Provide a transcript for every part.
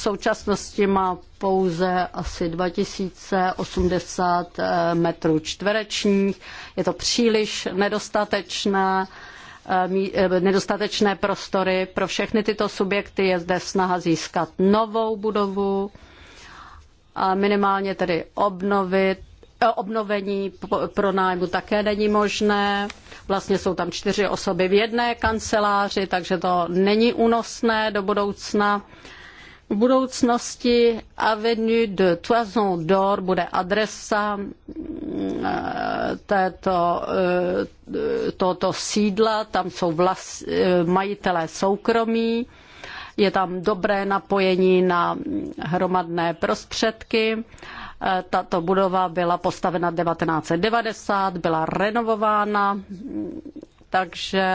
v současnosti má pouze asi 2080 eh, metrů čtverečních. Je to příliš nedostatečné eh, eh, nedostatečné prostory. Pro všechny tyto subjekty je zde snaha získat novou budovu a minimálně tedy obnovit obnovení pronájmu také není možné. Vlastně jsou tam čtyři osoby v jedné kanceláři, takže to není únosné do budoucna. V budoucnosti Avenue de Toison d'Or bude adresa mm, e, této, e, tohoto sídla, tam jsou vlast, e, majitelé soukromí, je tam dobré napojení na hromadné prostředky. Tato budova byla postavena 1990, byla renovována, takže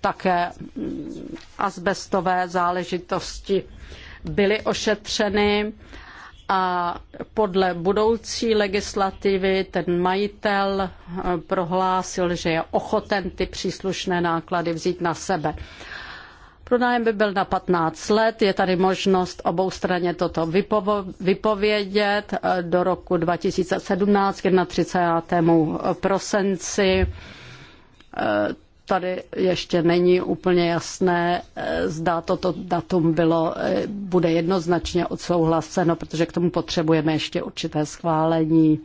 také mm, asbestové záležitosti byly ošetřeny a podle budoucí legislativy ten majitel eh, prohlásil, že je ochoten ty příslušné náklady vzít na sebe. Pronájem by byl na 15 let, je tady možnost obou straně toto vypovědět eh, do roku 2017 k 31. Eh, prosinci tady ještě není úplně jasné, eh, zda toto datum bylo, eh, bude jednoznačně odsouhlaseno, protože k tomu potřebujeme ještě určité schválení.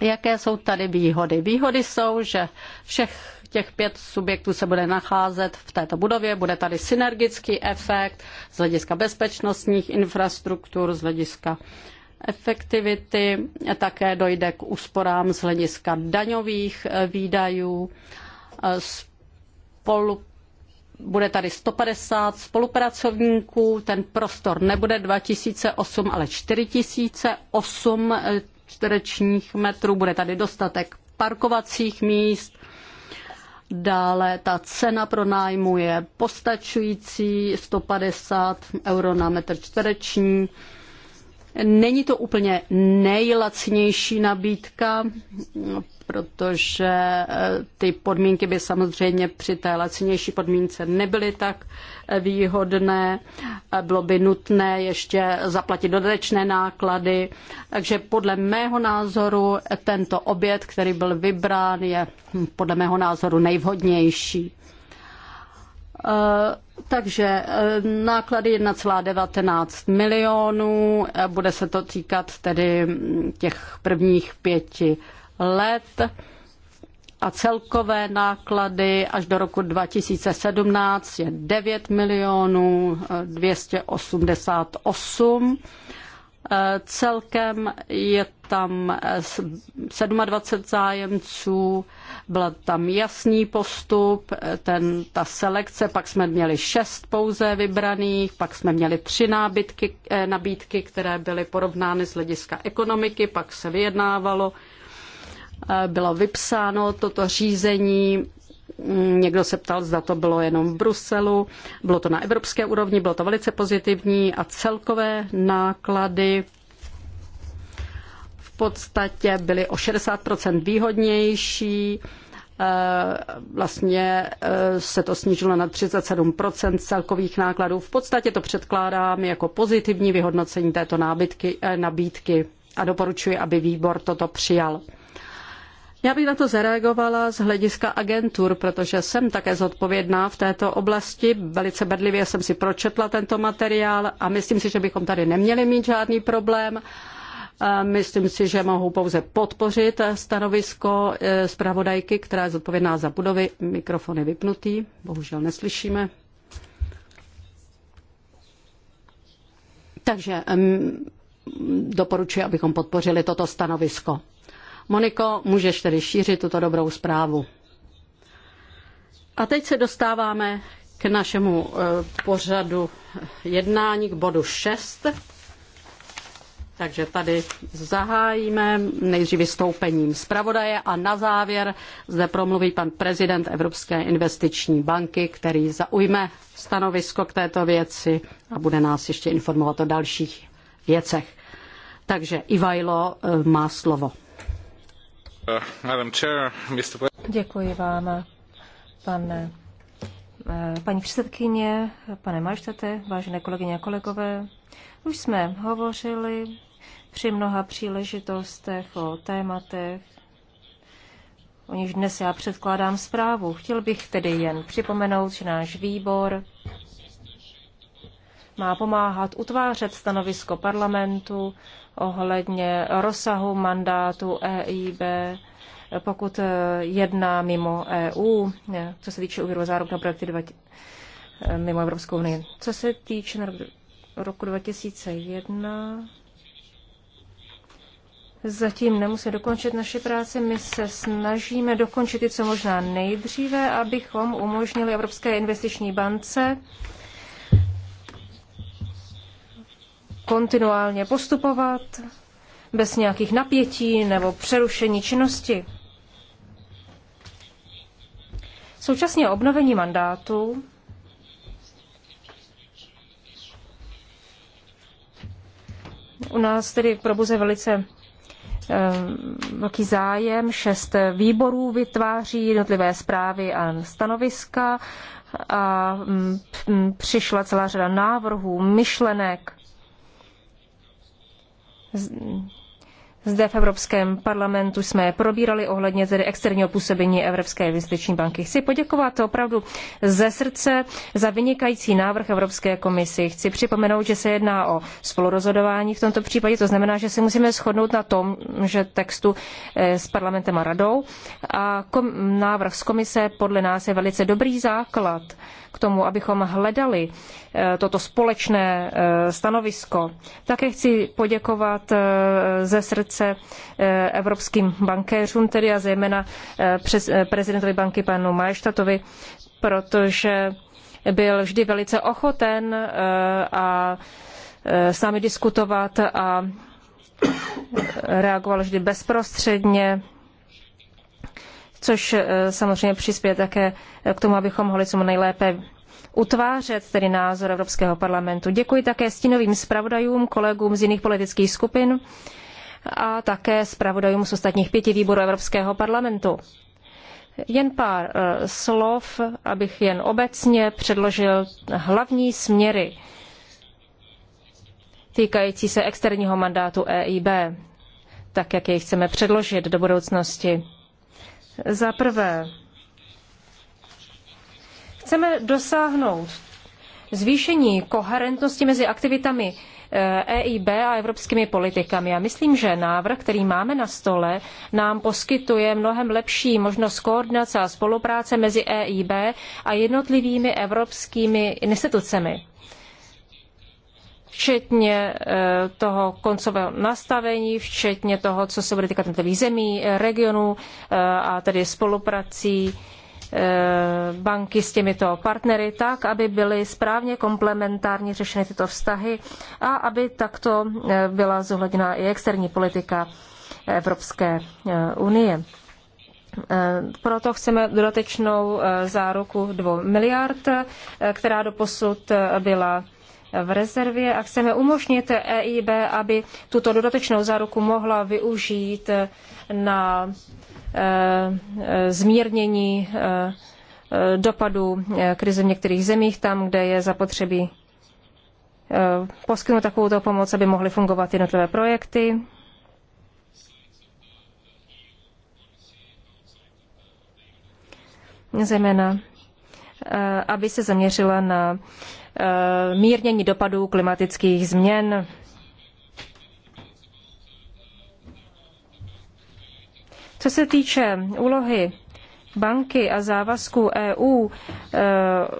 Jaké jsou tady výhody? Výhody jsou, že všech těch pět subjektů se bude nacházet v této budově, bude tady synergický efekt z hlediska bezpečnostních infrastruktur, z hlediska efektivity, také dojde k úsporám z hlediska daňových eh, výdajů Eh, spolu bude tady 150 spolupracovníků, ten prostor nebude 2008, ale 4008 eh, čtverečních metrů, bude tady dostatek parkovacích míst, dále ta cena pro nájmu je postačující 150 euro na metr čtvereční, Není to úplně nejlacnější nabídka, protože eh, ty podmínky by samozřejmě při té lacnější podmínce nebyly tak eh, výhodné. Eh, bylo by nutné ještě zaplatit dodatečné náklady. Takže podle mého názoru tento oběd, který byl vybrán, je podle mého názoru nejvhodnější. Eh, takže eh, náklady 1,19 milionů, eh, bude se to týkat tedy mm, těch prvních pěti let a celkové náklady až do roku 2017 je 9 milionů 288 Celkem je tam 27 zájemců, byl tam jasný postup, ten, ta selekce, pak jsme měli šest pouze vybraných, pak jsme měli tři nábytky, eh, nabídky, které byly porovnány z hlediska ekonomiky, pak se vyjednávalo eh, bylo vypsáno toto řízení Mm, někdo se ptal, zda to bylo jenom v Bruselu. Bylo to na evropské úrovni, bylo to velice pozitivní a celkové náklady v podstatě byly o 60 výhodnější. Eh, vlastně eh, se to snížilo na 37 celkových nákladů. V podstatě to předkládám jako pozitivní vyhodnocení této nábytky, eh, nabídky a doporučuji, aby výbor toto přijal. Já bych na to zareagovala z hlediska agentur, protože jsem také zodpovědná v této oblasti. Velice bedlivě jsem si pročetla tento materiál a myslím si, že bychom tady neměli mít žádný problém. Myslím si, že mohu pouze podpořit stanovisko e, zpravodajky, která je zodpovědná za budovy. Mikrofon je vypnutý, bohužel neslyšíme. Takže doporučuji, abychom podpořili toto stanovisko. Moniko, můžeš tedy šířit tuto dobrou zprávu. A teď se dostáváme k našemu eh, pořadu jednání, k bodu 6. Takže tady zahájíme nejdřív vystoupením zpravodaje a na závěr zde promluví pan prezident Evropské investiční banky, který zaujme stanovisko k této věci a bude nás ještě informovat o dalších věcech. Takže Ivajlo eh, má slovo. Uh, Děkuji vám, pane, eh, paní předsedkyně, pane Majštete, vážené kolegyně a kolegové. Už jsme hovořili při mnoha příležitostech o tématech, o nichž dnes já předkládám zprávu. Chtěl bych tedy jen připomenout, že náš výbor má pomáhat utvářet stanovisko parlamentu ohledně rozsahu mandátu EIB, pokud eh, jedná mimo EU, eh, co se týče úvěru záruk na projekty eh, mimo Evropskou unii. Co se týče roku 2001, zatím nemusíme dokončit naši práci. My se snažíme dokončit i co možná nejdříve, abychom umožnili Evropské investiční bance kontinuálně postupovat bez nějakých napětí nebo přerušení činnosti. Současně obnovení mandátu u nás tedy probuze velice eh, velký zájem. Šest výborů vytváří jednotlivé zprávy a stanoviska a mm, přišla celá řada návrhů, myšlenek zde v Evropském parlamentu jsme probírali ohledně tedy externího působení Evropské investiční banky. Chci poděkovat opravdu ze srdce za vynikající návrh Evropské komisi. Chci připomenout, že se jedná o spolurozhodování v tomto případě, to znamená, že se musíme shodnout na tom, že textu eh, s parlamentem a radou a kom, návrh z komise podle nás je velice dobrý základ k tomu, abychom hledali eh, toto společné eh, stanovisko. Také chci poděkovat eh, ze srdce evropským bankéřům, tedy a zejména přes prezidentovi banky panu Majštatovi, protože byl vždy velice ochoten a s námi diskutovat a reagoval vždy bezprostředně což eh, samozřejmě přispěje také eh, k tomu, abychom mohli co nejlépe utvářet tedy názor Evropského parlamentu. Děkuji také stínovým zpravodajům, kolegům z jiných politických skupin a také zpravodajům z ostatních pěti výborů Evropského parlamentu. Jen pár eh, slov, abych jen obecně předložil hlavní směry týkající se externího mandátu EIB, tak jak jej chceme předložit do budoucnosti. Za prvé, chceme dosáhnout zvýšení koherentnosti mezi aktivitami EIB eh, e a evropskými politikami. A myslím, že návrh, který máme na stole, nám poskytuje mnohem lepší možnost koordinace a spolupráce mezi EIB a jednotlivými evropskými institucemi včetně eh, toho koncového nastavení, včetně toho, co se bude týkat jednotlivých zemí, eh, regionů eh, a tedy spoluprací banky s těmito partnery tak, aby byly správně komplementárně řešeny tyto vztahy a aby takto byla zohledněna i externí politika Evropské unie. Proto chceme dodatečnou záruku 2 miliard, která doposud byla v rezervě a chceme umožnit EIB, aby tuto dodatečnou záruku mohla využít na eh, eh, zmírnění eh, dopadu krize v některých zemích, tam, kde je zapotřebí poskytnout takovou pomoc, aby mohly fungovat jednotlivé projekty. Zejména, aby se zaměřila na Eh, mírnění dopadů klimatických změn. Co se týče úlohy banky a závazků EU eh,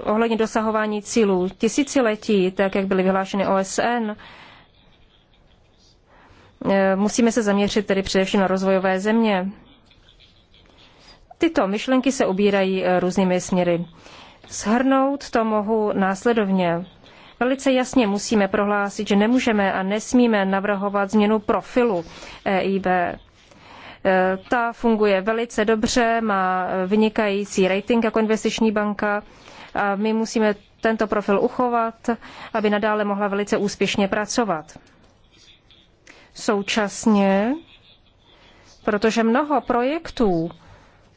ohledně dosahování cílů tisíciletí, tak jak byly vyhlášeny OSN, eh, musíme se zaměřit tedy především na rozvojové země. Tyto myšlenky se ubírají eh, různými směry. Shrnout to mohu následovně. Velice jasně musíme prohlásit, že nemůžeme a nesmíme navrhovat změnu profilu EIB. E, ta funguje velice dobře, má vynikající rating jako investiční banka a my musíme tento profil uchovat, aby nadále mohla velice úspěšně pracovat. Současně, protože mnoho projektů,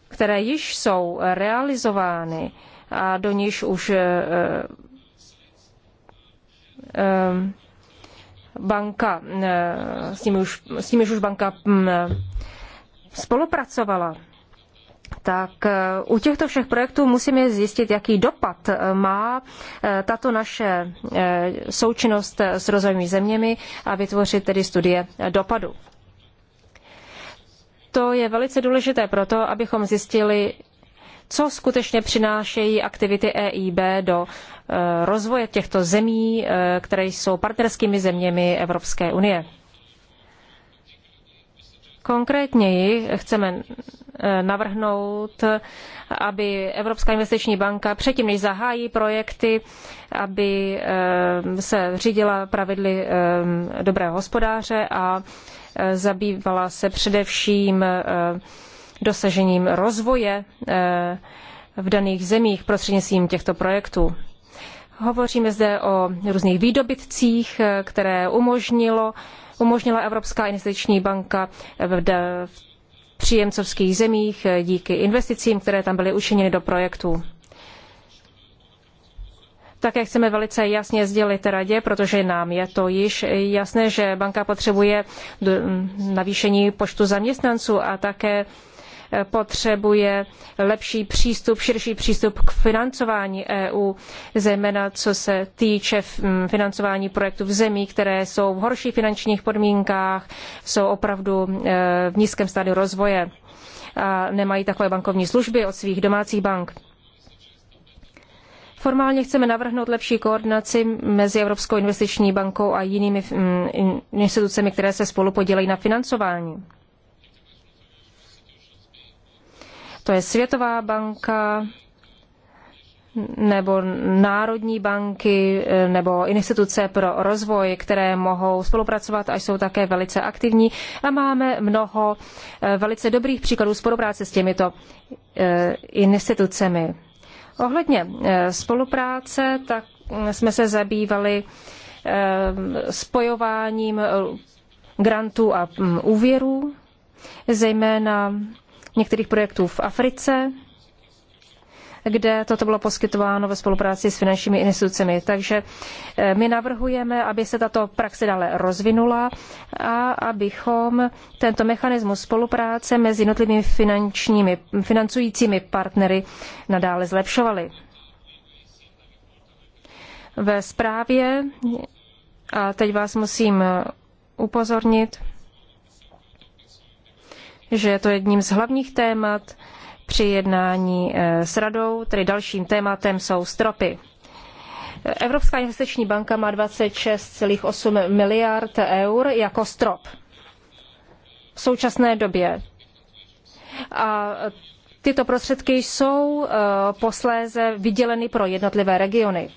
které již jsou realizovány, a do níž už eh, eh, eh, banka, s nimi už, s nimi už banka hm, spolupracovala, tak u těchto všech projektů musíme zjistit, jaký dopad má tato naše součinnost s rozvojovými zeměmi a vytvořit tedy studie dopadu. To je velice důležité proto, abychom zjistili, co skutečně přinášejí aktivity EIB do eh, rozvoje těchto zemí, eh, které jsou partnerskými zeměmi Evropské unie. Konkrétněji chceme eh, navrhnout, aby Evropská investiční banka předtím, než zahájí projekty, aby se řídila pravidly dobrého hospodáře a zabývala se především dosažením rozvoje eh, v daných zemích prostřednictvím těchto projektů. Hovoříme zde o různých výdobytcích, eh, které umožnilo, umožnila Evropská investiční banka v, v příjemcovských zemích eh, díky investicím, které tam byly učiněny do projektů. Také chceme velice jasně sdělit radě, protože nám je to již jasné, že banka potřebuje navýšení počtu zaměstnanců a také potřebuje lepší přístup, širší přístup k financování EU, zejména co se týče mm, financování projektů v zemích, které jsou v horších finančních podmínkách, jsou opravdu e, v nízkém stádiu rozvoje a nemají takové bankovní služby od svých domácích bank. Formálně chceme navrhnout lepší koordinaci mezi Evropskou investiční bankou a jinými mm, institucemi, které se spolu podílejí na financování. to je Světová banka nebo národní banky nebo instituce pro rozvoj, které mohou spolupracovat a jsou také velice aktivní. A máme mnoho eh, velice dobrých příkladů spolupráce s těmito eh, institucemi. Ohledně eh, spolupráce, tak mm, jsme se zabývali spojováním grantů a mm, úvěrů, zejména některých projektů v Africe, kde toto bylo poskytováno ve spolupráci s finančními institucemi. Takže eh, my navrhujeme, aby se tato praxe dále rozvinula a abychom tento mechanismus spolupráce mezi jednotlivými finančními, financujícími partnery nadále zlepšovali. Ve zprávě, a teď vás musím upozornit, že je to jedním z hlavních témat při jednání eh, s radou, tedy dalším tématem jsou stropy. Evropská investiční banka má 26,8 miliard eur jako strop v současné době. A tyto prostředky jsou eh, posléze vyděleny pro jednotlivé regiony.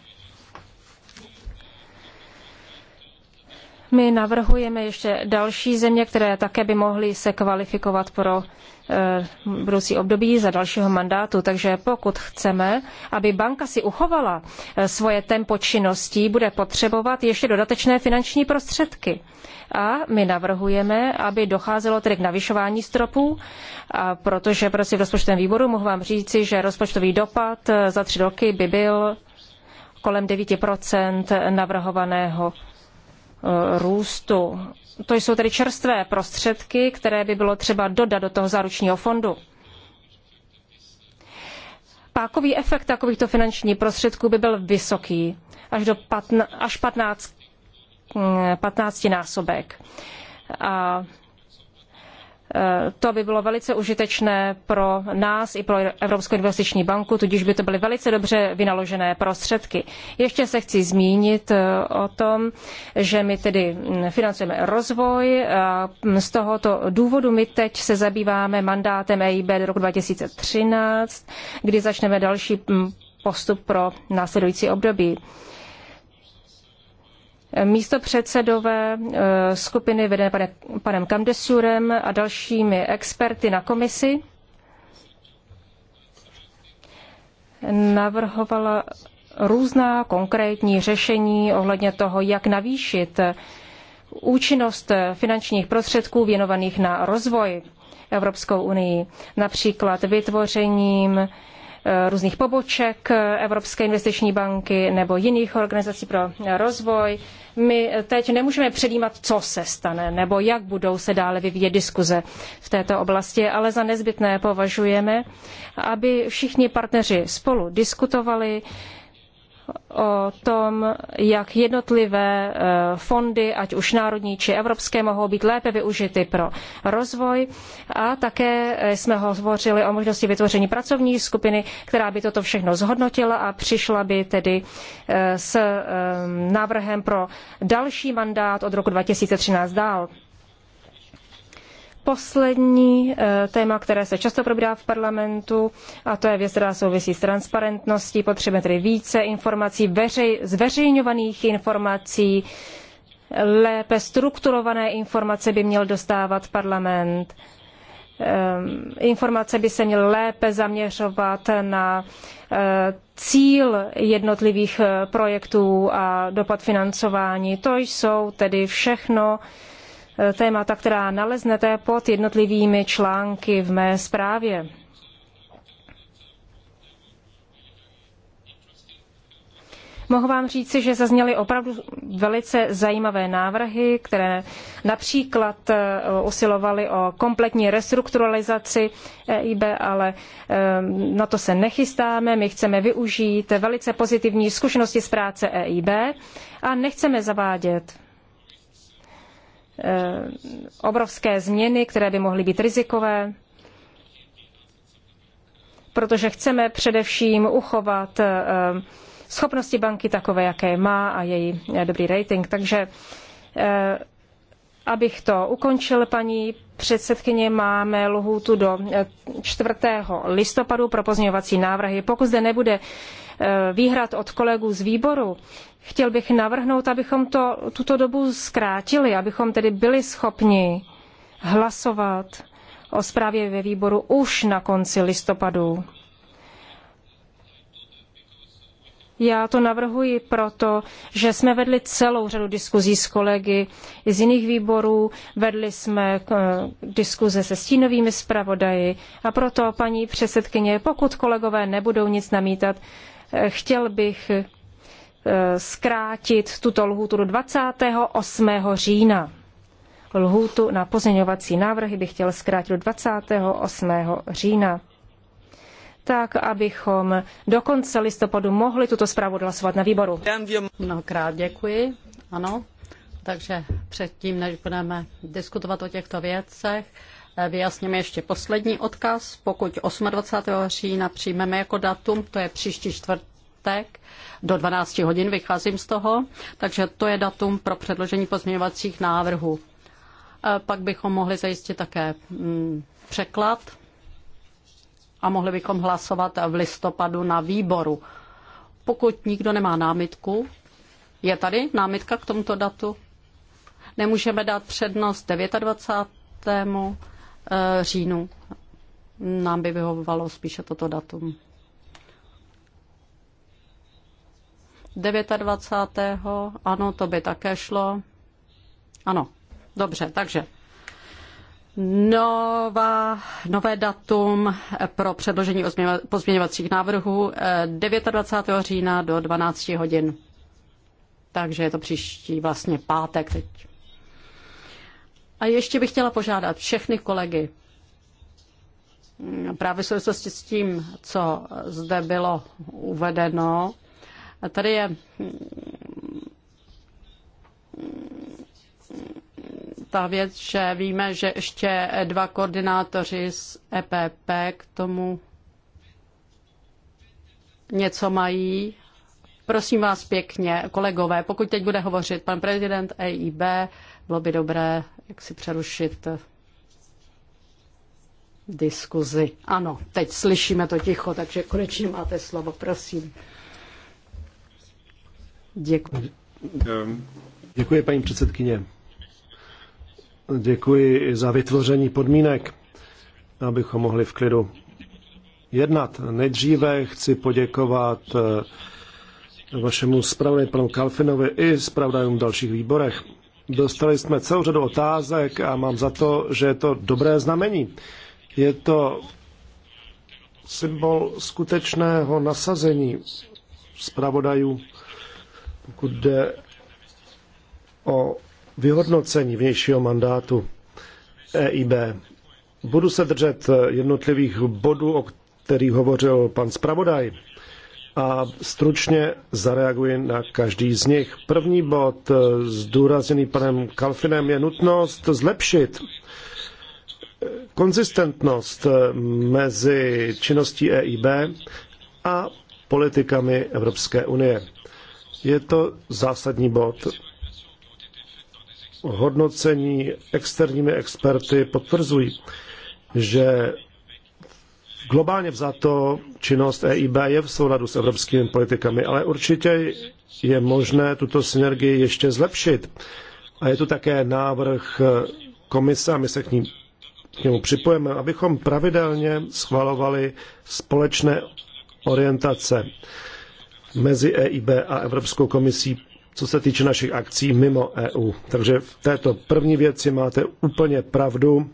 My navrhujeme ještě další země, které také by mohly se kvalifikovat pro eh, budoucí období za dalšího mandátu. Takže pokud chceme, aby banka si uchovala eh, svoje tempo činností, bude potřebovat ještě dodatečné finanční prostředky. A my navrhujeme, aby docházelo tedy k navyšování stropů, a protože prostě v rozpočtovém výboru mohu vám říci, že rozpočtový dopad eh, za tři roky by byl kolem 9 navrhovaného růstu. To jsou tedy čerstvé prostředky, které by bylo třeba dodat do toho záručního fondu. Pákový efekt takovýchto finančních prostředků by byl vysoký, až do patna, až 15, 15 násobek. A to by bylo velice užitečné pro nás i pro Evropskou investiční banku, tudíž by to byly velice dobře vynaložené prostředky. Ještě se chci zmínit eh, o tom, že my tedy hm, financujeme rozvoj. A hm, z tohoto důvodu my teď se zabýváme mandátem EIB do roku 2013, kdy začneme další hm, postup pro následující období místo předsedové eh, skupiny vedené panem Kamdesurem a dalšími experty na komisi navrhovala různá konkrétní řešení ohledně toho, jak navýšit účinnost finančních prostředků věnovaných na rozvoj Evropskou unii, například vytvořením různých poboček Evropské investiční banky nebo jiných organizací pro rozvoj. My teď nemůžeme předjímat, co se stane nebo jak budou se dále vyvíjet diskuze v této oblasti, ale za nezbytné považujeme, aby všichni partneři spolu diskutovali, o tom, jak jednotlivé e, fondy, ať už národní či evropské, mohou být lépe využity pro rozvoj. A také e, jsme hovořili o možnosti vytvoření pracovní skupiny, která by toto všechno zhodnotila a přišla by tedy e, s návrhem pro další mandát od roku 2013 dál poslední eh, téma, které se často probírá v parlamentu, a to je věc, která souvisí s transparentností. Potřebujeme tedy více informací, veřej, zveřejňovaných informací, lépe strukturované informace by měl dostávat parlament. Ehm, informace by se měly lépe zaměřovat na eh, cíl jednotlivých eh, projektů a dopad financování. To jsou tedy všechno Eh, témata, která naleznete pod jednotlivými články v mé zprávě. Mohu vám říci, že zazněly opravdu velice zajímavé návrhy, které například eh, usilovaly o kompletní restrukturalizaci EIB, ale eh, na to se nechystáme. My chceme využít velice pozitivní zkušenosti z práce EIB a nechceme zavádět Eh, obrovské změny, které by mohly být rizikové, protože chceme především uchovat eh, schopnosti banky takové, jaké má a její eh, dobrý rating. Takže abych to ukončil, paní předsedkyně, máme lhůtu do 4. listopadu pro pozměňovací návrhy. Pokud zde nebude výhrad od kolegů z výboru, Chtěl bych navrhnout, abychom to, tuto dobu zkrátili, abychom tedy byli schopni hlasovat o zprávě ve výboru už na konci listopadu. Já to navrhuji proto, že jsme vedli celou řadu diskuzí s kolegy z jiných výborů, vedli jsme eh, diskuze se stínovými zpravodaji a proto, paní předsedkyně, pokud kolegové nebudou nic namítat, eh, chtěl bych Eh, zkrátit tuto lhůtu do 28. října. Lhůtu na pozměňovací návrhy bych chtěl zkrátit do 28. října tak, abychom do konce listopadu mohli tuto zprávu hlasovat na výboru. Mnohokrát děkuji. Ano, takže předtím, než budeme diskutovat o těchto věcech, eh, vyjasněme ještě poslední odkaz. Pokud 28. října přijmeme jako datum, to je příští čtvrtek, do 12 hodin, vycházím z toho, takže to je datum pro předložení pozměňovacích návrhů. E, pak bychom mohli zajistit také mm, překlad a mohli bychom hlasovat v listopadu na výboru. Pokud nikdo nemá námitku, je tady námitka k tomuto datu? Nemůžeme dát přednost 29. E, říjnu. Nám by vyhovovalo spíše toto datum. 29. Ano, to by také šlo. Ano, dobře, takže Nová, nové datum pro předložení pozměňovacích návrhů eh, 29. října do 12 hodin. Takže je to příští vlastně pátek teď. A ještě bych chtěla požádat všechny kolegy, mm, právě v souvislosti s tím, co zde bylo uvedeno, a tady je ta věc, že víme, že ještě dva koordinátoři z EPP k tomu něco mají. Prosím vás pěkně, kolegové, pokud teď bude hovořit pan prezident EIB, bylo by dobré, jak si přerušit diskuzi. Ano, teď slyšíme to ticho, takže konečně máte slovo, prosím. Děkuji. Děkuji, paní předsedkyně. Děkuji za vytvoření podmínek, abychom mohli v klidu jednat. Nejdříve chci poděkovat eh, vašemu zpravodaji panu Kalfinovi i zpravodajům v dalších výborech. Dostali jsme celou řadu otázek a mám za to, že je to dobré znamení. Je to symbol skutečného nasazení zpravodajů pokud jde o vyhodnocení vnějšího mandátu EIB. Budu se držet jednotlivých bodů, o kterých hovořil pan zpravodaj a stručně zareaguji na každý z nich. První bod zdůrazněný panem Kalfinem je nutnost zlepšit konzistentnost mezi činností EIB a politikami Evropské unie. Je to zásadní bod. Hodnocení externími experty potvrzují, že globálně vzato činnost EIB je v souladu s evropskými politikami, ale určitě je možné tuto synergii ještě zlepšit. A je tu také návrh komise a my se k, ní, k němu připojeme, abychom pravidelně schvalovali společné orientace mezi EIB a Evropskou komisí, co se týče našich akcí mimo EU. Takže v této první věci máte úplně pravdu.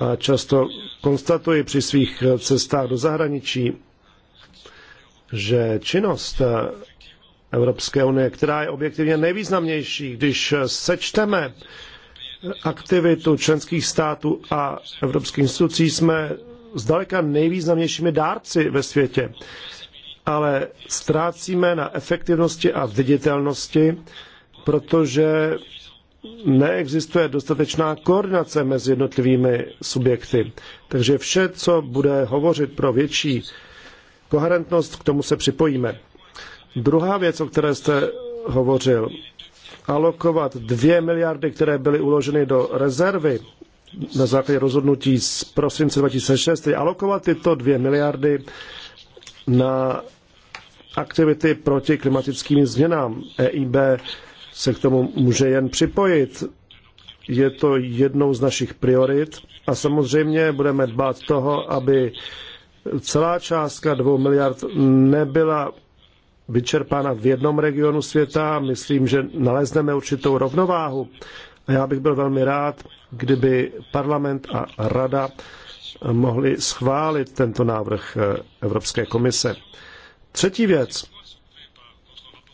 A často konstatuji při svých cestách do zahraničí, že činnost Evropské unie, která je objektivně nejvýznamnější, když sečteme aktivitu členských států a evropských institucí, jsme zdaleka nejvýznamnějšími dárci ve světě ale ztrácíme na efektivnosti a viditelnosti, protože neexistuje dostatečná koordinace mezi jednotlivými subjekty. Takže vše, co bude hovořit pro větší koherentnost, k tomu se připojíme. Druhá věc, o které jste hovořil, alokovat dvě miliardy, které byly uloženy do rezervy na základě rozhodnutí z prosince 2006, alokovat tyto dvě miliardy na aktivity proti klimatickým změnám. EIB se k tomu může jen připojit. Je to jednou z našich priorit a samozřejmě budeme dbát toho, aby celá částka 2 miliard nebyla vyčerpána v jednom regionu světa. Myslím, že nalezneme určitou rovnováhu. A já bych byl velmi rád, kdyby parlament a rada mohli schválit tento návrh Evropské komise. Třetí věc,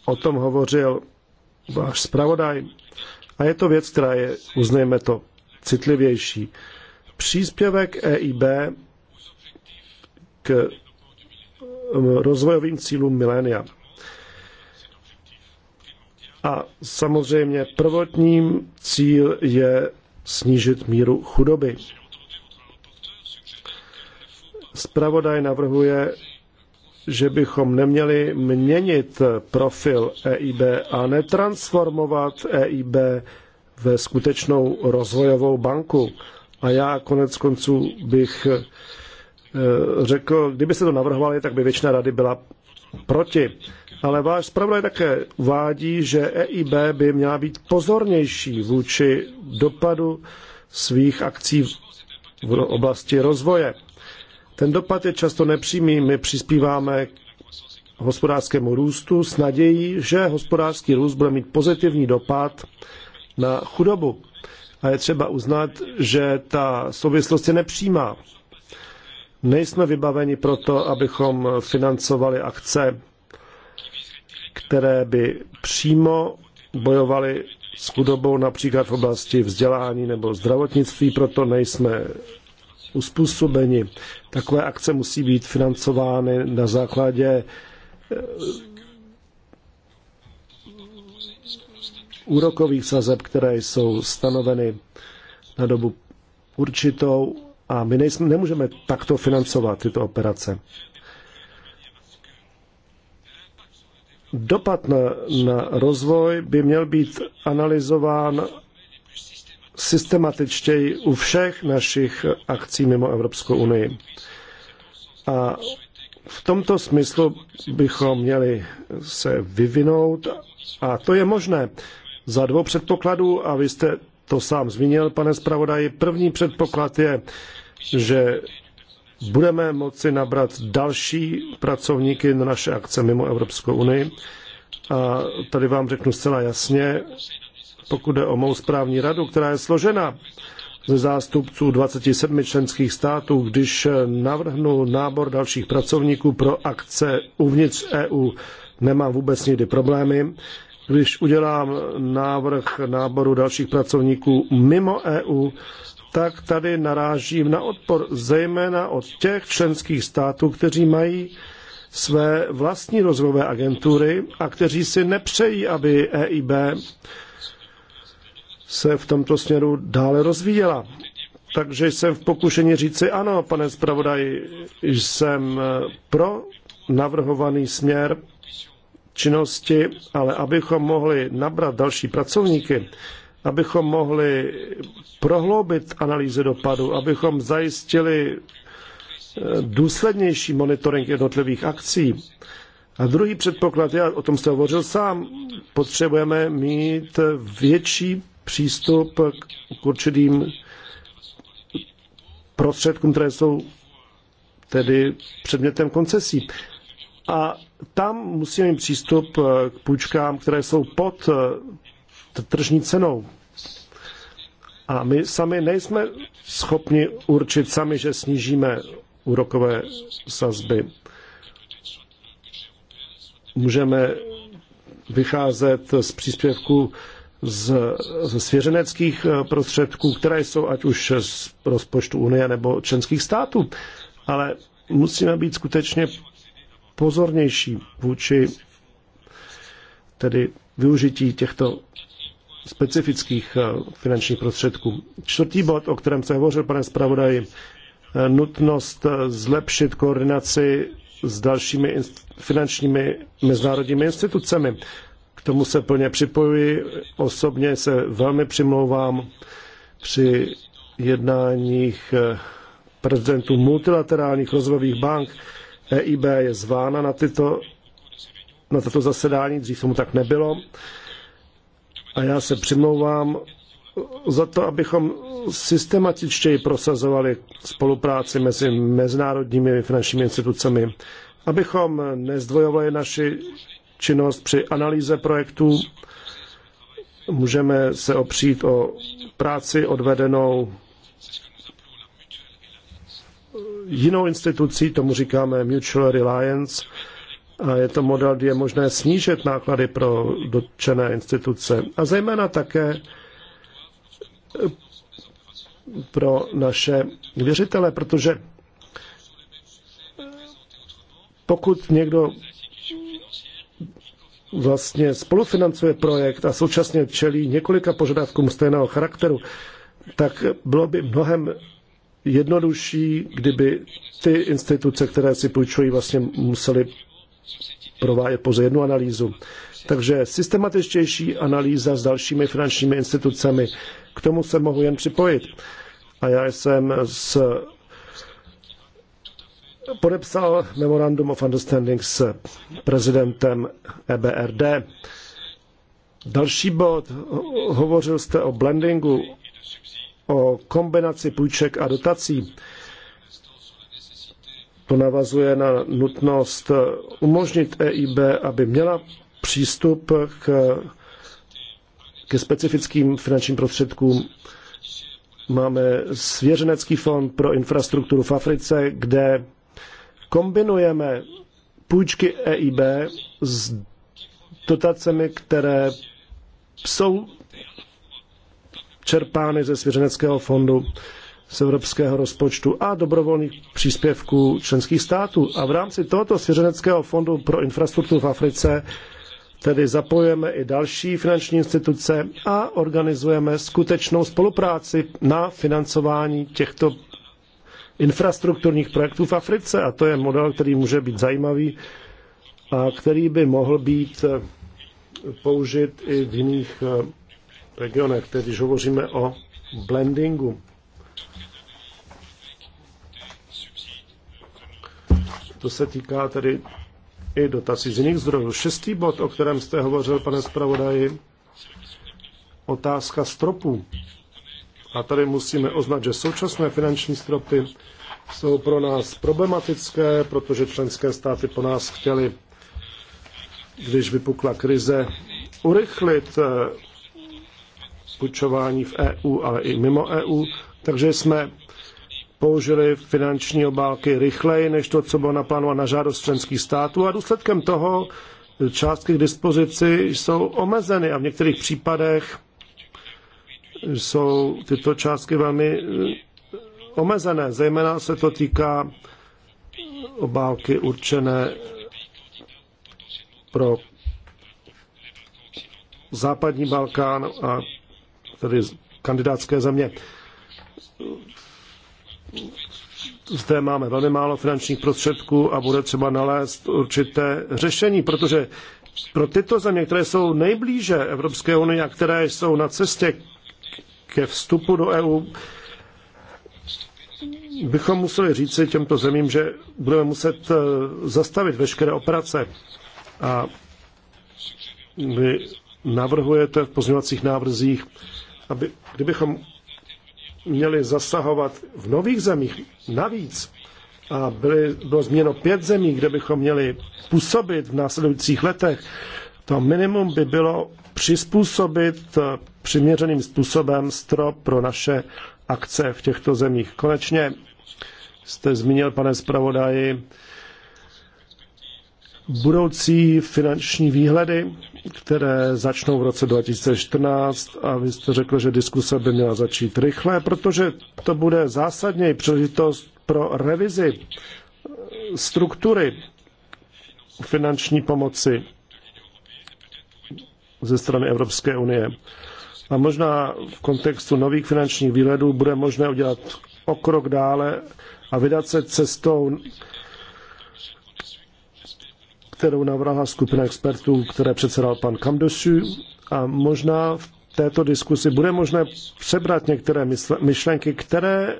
o tom hovořil váš zpravodaj, a je to věc, která je, uznejme to, citlivější. Příspěvek EIB k um, rozvojovým cílům milénia. A samozřejmě prvotním cíl je snížit míru chudoby. Spravodaj navrhuje že bychom neměli měnit profil EIB a netransformovat EIB ve skutečnou rozvojovou banku. A já konec konců bych eh, řekl, kdyby se to navrhovali, tak by většina rady byla proti. Ale váš zpravodaj také uvádí, že EIB by měla být pozornější vůči dopadu svých akcí v oblasti rozvoje. Ten dopad je často nepřímý. My přispíváme k hospodářskému růstu s nadějí, že hospodářský růst bude mít pozitivní dopad na chudobu. A je třeba uznat, že ta souvislost je nepřímá. Nejsme vybaveni proto, abychom financovali akce, které by přímo bojovaly s chudobou, například v oblasti vzdělání nebo zdravotnictví, proto nejsme uspůsobeni. Takové akce musí být financovány na základě eh, úrokových sazeb, které jsou stanoveny na dobu určitou a my nejsme, nemůžeme takto financovat tyto operace. Dopad na, na rozvoj by měl být analyzován systematičtěji u všech našich akcí mimo Evropskou unii. A v tomto smyslu bychom měli se vyvinout a to je možné za dvou předpokladů a vy jste to sám zmínil, pane zpravodaji. První předpoklad je, že budeme moci nabrat další pracovníky na naše akce mimo Evropskou unii. A tady vám řeknu zcela jasně, pokud jde o mou správní radu, která je složena ze zástupců 27 členských států, když navrhnu nábor dalších pracovníků pro akce uvnitř EU, nemám vůbec nikdy problémy. Když udělám návrh náboru dalších pracovníků mimo EU, tak tady narážím na odpor zejména od těch členských států, kteří mají své vlastní rozvojové agentury a kteří si nepřejí, aby EIB se v tomto směru dále rozvíjela. Takže jsem v pokušení říci ano, pane zpravodaji, jsem pro navrhovaný směr činnosti, ale abychom mohli nabrat další pracovníky, abychom mohli prohloubit analýzy dopadu, abychom zajistili eh, důslednější monitoring jednotlivých akcí. A druhý předpoklad, já o tom jste hovořil sám, potřebujeme mít větší přístup k určitým prostředkům, které jsou tedy předmětem koncesí. A tam musíme mít přístup k půjčkám, které jsou pod eh, tržní cenou. A my sami nejsme schopni určit sami, že snížíme úrokové sazby. Můžeme vycházet z příspěvku z, ze svěřeneckých eh, prostředků, které jsou ať už z rozpočtu Unie nebo členských států. Ale musíme být skutečně pozornější vůči tedy využití těchto specifických eh, finančních prostředků. Čtvrtý bod, o kterém se hovořil, pane zpravodaji, eh, nutnost zlepšit koordinaci s dalšími finančními mezinárodními institucemi tomu se plně připojuji. Osobně se velmi přimlouvám při jednáních eh, prezidentů multilaterálních rozvojových bank. EIB je zvána na, tyto, na tato zasedání, dřív tomu tak nebylo. A já se přimlouvám za to, abychom systematičtěji prosazovali spolupráci mezi mezinárodními finančními institucemi, abychom nezdvojovali naši činnost při analýze projektů. Můžeme se opřít o práci odvedenou jinou institucí, tomu říkáme Mutual Reliance, a je to model, kdy je možné snížit náklady pro dotčené instituce. A zejména také pro naše věřitele, protože pokud někdo vlastně spolufinancuje projekt a současně čelí několika požadavkům stejného charakteru, tak bylo by mnohem jednodušší, kdyby ty instituce, které si půjčují, vlastně museli provádět pouze jednu analýzu. Takže systematičtější analýza s dalšími finančními institucemi, k tomu se mohu jen připojit. A já jsem s podepsal memorandum of understanding s prezidentem EBRD. Další bod, hovořil jste o blendingu, o kombinaci půjček a dotací. To navazuje na nutnost umožnit EIB, aby měla přístup k, ke specifickým finančním prostředkům. Máme svěřenecký fond pro infrastrukturu v Africe, kde kombinujeme půjčky EIB s dotacemi, které jsou čerpány ze svěřeneckého fondu z evropského rozpočtu a dobrovolných příspěvků členských států. A v rámci tohoto svěřeneckého fondu pro infrastrukturu v Africe tedy zapojujeme i další finanční instituce a organizujeme skutečnou spolupráci na financování těchto infrastrukturních projektů v Africe a to je model, který může být zajímavý a který by mohl být eh, použit i v jiných eh, regionech, tedy když hovoříme o blendingu. To se týká tedy i dotací z jiných zdrojů. Šestý bod, o kterém jste hovořil, pane zpravodaji, otázka stropů. A tady musíme oznat, že současné finanční stropy jsou pro nás problematické, protože členské státy po nás chtěly, když vypukla krize, urychlit eh, půjčování v EU, ale i mimo EU, takže jsme použili finanční obálky rychleji, než to, co bylo naplánováno na žádost členských států a důsledkem toho částky k dispozici jsou omezeny a v některých případech jsou tyto částky velmi eh, omezené. Zejména se to týká obálky určené pro západní Balkán a tedy kandidátské země. Zde máme velmi málo finančních prostředků a bude třeba nalézt určité řešení, protože pro tyto země, které jsou nejblíže Evropské unii a které jsou na cestě ke vstupu do EU, bychom museli říci těmto zemím, že budeme muset eh, zastavit veškeré operace. A vy navrhujete v pozměňovacích návrzích, aby, kdybychom měli zasahovat v nových zemích navíc, a byly, bylo změno pět zemí, kde bychom měli působit v následujících letech, to minimum by bylo přizpůsobit eh, přiměřeným způsobem strop pro naše akce v těchto zemích. Konečně jste zmínil, pane zpravodaji, budoucí finanční výhledy, které začnou v roce 2014 a vy jste řekl, že diskuse by měla začít rychle, protože to bude zásadně příležitost pro revizi struktury finanční pomoci ze strany Evropské unie. A možná v kontextu nových finančních výhledů bude možné udělat o krok dále a vydat se cestou, kterou navrhla skupina expertů, které předsedal pan Kamdosu. A možná v této diskusi bude možné přebrat některé myšlenky, které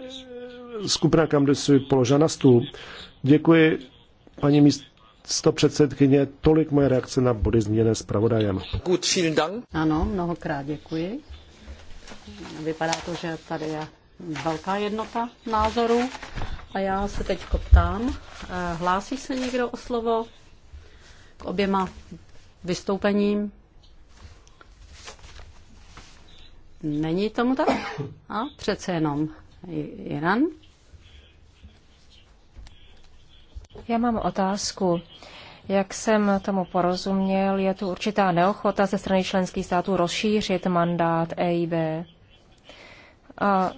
skupina Kamdosu položila na stůl. Děkuji paní míst místo předsedkyně, tolik moje reakce na body změněné zpravodajem. Gut, vielen Dank. Ano, mnohokrát děkuji. Vypadá to, že tady je velká jednota názorů. A já se teď ptám, eh, hlásí se někdo o slovo k oběma vystoupením? Není tomu tak? A přece jenom Iran. Já mám otázku. Jak jsem tomu porozuměl, je tu určitá neochota ze strany členských států rozšířit mandát EIB. A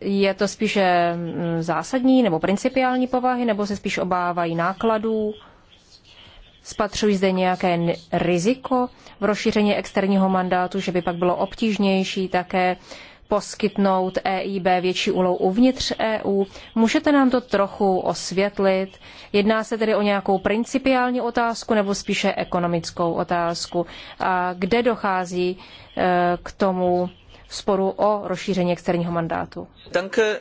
je to spíše mm, zásadní nebo principiální povahy, nebo se spíš obávají nákladů? Spatřují zde nějaké riziko v rozšíření externího mandátu, že by pak bylo obtížnější také poskytnout EIB větší úlohu uvnitř EU. Můžete nám to trochu osvětlit? Jedná se tedy o nějakou principiální otázku nebo spíše ekonomickou otázku? A kde dochází e, k tomu sporu o rozšíření externího mandátu? Danke.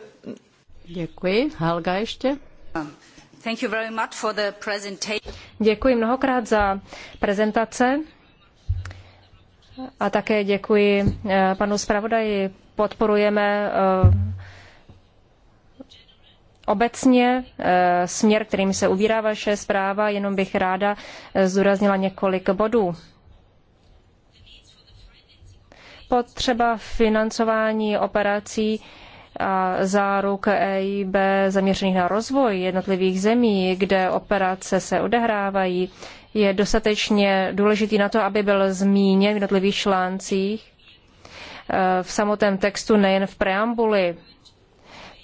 Děkuji. Helga ještě. Thank you very much for the presentation. Děkuji mnohokrát za prezentace. A také děkuji eh, panu zpravodaji. Podporujeme eh, obecně eh, směr, kterým se ubírá vaše zpráva, jenom bych ráda zdůraznila několik bodů. Potřeba financování operací a záruk EIB zaměřených na rozvoj jednotlivých zemí, kde operace se odehrávají, je dostatečně důležitý na to, aby byl zmíněn v jednotlivých článcích, eh, v samotném textu, nejen v preambuli.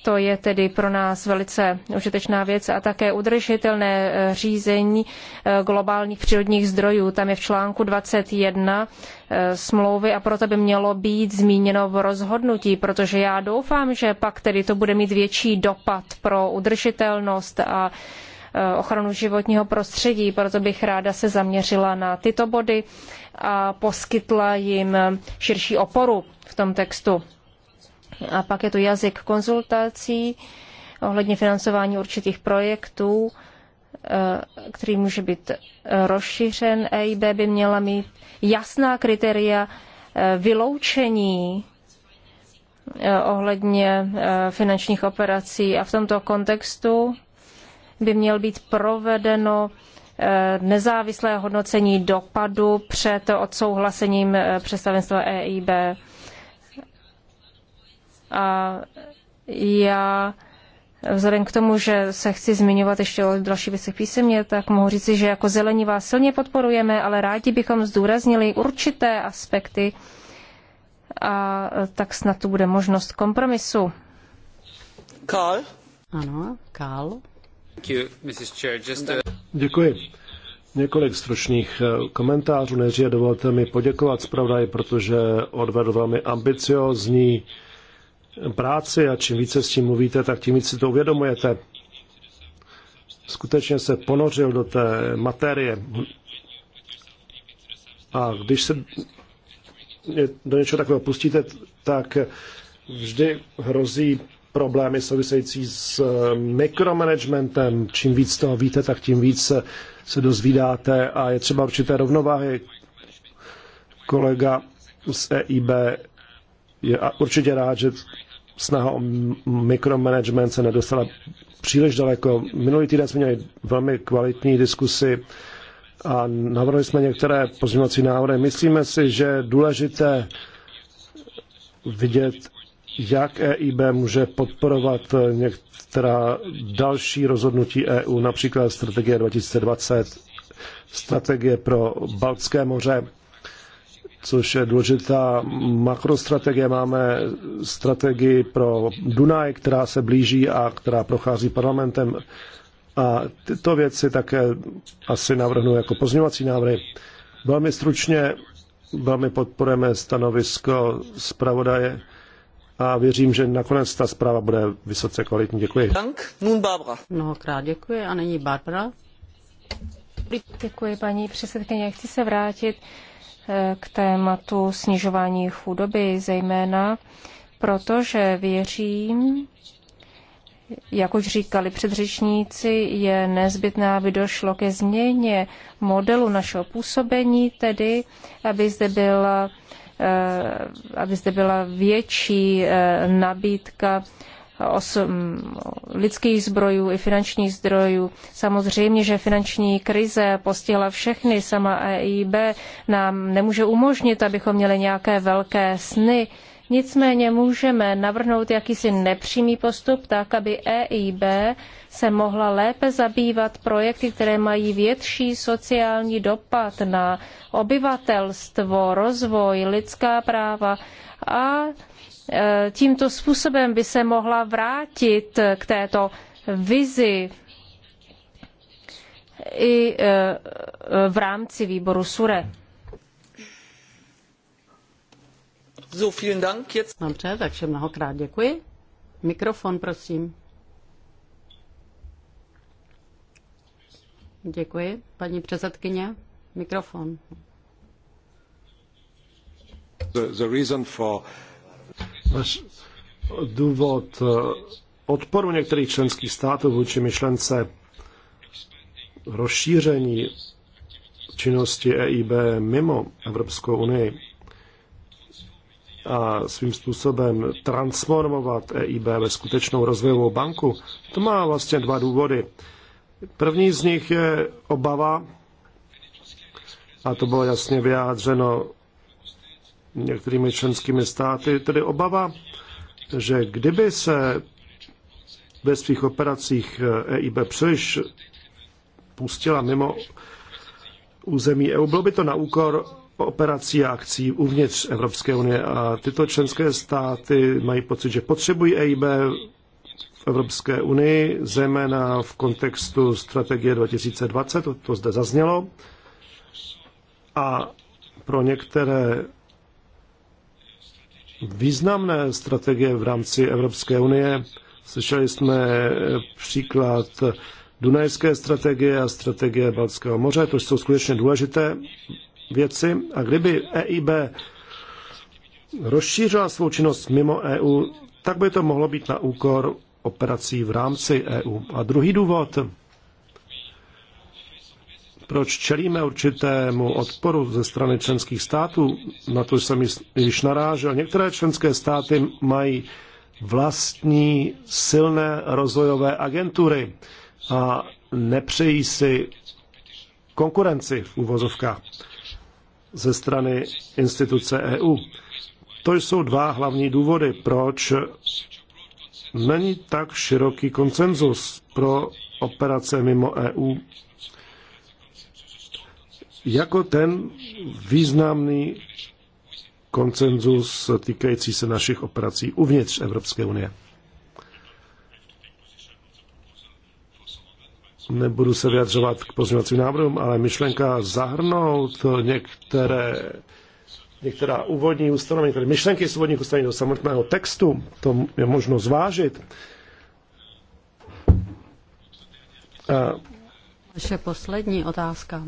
To je tedy pro nás velice užitečná věc a také udržitelné eh, řízení eh, globálních přírodních zdrojů. Tam je v článku 21 smlouvy a proto by mělo být zmíněno v rozhodnutí, protože já doufám, že pak tedy to bude mít větší dopad pro udržitelnost a Eh, ochranu životního prostředí, proto bych ráda se zaměřila na tyto body a poskytla jim širší oporu v tom textu. A pak je tu jazyk konzultací ohledně financování určitých projektů, eh, který může být rozšířen. EIB by měla mít jasná kritéria eh, vyloučení ohledně finančních operací a v tomto kontextu by měl být provedeno eh, nezávislé hodnocení dopadu před odsouhlasením eh, představenstva EIB. A já Vzhledem k tomu, že se chci zmiňovat ještě o další věcech písemně, tak mohu říci, že jako zelení vás silně podporujeme, ale rádi bychom zdůraznili určité aspekty a eh, tak snad tu bude možnost kompromisu. Karl? Ano, Karl. Děkuji. Několik stručných eh, komentářů. Nejdříve dovolte mi poděkovat zpravodaji, protože odvedl velmi ambiciozní práci a čím více s tím mluvíte, tak tím více si to uvědomujete. Skutečně se ponořil do té materie. A když se do něčeho takového pustíte, tak vždy hrozí problémy související s eh, mikromanagementem. Čím víc toho víte, tak tím víc se dozvídáte a je třeba určité rovnováhy. Kolega z EIB je určitě rád, že snaha o mikromanagement se nedostala příliš daleko. Minulý týden jsme měli velmi kvalitní diskusy a navrhli jsme některé pozměňovací návrhy. Myslíme si, že je důležité vidět jak EIB může podporovat některá další rozhodnutí EU, například strategie 2020, strategie pro Baltské moře, což je důležitá makrostrategie. Máme strategii pro Dunaj, která se blíží a která prochází parlamentem. A tyto věci také asi navrhnu jako pozměňovací návrhy. Velmi stručně, velmi podporujeme stanovisko zpravodaje a věřím, že nakonec ta zpráva bude vysoce kvalitní. Děkuji. Dank, nun Barbara. Mnohokrát děkuji a není Barbara. Děkuji, paní předsedkyně. Chci se vrátit eh, k tématu snižování chudoby, zejména protože věřím, jak už říkali předřečníci, je nezbytné, aby došlo ke změně modelu našeho působení, tedy aby zde byla Eh, aby zde byla větší eh, nabídka lidských zdrojů i finančních zdrojů. Samozřejmě, že finanční krize postihla všechny, sama EIB nám nemůže umožnit, abychom měli nějaké velké sny. Nicméně můžeme navrhnout jakýsi nepřímý postup tak, aby EIB se mohla lépe zabývat projekty, které mají větší sociální dopad na obyvatelstvo, rozvoj, lidská práva a e, tímto způsobem by se mohla vrátit k této vizi i e, v rámci výboru SURE. So, vielen Dank. Jetzt... Dobře, takže mnohokrát děkuji. Mikrofon, prosím. Děkuji, paní předsedkyně. Mikrofon. The, the reason for... Důvod eh, odporu některých členských států vůči myšlence rozšíření činnosti EIB mimo Evropskou unii a svým způsobem transformovat EIB ve skutečnou rozvojovou banku, to má vlastně dva důvody. První z nich je obava, a to bylo jasně vyjádřeno některými členskými státy, tedy obava, že kdyby se ve svých operacích EIB příliš pustila mimo území EU, bylo by to na úkor operací a akcí uvnitř Evropské unie a tyto členské státy mají pocit, že potřebují EIB v Evropské unii, zejména v kontextu strategie 2020, to, to zde zaznělo. A pro některé významné strategie v rámci Evropské unie slyšeli jsme příklad Dunajské strategie a strategie Baltského moře, to jsou skutečně důležité věci a kdyby EIB rozšířila svou činnost mimo EU, tak by to mohlo být na úkor operací v rámci EU. A druhý důvod, proč čelíme určitému odporu ze strany členských států, na to jsem již narážel. Některé členské státy mají vlastní silné rozvojové agentury a nepřejí si konkurenci v úvozovkách ze strany instituce EU. To jsou dva hlavní důvody, proč není tak široký konsenzus pro operace mimo EU, jako ten významný konsenzus týkající se našich operací uvnitř Evropské unie. Nebudu se vyjadřovat k pozměňovacím návrhům, ale myšlenka zahrnout některé, některá úvodní ustanovení, tedy myšlenky z úvodních ustanovení do samotného textu, to je možno zvážit. A... Vaše poslední otázka,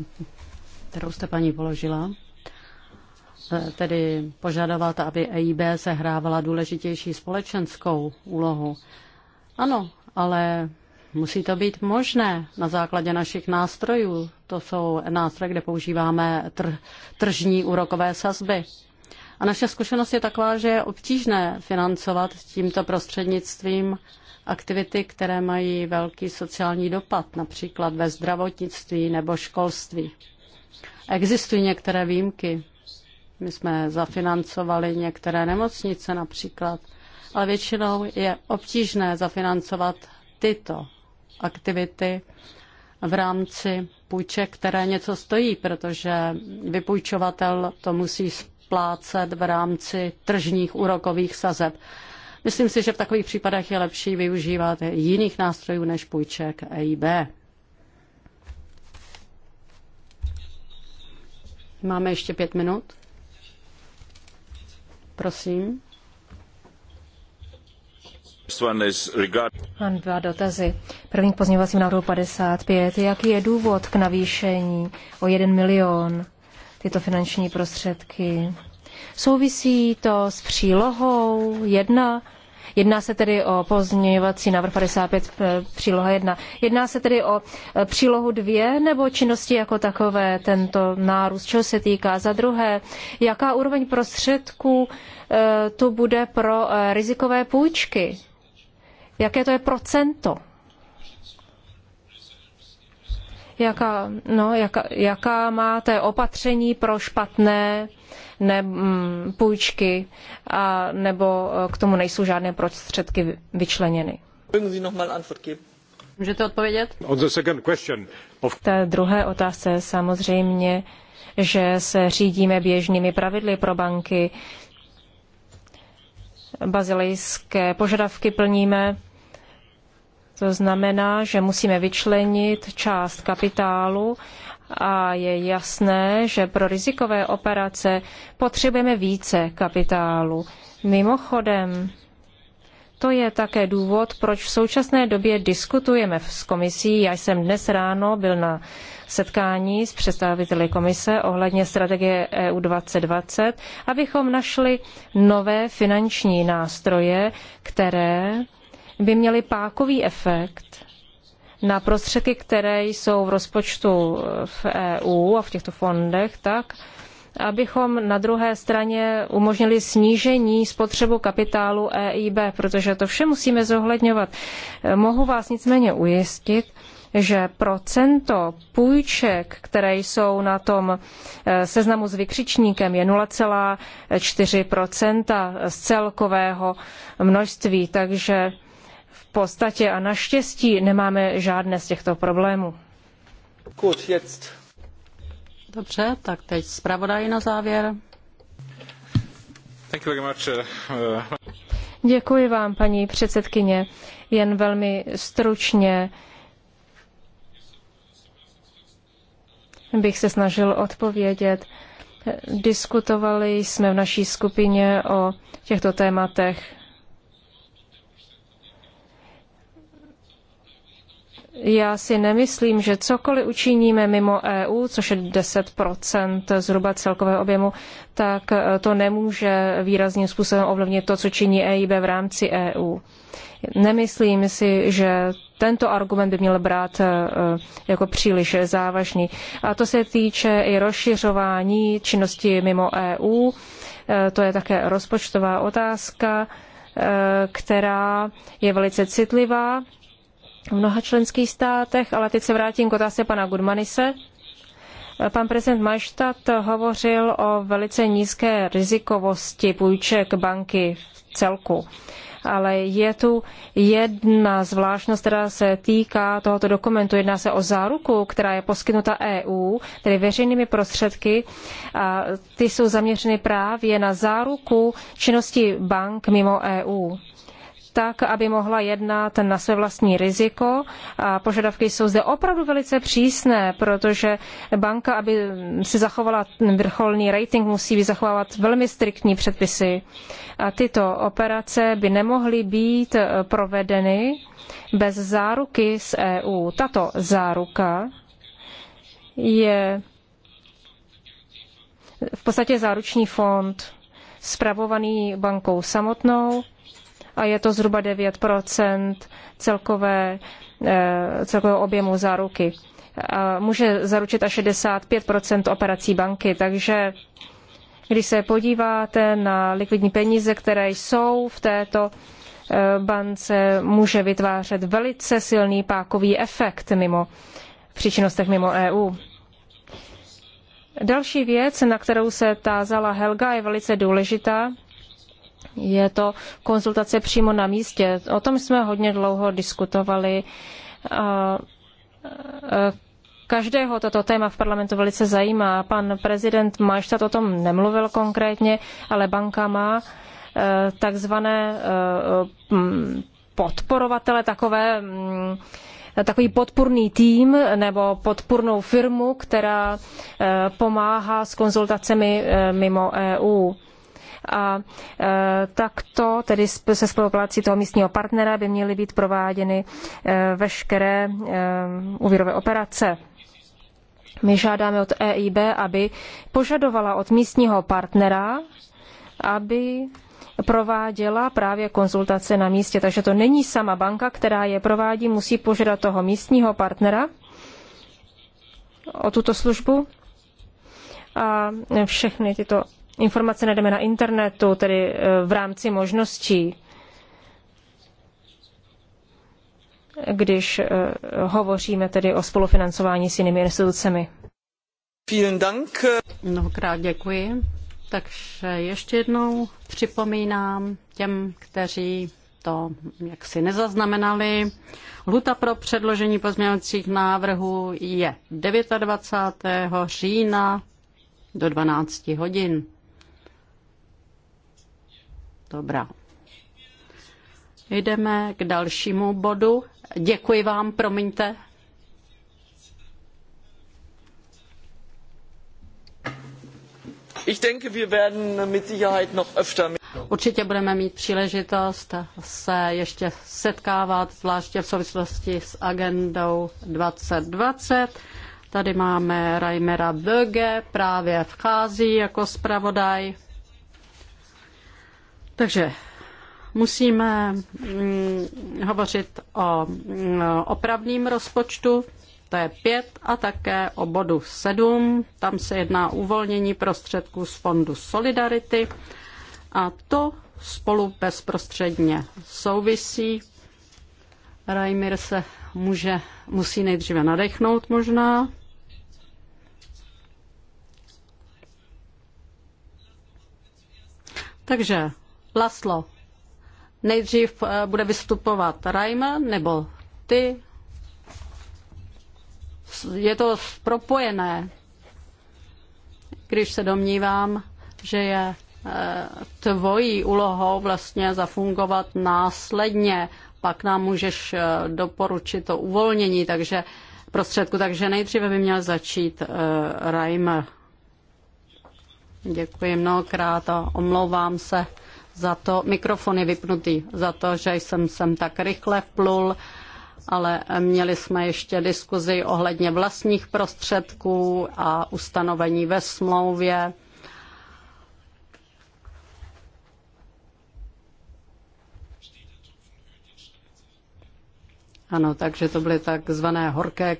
kterou jste paní položila, e, tedy požadovat, aby EIB sehrávala důležitější společenskou úlohu. Ano, ale Musí to být možné na základě našich nástrojů. To jsou nástroje, kde používáme tr- tržní úrokové sazby. A naše zkušenost je taková, že je obtížné financovat tímto prostřednictvím aktivity, které mají velký sociální dopad, například ve zdravotnictví nebo školství. Existují některé výjimky. My jsme zafinancovali některé nemocnice například, ale většinou je obtížné zafinancovat tyto aktivity v rámci půjček, které něco stojí, protože vypůjčovatel to musí splácet v rámci tržních úrokových sazeb. Myslím si, že v takových případech je lepší využívat jiných nástrojů než půjček EIB. Máme ještě pět minut. Prosím. Mám dva dotazy. První pozměňovacím návrhu 55. Jaký je důvod k navýšení o 1 milion tyto finanční prostředky? Souvisí to s přílohou 1 Jedná se tedy o pozměňovací návrh 55 eh, příloha 1. Jedná se tedy o eh, přílohu 2 nebo činnosti jako takové, tento nárůst, čeho se týká. Za druhé, jaká úroveň prostředků eh, tu bude pro rizikové půjčky? Jaké to je procento? jaká, no, jaká, jaká máte opatření pro špatné ne, m, mm, půjčky, a, nebo eh, k tomu nejsou žádné prostředky vyčleněny. Můžete odpovědět? On the second question. Of... Ta druhé otázce samozřejmě, že se řídíme běžnými pravidly pro banky. Bazilejské požadavky plníme to znamená, že musíme vyčlenit část kapitálu a je jasné, že pro rizikové operace potřebujeme více kapitálu. Mimochodem, to je také důvod, proč v současné době diskutujeme s komisí. Já jsem dnes ráno byl na setkání s představiteli komise ohledně strategie EU 2020, abychom našli nové finanční nástroje, které by měly pákový efekt na prostředky, které jsou v rozpočtu eh, v EU a v těchto fondech, tak, abychom na druhé straně umožnili snížení spotřebu kapitálu EIB, protože to vše musíme zohledňovat. Eh, mohu vás nicméně ujistit, že procento půjček, které jsou na tom eh, seznamu s vykřičníkem, je 0,4 z celkového množství, takže podstatě a naštěstí nemáme žádné z těchto problémů. Gut, jetzt. Dobře, tak teď zpravodaj na závěr. Thank you very much. Uh, uh, Děkuji vám, paní předsedkyně. Jen velmi stručně bych se snažil odpovědět. Diskutovali jsme v naší skupině o těchto tématech Já si nemyslím, že cokoliv učiníme mimo EU, což je 10 zhruba celkového objemu, tak e, to nemůže výrazným způsobem ovlivnit to, co činí EIB v rámci EU. Nemyslím si, že tento argument by měl brát e, e, jako příliš závažný. A to se týče i rozšiřování činnosti mimo EU. To je také rozpočtová otázka, která je velice citlivá v mnoha členských státech, ale teď se vrátím k otázce pana Gudmanise. Pan prezident Majštat hovořil o velice nízké rizikovosti půjček banky v celku. Ale je tu jedna zvláštnost, která se týká tohoto dokumentu. Jedná se o záruku, která je poskytnuta EU, tedy veřejnými prostředky. A ty jsou zaměřeny právě na záruku činnosti bank mimo EU tak, aby mohla jednat na své vlastní riziko. A požadavky jsou zde opravdu velice přísné, protože banka, aby si zachovala vrcholný rating, musí zachovávat velmi striktní předpisy. A tyto operace by nemohly být provedeny bez záruky z EU. Tato záruka je v podstatě záruční fond spravovaný bankou samotnou a je to zhruba 9 celkové, eh, celkového objemu záruky. může zaručit až 65 operací banky, takže když se podíváte na likvidní peníze, které jsou v této eh, bance, může vytvářet velice silný pákový efekt mimo příčinnostech mimo EU. Další věc, na kterou se tázala Helga, je velice důležitá je to konzultace přímo na místě. O tom jsme hodně dlouho diskutovali. každého toto téma v parlamentu velice zajímá. Pan prezident Majštat o tom nemluvil konkrétně, ale banka má e, takzvané e, podporovatele, takové, takový podpůrný tým nebo podpůrnou firmu, která e, pomáhá s konzultacemi mimo EU a e, takto, tedy se spoluprácí toho místního partnera, by měly být prováděny e, veškeré e, úvěrové operace. My žádáme od EIB, aby požadovala od místního partnera, aby prováděla právě konzultace na místě. Takže to není sama banka, která je provádí, musí požadat toho místního partnera o tuto službu. A všechny tyto informace najdeme na internetu, tedy eh, v rámci možností. když eh, hovoříme tedy o spolufinancování s jinými institucemi. Mnohokrát děkuji. Takže ještě jednou připomínám těm, kteří to jaksi nezaznamenali. Luta pro předložení pozměňovacích návrhů je 29. října do 12 hodin. Dobrá. Jdeme k dalšímu bodu. Děkuji vám, promiňte. Ich denke, wir werden mit Sicherheit noch öfter Určitě budeme mít příležitost se ještě setkávat, zvláště v souvislosti s agendou 2020. Tady máme Reimera Böge, právě vchází jako zpravodaj. Takže musíme mm, hovořit o mm, opravným rozpočtu, to je 5, a také o bodu 7. Tam se jedná o uvolnění prostředků z Fondu Solidarity a to spolu bezprostředně souvisí. Rajmír se může, musí nejdříve nadechnout možná. Takže Laslo, nejdřív eh, bude vystupovat Rajma nebo ty. Je to propojené, když se domnívám, že je eh, tvojí úlohou vlastně zafungovat následně, pak nám můžeš eh, doporučit to uvolnění, takže prostředku. Takže nejdříve by měl začít uh, Reimer. Děkuji mnohokrát a omlouvám se za to, mikrofon je vypnutý, za to, že jsem sem tak rychle vplul, ale měli jsme ještě diskuzi ohledně vlastních prostředků a ustanovení ve smlouvě. Ano, takže to byly takzvané horké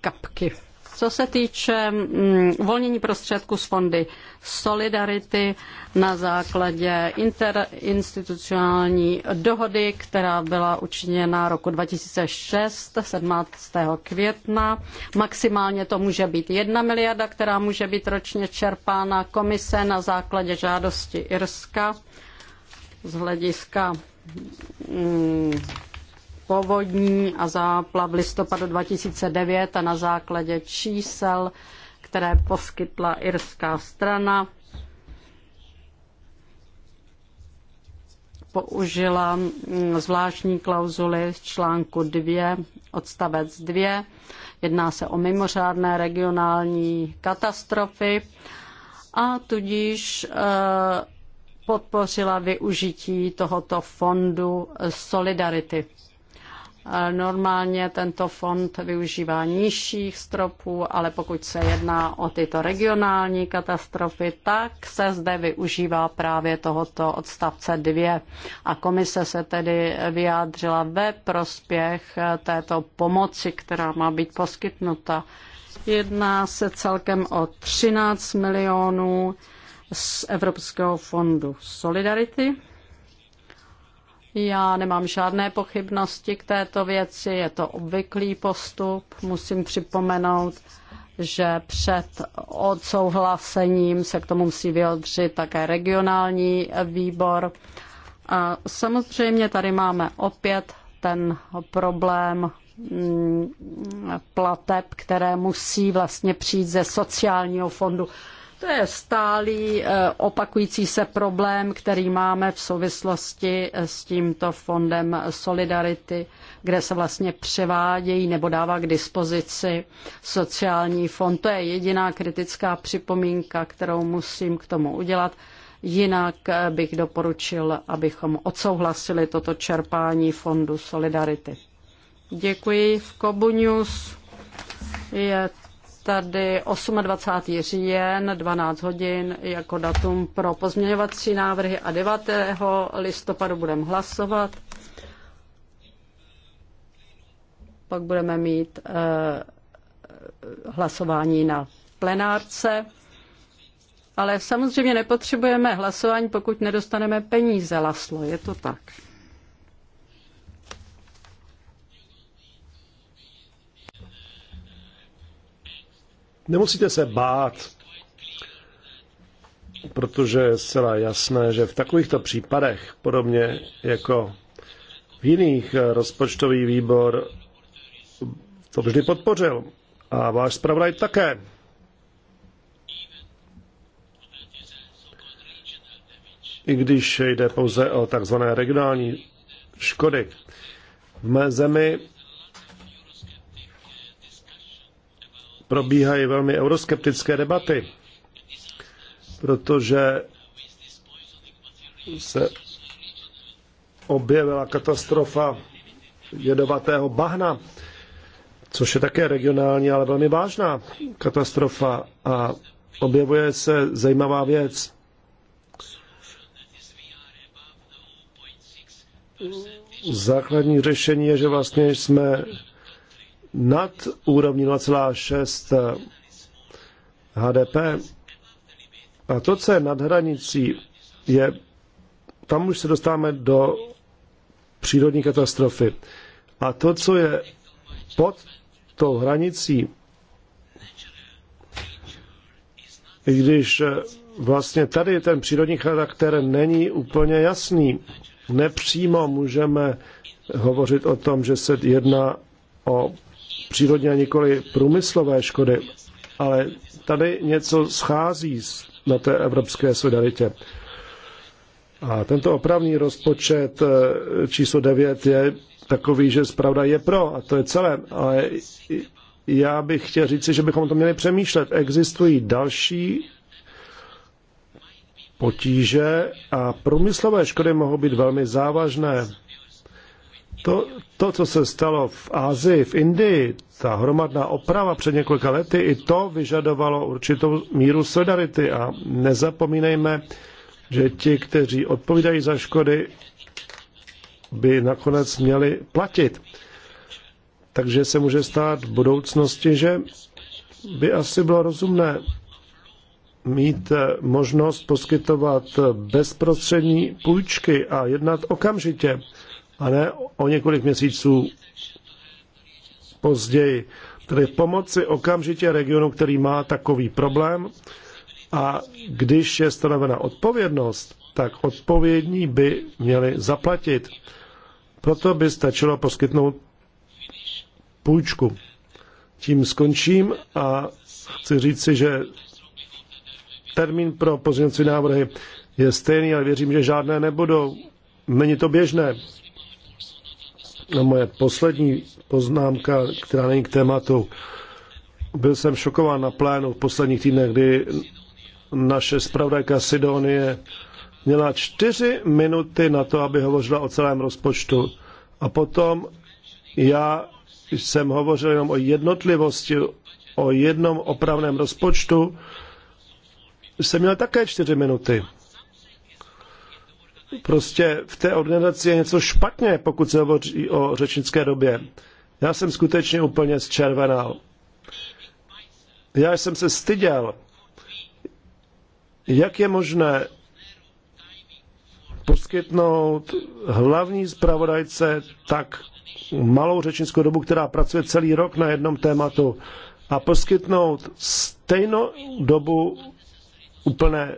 kapky co se týče mm, uvolnění prostředků z fondy Solidarity na základě interinstitucionální dohody, která byla učiněna roku 2006, 17. května. Maximálně to může být jedna miliarda, která může být ročně čerpána komise na základě žádosti Irska z hlediska mm, povodní a záplav listopadu 2009 a na základě čísel, které poskytla irská strana, použila mm, zvláštní klauzuly z článku 2, odstavec 2. Jedná se o mimořádné regionální katastrofy a tudíž eh, podpořila využití tohoto fondu Solidarity. Normálně tento fond využívá nižších stropů, ale pokud se jedná o tyto regionální katastrofy, tak se zde využívá právě tohoto odstavce 2. A komise se tedy vyjádřila ve prospěch této pomoci, která má být poskytnuta. Jedná se celkem o 13 milionů z Evropského fondu Solidarity já nemám žádné pochybnosti k této věci, je to obvyklý postup. Musím připomenout, že před odsouhlasením se k tomu musí vyjadřit také regionální výbor. A samozřejmě tady máme opět ten problém mm, plateb, které musí vlastně přijít ze sociálního fondu. To je stálý eh, opakující se problém, který máme v souvislosti eh, s tímto fondem Solidarity, kde se vlastně převádějí nebo dává k dispozici sociální fond. To je jediná kritická připomínka, kterou musím k tomu udělat. Jinak eh, bych doporučil, abychom odsouhlasili toto čerpání fondu Solidarity. Děkuji v Kobu News. Je tady 28. říjen 12 hodin jako datum pro pozměňovací návrhy a 9. listopadu budeme hlasovat. Pak budeme mít eh, hlasování na plenárce. Ale samozřejmě nepotřebujeme hlasování, pokud nedostaneme peníze, Laslo, je to tak. Nemusíte se bát, protože je zcela jasné, že v takovýchto případech, podobně jako v jiných, eh, rozpočtový výbor to vždy podpořil. A váš zpravodaj také. I když jde pouze o takzvané regionální škody. V mé zemi probíhají velmi euroskeptické debaty, protože se objevila katastrofa jedovatého bahna, což je také regionální, ale velmi vážná katastrofa a objevuje se zajímavá věc. Základní řešení je, že vlastně jsme nad úrovní 0,6 eh, HDP. A to, co je nad hranicí, je, tam už se dostáváme do přírodní katastrofy. A to, co je pod tou hranicí, i když eh, vlastně tady ten přírodní charakter není úplně jasný. Nepřímo můžeme hovořit o tom, že se jedná o přírodní a nikoli průmyslové škody, ale tady něco schází na té evropské solidaritě. A tento opravný rozpočet eh, číslo 9 je takový, že zpravda je pro, a to je celé. Ale já bych chtěl říci, že bychom to měli přemýšlet. Existují další potíže a průmyslové škody mohou být velmi závažné. To to, co se stalo v Ázii, v Indii, ta hromadná oprava před několika lety, i to vyžadovalo určitou míru solidarity a nezapomínejme, že ti, kteří odpovídají za škody, by nakonec měli platit. Takže se může stát v budoucnosti, že by asi bylo rozumné mít eh, možnost poskytovat bezprostřední půjčky a jednat okamžitě a ne o několik měsíců později. Tedy pomoci okamžitě regionu, který má takový problém a když je stanovena odpovědnost, tak odpovědní by měli zaplatit. Proto by stačilo poskytnout půjčku. Tím skončím a chci říci, že termín pro pozměňovací návrhy je stejný, ale věřím, že žádné nebudou. Není to běžné moje poslední poznámka, která není k tématu. Byl jsem šokován na plénu v posledních týdnech, kdy naše zpravodajka Sidonie měla čtyři minuty na to, aby hovořila o celém rozpočtu. A potom já jsem hovořil jenom o jednotlivosti, o jednom opravném rozpočtu. Jsem měl také čtyři minuty prostě v té organizaci je něco špatně, pokud se hovoří o řečnické době. Já jsem skutečně úplně zčervenal. Já jsem se styděl. Jak je možné poskytnout hlavní zpravodajce tak malou řečnickou dobu, která pracuje celý rok na jednom tématu a poskytnout stejnou dobu úplné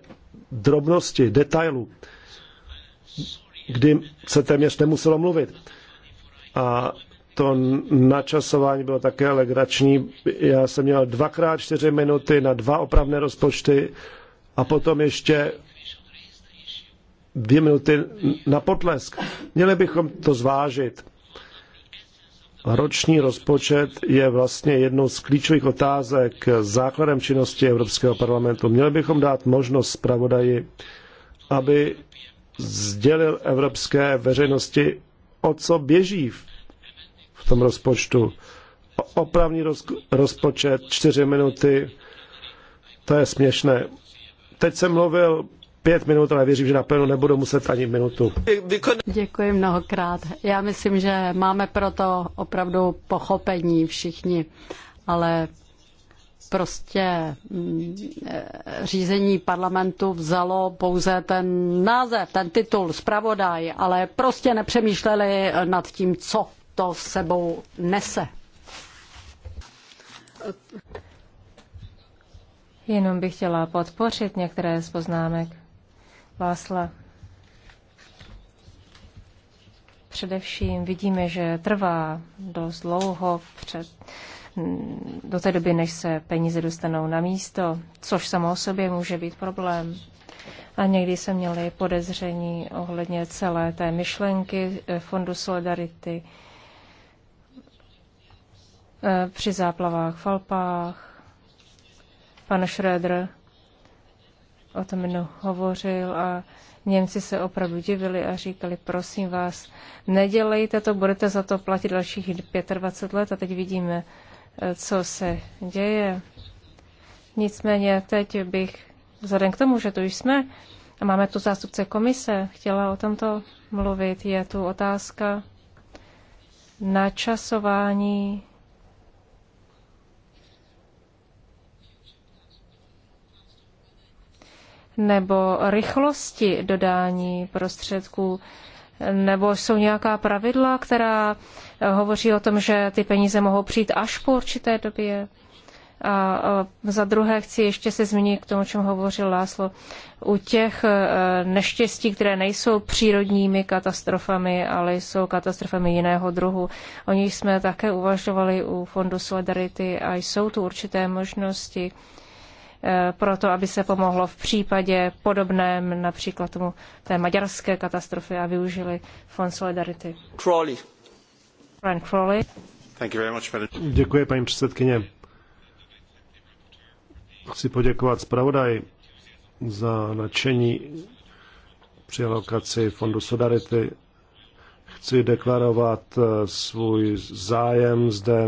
drobnosti, detailů kdy se téměř nemuselo mluvit. A to načasování bylo také legrační. Já jsem měl dvakrát čtyři minuty na dva opravné rozpočty a potom ještě dvě minuty na potlesk. Měli bychom to zvážit. Roční rozpočet je vlastně jednou z klíčových otázek základem činnosti Evropského parlamentu. Měli bychom dát možnost zpravodaji, aby sdělil evropské veřejnosti, o co běží v tom rozpočtu. Opravný rozpočet, čtyři minuty, to je směšné. Teď jsem mluvil pět minut, ale věřím, že na plénu nebudu muset ani minutu. Děkuji mnohokrát. Já myslím, že máme proto opravdu pochopení všichni, ale prostě mm, eh, řízení parlamentu vzalo pouze ten název, ten titul, zpravodaj, ale prostě nepřemýšleli nad tím, co to sebou nese. Jenom bych chtěla podpořit některé z poznámek Vásla. Především vidíme, že trvá dost dlouho před do té doby, než se peníze dostanou na místo, což samo o sobě může být problém. A někdy se měli podezření ohledně celé té myšlenky eh, Fondu Solidarity eh, při záplavách v Alpách. Pan Schröder o tom jenom hovořil a Němci se opravdu divili a říkali, prosím vás, nedělejte to, budete za to platit dalších 25 let a teď vidíme co se děje. Nicméně teď bych, vzhledem k tomu, že tu jsme a máme tu zástupce komise, chtěla o tomto mluvit. Je tu otázka načasování nebo rychlosti dodání prostředků nebo jsou nějaká pravidla, která eh, hovoří o tom, že ty peníze mohou přijít až po určité době. A eh, za druhé chci ještě se zmínit k tomu, o čem hovořil Láslo. U těch eh, neštěstí, které nejsou přírodními katastrofami, ale jsou katastrofami jiného druhu, o nich jsme také uvažovali u Fondu Solidarity a jsou tu určité možnosti, Eh, pro to, aby se pomohlo v případě podobném například tomu té maďarské katastrofy a využili Fond Solidarity. Crowley. Brian Crowley. Thank you very much, Děkuji, paní předsedkyně. Chci poděkovat zpravodaj za nadšení při alokaci Fondu Solidarity. Chci deklarovat eh, svůj zájem zde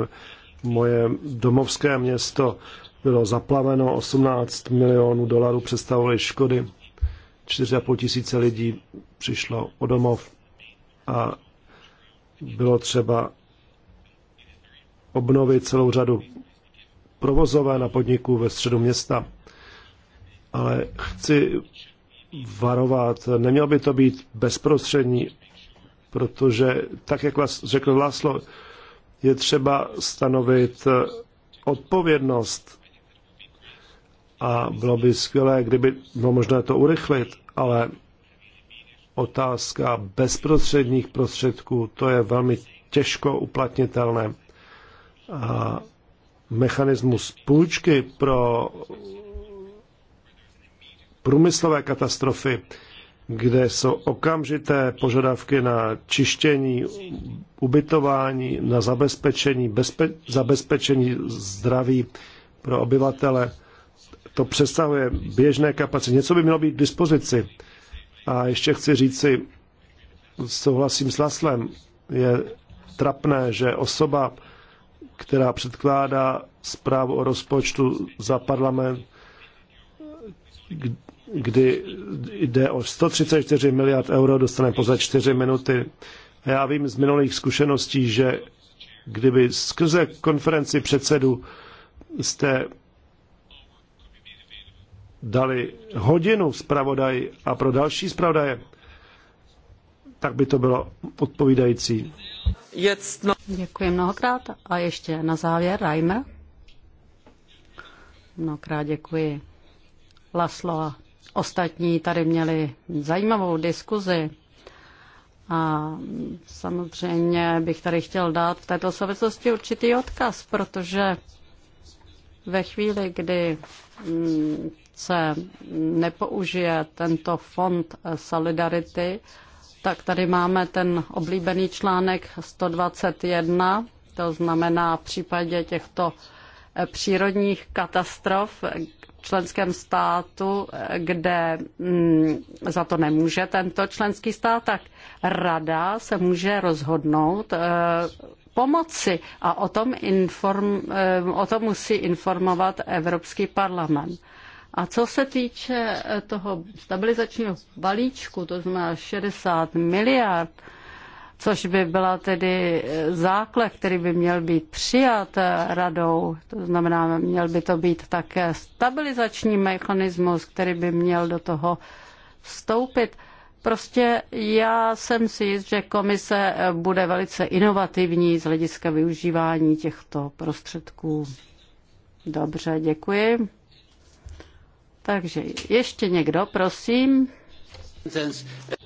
moje domovské město bylo zaplaveno, 18 milionů dolarů představovaly škody, 4,5 tisíce lidí přišlo o domov a bylo třeba obnovit celou řadu provozové na podniků ve středu města. Ale chci varovat, nemělo by to být bezprostřední, protože, tak jak vás řekl Láslo, je třeba stanovit odpovědnost a bylo by skvělé, kdyby bylo možné to urychlit, ale otázka bezprostředních prostředků, to je velmi těžko uplatnitelné. A mechanismus půjčky pro průmyslové katastrofy, kde jsou okamžité požadavky na čištění, ubytování, na zabezpečení, bezpe- zabezpečení zdraví pro obyvatele, to přesahuje běžné kapacity. Něco by mělo být k dispozici. A ještě chci říci, souhlasím s Laslem, je trapné, že osoba, která předkládá zprávu o rozpočtu za parlament, kdy jde o 134 miliard euro, dostane pouze 4 minuty. A já vím z minulých zkušeností, že kdyby skrze konferenci předsedu jste dali hodinu zpravodaj a pro další zpravodaje, tak by to bylo odpovídající. No- děkuji mnohokrát a ještě na závěr Reimer. Mnohokrát děkuji Laslo a ostatní tady měli zajímavou diskuzi. A samozřejmě bych tady chtěl dát v této souvislosti určitý odkaz, protože ve chvíli, kdy mm, obce nepoužije tento fond Solidarity, tak tady máme ten oblíbený článek 121, to znamená v případě těchto eh, přírodních katastrof členském státu, eh, kde mm, za to nemůže tento členský stát, tak rada se může rozhodnout eh, pomoci a o tom, inform, o tom musí informovat Evropský parlament. A co se týče eh, toho stabilizačního balíčku, to znamená 60 miliard, což by byla tedy eh, základ, který by měl být přijat eh, radou, to znamená, měl by to být také stabilizační mechanismus, který by měl do toho vstoupit. Prostě já jsem si jist, že komise bude velice inovativní z hlediska využívání těchto prostředků. Dobře, děkuji. Takže ještě někdo, prosím.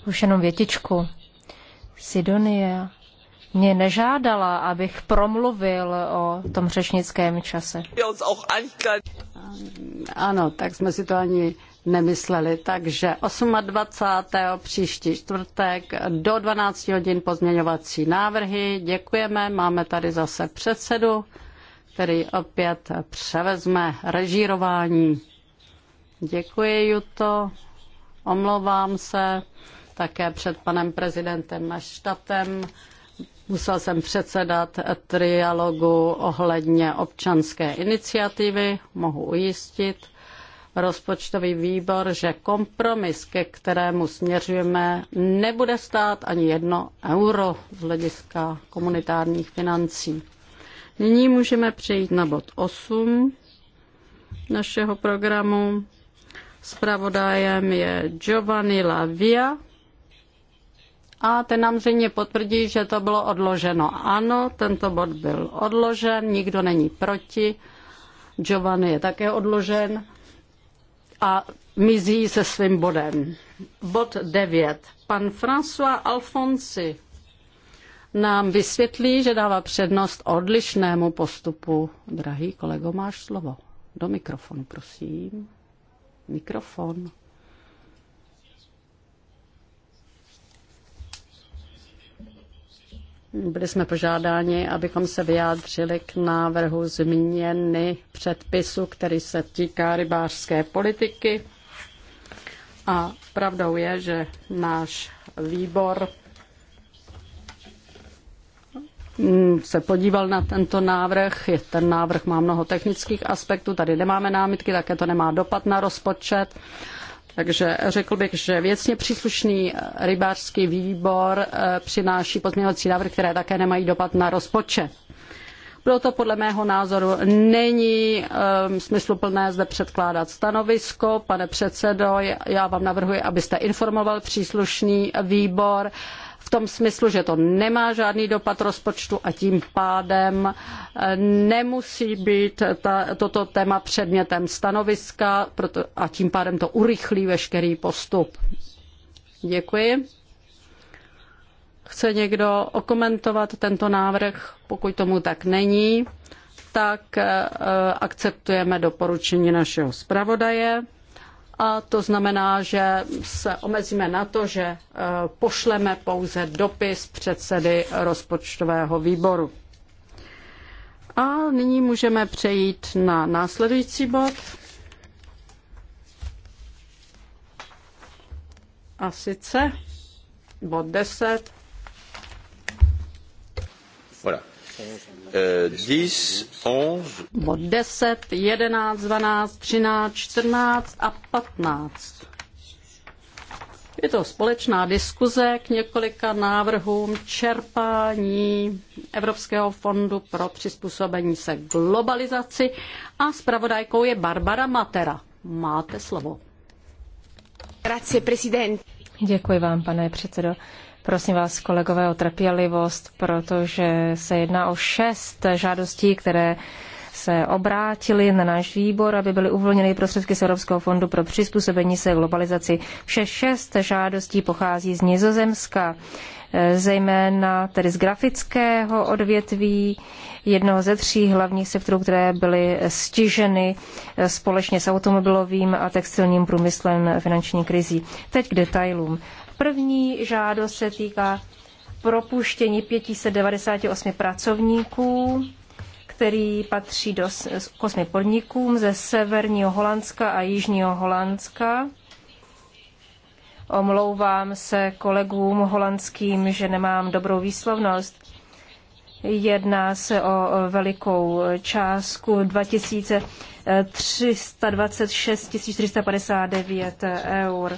Už jenom větičku. Sidonie mě nežádala, abych promluvil o tom řečnickém čase. Ano, tak jsme si to ani nemysleli. Takže 28. příští čtvrtek do 12 hodin pozměňovací návrhy. Děkujeme, máme tady zase předsedu, který opět převezme režírování. Děkuji, Juto. Omlouvám se také před panem prezidentem Maštatem. Musel jsem předsedat trialogu ohledně občanské iniciativy. Mohu ujistit rozpočtový výbor, že kompromis, ke kterému směřujeme, nebude stát ani jedno euro z hlediska komunitárních financí. Nyní můžeme přejít na bod 8 našeho programu. Spravodajem je Giovanni Lavia. A ten nám zřejmě potvrdí, že to bylo odloženo. Ano, tento bod byl odložen, nikdo není proti. Giovanni je také odložen a mizí se svým bodem. Bod 9. Pan François Alfonsi nám vysvětlí, že dává přednost odlišnému postupu. Drahý kolego, máš slovo. Do mikrofonu, prosím. Mikrofon. Byli jsme požádáni, abychom se vyjádřili k návrhu změny předpisu, který se týká rybářské politiky. A pravdou je, že náš výbor Mm, se podíval na tento návrh. Ten návrh má mnoho technických aspektů, tady nemáme námitky, také to nemá dopad na rozpočet. Takže řekl bych, že věcně příslušný eh, rybářský výbor eh, přináší pozměňovací návrhy, které také nemají dopad na rozpočet. Proto podle mého názoru není um, smysluplné zde předkládat stanovisko. Pane předsedo, já vám navrhuji, abyste informoval příslušný výbor uh, v tom smyslu, že to nemá žádný dopad rozpočtu a tím pádem eh, nemusí být ta, toto téma předmětem stanoviska proto, a tím pádem to urychlí veškerý postup. Děkuji. Chce někdo okomentovat tento návrh? Pokud tomu tak není, tak eh, akceptujeme doporučení našeho zpravodaje a to znamená, že se omezíme na to, že e, pošleme pouze dopis předsedy rozpočtového výboru. A nyní můžeme přejít na následující bod. A sice bod 10. Voilà. 10, 11. Bod 10, 11, 12, 13, 14 a 15. Je to společná diskuze k několika návrhům čerpání Evropského fondu pro přizpůsobení se globalizaci a zpravodajkou je Barbara Matera. Máte slovo. Grazie, Děkuji vám, pane předsedo. Prosím vás, kolegové, o trpělivost, protože se jedná o šest žádostí, které se obrátili na náš výbor, aby byly uvolněny prostředky z Evropského fondu pro přizpůsobení se globalizaci. Vše šest žádostí pochází z Nizozemska, eh, zejména tedy z grafického odvětví, jednoho ze tří hlavních sektorů, které byly stiženy eh, společně s automobilovým a textilním průmyslem finanční krizí. Teď k detailům. První žádost se týká propuštění 598 pracovníků, který patří do, kosmi podnikům ze severního Holandska a jižního Holandska. Omlouvám se kolegům holandským, že nemám dobrou výslovnost. Jedná se o velikou částku 2326 459 eur.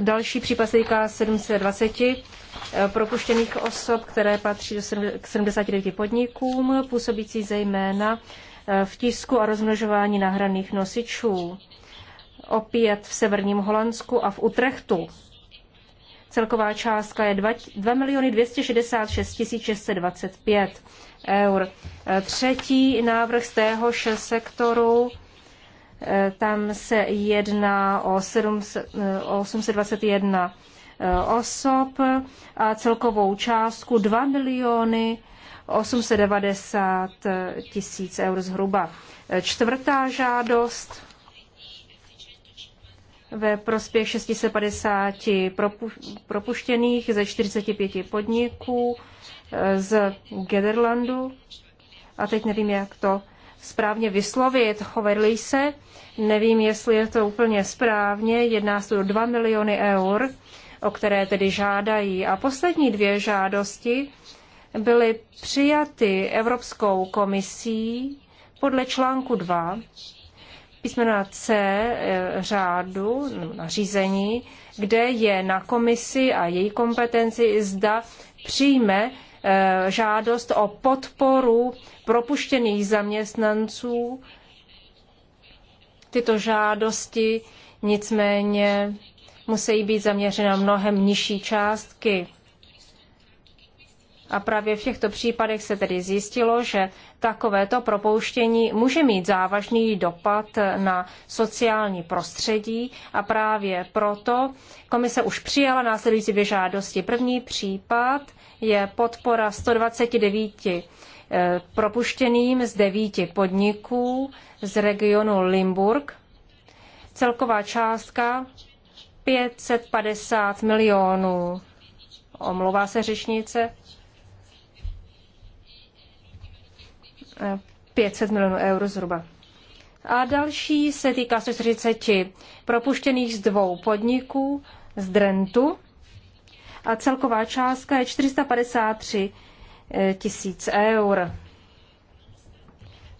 Další případ se týká 720 eh, propuštěných osob, které patří do 79 podnikům, působící zejména eh, v tisku a rozmnožování náhradných nosičů. Opět v severním Holandsku a v Utrechtu. Celková částka je 2, miliony 266 625 eur. Eh, třetí návrh z téhož sektoru tam se jedná o, 7, o 821 eh, osob a celkovou částku 2 miliony 890 eh, tisíc eur zhruba. Eh, čtvrtá žádost ve prospěch 650 propuštěných ze 45 podniků z Gederlandu. A teď nevím, jak to správně vyslovit, chovedli se. Nevím, jestli je to úplně správně, jedná se o 2 miliony eur, o které tedy žádají. A poslední dvě žádosti byly přijaty Evropskou komisí podle článku 2 písmena C e, řádu nařízení, kde je na komisi a její kompetenci, zda přijme Eh, žádost o podporu propuštěných zaměstnanců. Tyto žádosti nicméně musí být zaměřeny na mnohem nižší částky. A právě v těchto případech se tedy zjistilo, že takovéto propouštění může mít závažný dopad na sociální prostředí a právě proto komise už přijala následující dvě žádosti. První případ je podpora 129 eh, propuštěným z devíti podniků z regionu Limburg. Celková částka 550 milionů. Omlouvá se řečnice. 500 eh, milionů eur zhruba. A další se týká 140 propuštěných z dvou podniků z Drentu a celková částka je 453 eh, tisíc eur.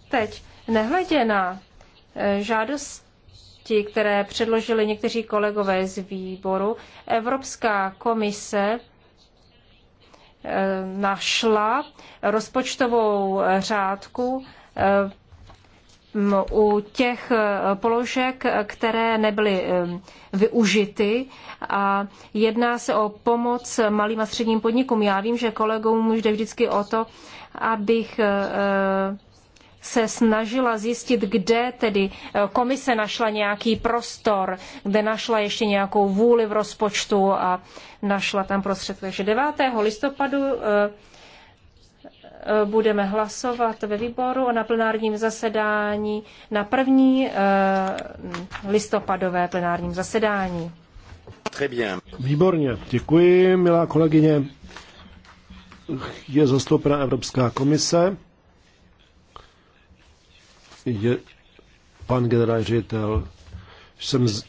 Teď nehledě na eh, žádosti, které předložili někteří kolegové z výboru, Evropská komise eh, našla rozpočtovou řádku u těch e, položek, které nebyly e, využity a jedná se o pomoc malým a středním podnikům. Já vím, že kolegům jde vždycky o to, abych e, se snažila zjistit, kde tedy komise našla nějaký prostor, kde našla ještě nějakou vůli v rozpočtu a našla tam prostředky. Takže 9. listopadu Eh, budeme hlasovat ve výboru na plenárním zasedání na první eh, listopadové plenárním zasedání. Výborně, děkuji, milá kolegyně. Je zastoupena Evropská komise. Je pan generální ředitel. Jsem z,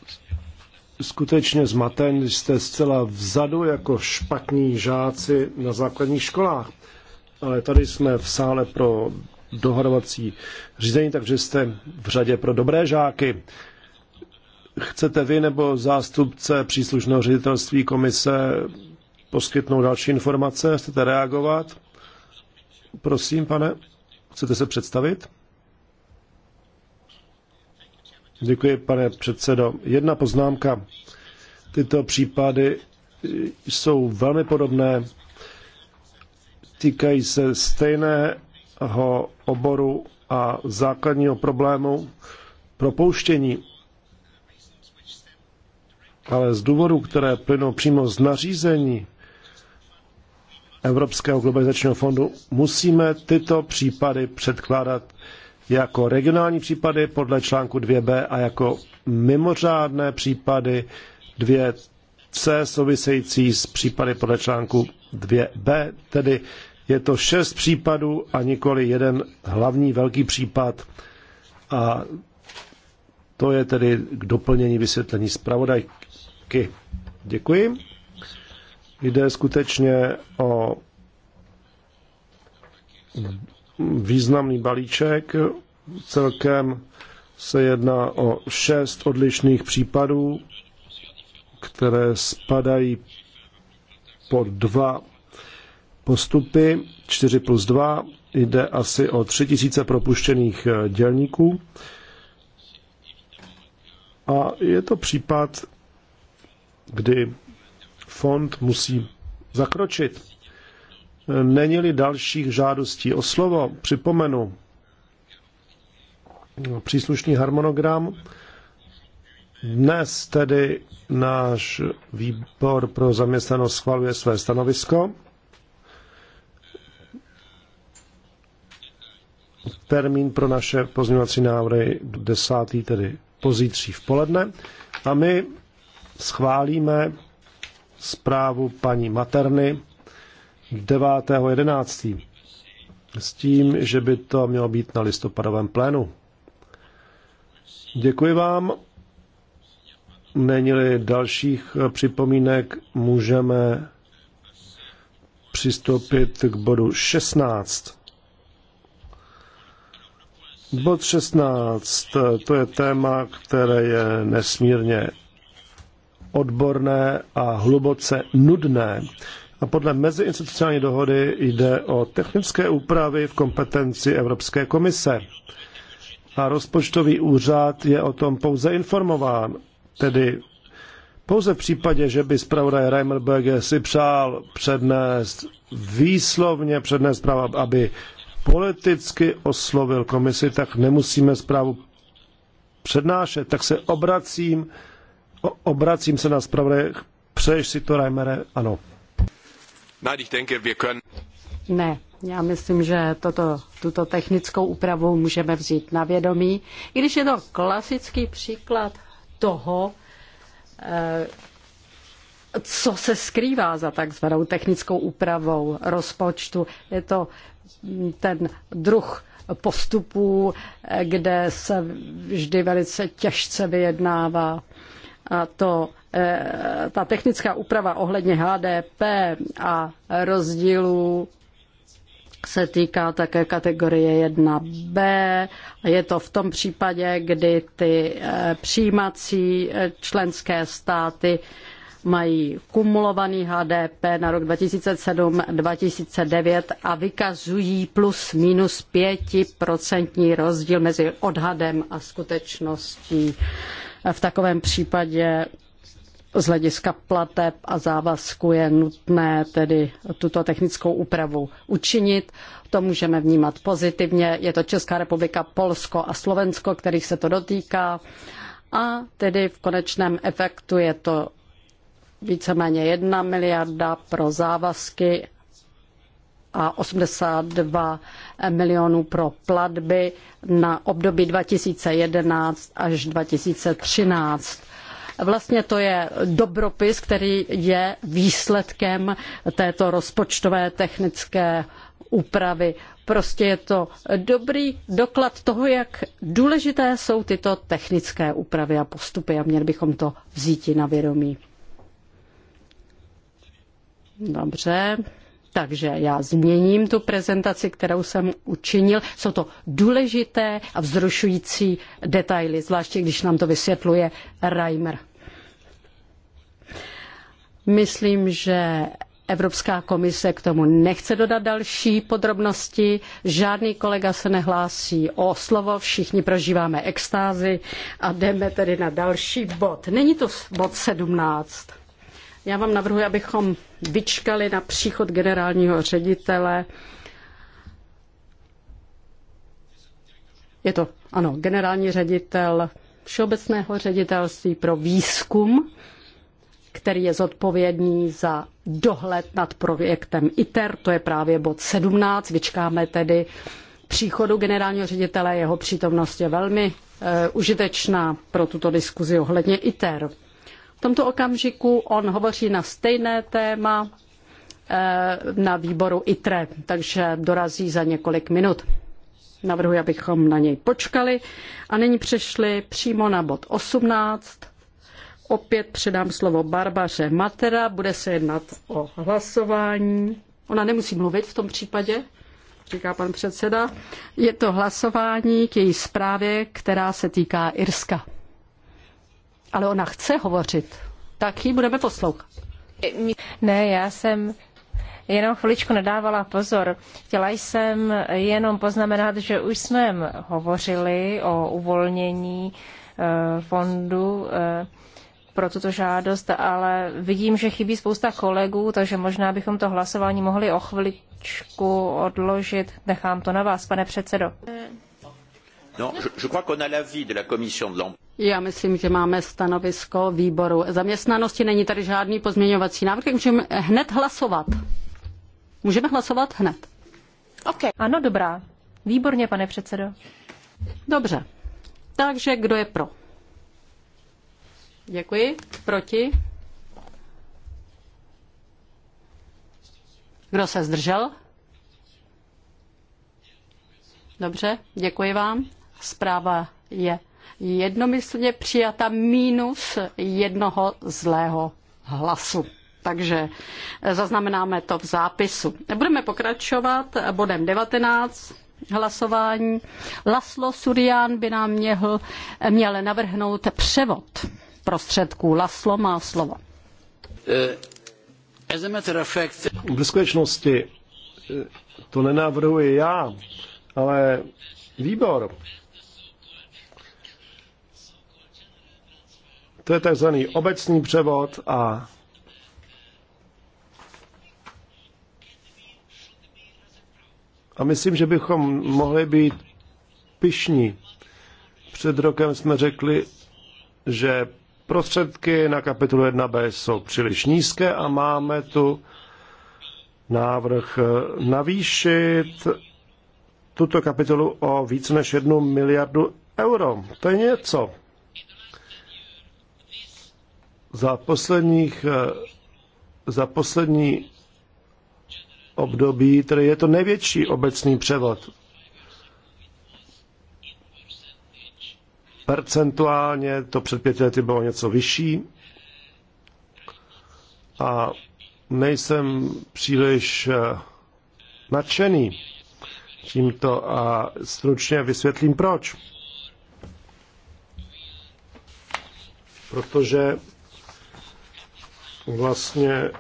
skutečně zmaten, jste zcela vzadu jako špatní žáci na základních školách ale tady jsme v sále pro dohodovací řízení, takže jste v řadě pro dobré žáky. Chcete vy nebo zástupce příslušného ředitelství komise poskytnout další informace? Chcete reagovat? Prosím, pane, chcete se představit? Děkuji, pane předsedo. Jedna poznámka. Tyto případy jsou velmi podobné týkají se stejného oboru a základního problému propouštění, ale z důvodu, které plynou přímo z nařízení Evropského globalizačního fondu, musíme tyto případy předkládat jako regionální případy podle článku 2b a jako mimořádné případy 2c související s případy podle článku 2b, tedy je to šest případů a nikoli jeden hlavní velký případ. A to je tedy k doplnění vysvětlení zpravodajky. Děkuji. Jde skutečně o významný balíček. Celkem se jedná o šest odlišných případů, které spadají po dva postupy, 4 plus 2, jde asi o 3000 propuštěných eh, dělníků. A je to případ, kdy fond musí zakročit. Není-li dalších žádostí o slovo, připomenu příslušný harmonogram dnes tedy náš výbor pro zaměstnanost schvaluje své stanovisko. Termín pro naše pozměňovací návrhy 10. tedy pozítří v poledne. A my schválíme zprávu paní Materny 9.11. s tím, že by to mělo být na listopadovém plénu. Děkuji vám. Není-li dalších eh, připomínek, můžeme přistoupit k bodu 16. Bod 16, eh, to je téma, které je nesmírně odborné a hluboce nudné. A podle meziinstitucionální dohody jde o technické úpravy v kompetenci Evropské komise. A rozpočtový úřad je o tom pouze informován Tedy pouze v případě, že by zpravodaj Reimerberger si přál přednést výslovně přednést práva, aby politicky oslovil komisi, tak nemusíme zprávu přednášet, tak se obracím, obracím se na zpravodaje, přeješ si to, Reimere? Ano. Ne, já myslím, že toto, tuto technickou úpravu můžeme vzít na vědomí. I když je to klasický příklad toho, eh, co se skrývá za takzvanou technickou úpravou rozpočtu. Je to ten druh postupů, eh, kde se vždy velice těžce vyjednává. A to eh, ta technická úprava ohledně HDP a rozdílů se týká také kategorie 1b. Je to v tom případě, kdy ty eh, přijímací eh, členské státy mají kumulovaný HDP na rok 2007-2009 a vykazují plus minus 5% rozdíl mezi odhadem a skutečností. V takovém případě z hlediska plateb a závazku je nutné tedy tuto technickou úpravu učinit. To můžeme vnímat pozitivně. Je to Česká republika, Polsko a Slovensko, kterých se to dotýká. A tedy v konečném efektu je to víceméně 1 miliarda pro závazky a 82 milionů pro platby na období 2011 až 2013. Vlastně to je dobropis, který je výsledkem této rozpočtové technické úpravy. Prostě je to dobrý doklad toho, jak důležité jsou tyto technické úpravy a postupy a měli bychom to vzít na vědomí. Dobře, takže já změním tu prezentaci, kterou jsem učinil. Jsou to důležité a vzrušující detaily, zvláště když nám to vysvětluje Reimer. Myslím, že Evropská komise k tomu nechce dodat další podrobnosti, žádný kolega se nehlásí o slovo, všichni prožíváme extázy a jdeme tedy na další bod. Není to bod 17. Já vám navrhuji, abychom vyčkali na příchod generálního ředitele. Je to, ano, generální ředitel Všeobecného ředitelství pro výzkum, který je zodpovědný za dohled nad projektem ITER, to je právě bod 17. Vyčkáme tedy příchodu generálního ředitele, jeho přítomnost je velmi e, užitečná pro tuto diskuzi ohledně ITER. V tomto okamžiku on hovoří na stejné téma eh, na výboru ITRE, takže dorazí za několik minut. Navrhuji, abychom na něj počkali a nyní přešli přímo na bod 18. Opět předám slovo Barbaře Matera, bude se jednat o hlasování. Ona nemusí mluvit v tom případě, říká pan předseda. Je to hlasování k její zprávě, která se týká Irska ale ona chce hovořit, tak ji budeme poslouchat. Ne, já jsem jenom chviličku nedávala pozor. Chtěla jsem jenom poznamenat, že už jsme hovořili o uvolnění eh, fondu eh, pro tuto žádost, ale vidím, že chybí spousta kolegů, takže možná bychom to hlasování mohli o chviličku odložit. Nechám to na vás, pane předsedo. No, je, je crois qu'on a l'avis de la commission de l'emploi. Já myslím, že máme stanovisko výboru zaměstnanosti. Není tady žádný pozměňovací návrh, takže můžeme hned hlasovat. Můžeme hlasovat hned. Okay. Ano, dobrá. Výborně, pane předsedo. Dobře. Takže kdo je pro? Děkuji. Proti? Kdo se zdržel? Dobře, děkuji vám. Zpráva je jednomyslně přijata mínus jednoho zlého hlasu. Takže zaznamenáme to v zápisu. Budeme pokračovat bodem 19 hlasování. Laslo Surian by nám měl, měl navrhnout převod prostředků. Laslo má slovo. Eh, v skutečnosti eh, to nenavrhuji já, ale výbor To je takzvaný obecný převod a A myslím, že bychom mohli být pišní. Před rokem jsme řekli, že prostředky na kapitolu 1b jsou příliš nízké a máme tu návrh eh, navýšit tuto kapitolu o více než jednu miliardu euro. To je něco. Za, posledních, eh, za poslední období, tedy je to největší obecný převod. Percentuálně to před pěti lety bylo něco vyšší a nejsem příliš eh, nadšený tímto a stručně vysvětlím proč. Protože vlastně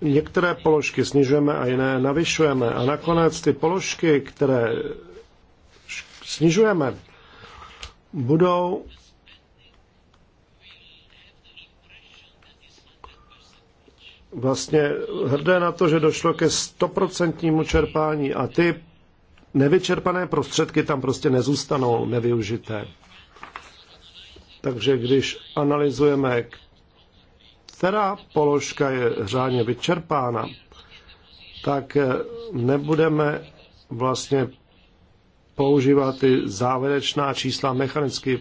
některé položky snižujeme a jiné navyšujeme. A nakonec ty položky, které snižujeme, budou vlastně hrdé na to, že došlo ke stoprocentnímu čerpání a ty nevyčerpané prostředky tam prostě nezůstanou nevyužité. Takže když analyzujeme, která položka je řádně vyčerpána, tak eh, nebudeme vlastně používat ty závěrečná čísla mechanicky.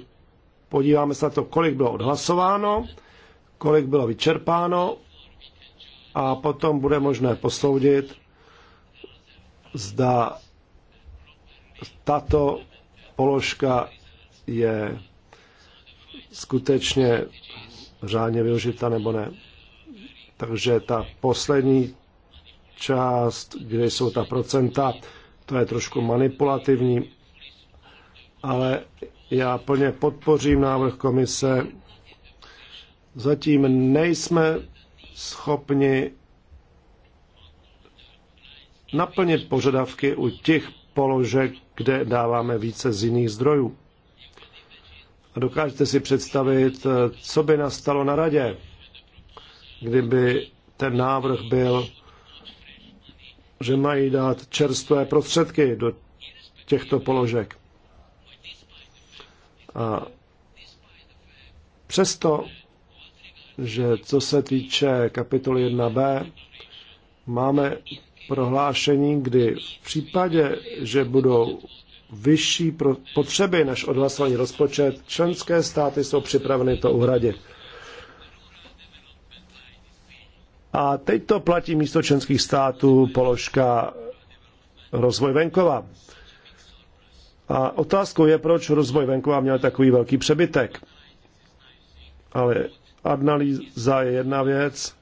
Podíváme se na to, kolik bylo odhlasováno, kolik bylo vyčerpáno a potom bude možné posoudit, zda tato položka je skutečně řádně využita nebo ne. Takže ta poslední část, kde jsou ta procenta, to je trošku manipulativní, ale já plně podpořím návrh komise. Zatím nejsme schopni naplnit požadavky u těch položek, kde dáváme více z jiných zdrojů. A dokážete si představit, eh, co by nastalo na radě, kdyby ten návrh byl, že mají dát čerstvé prostředky do těchto položek. A přesto, že co se týče kapitoly 1b, máme prohlášení, kdy v případě, že budou vyšší potřeby než odhlasovaný rozpočet, členské státy jsou připraveny to uhradit. A teď to platí místo členských států položka rozvoj venkova. A otázkou je, proč rozvoj venkova měl takový velký přebytek. Ale analýza je jedna věc,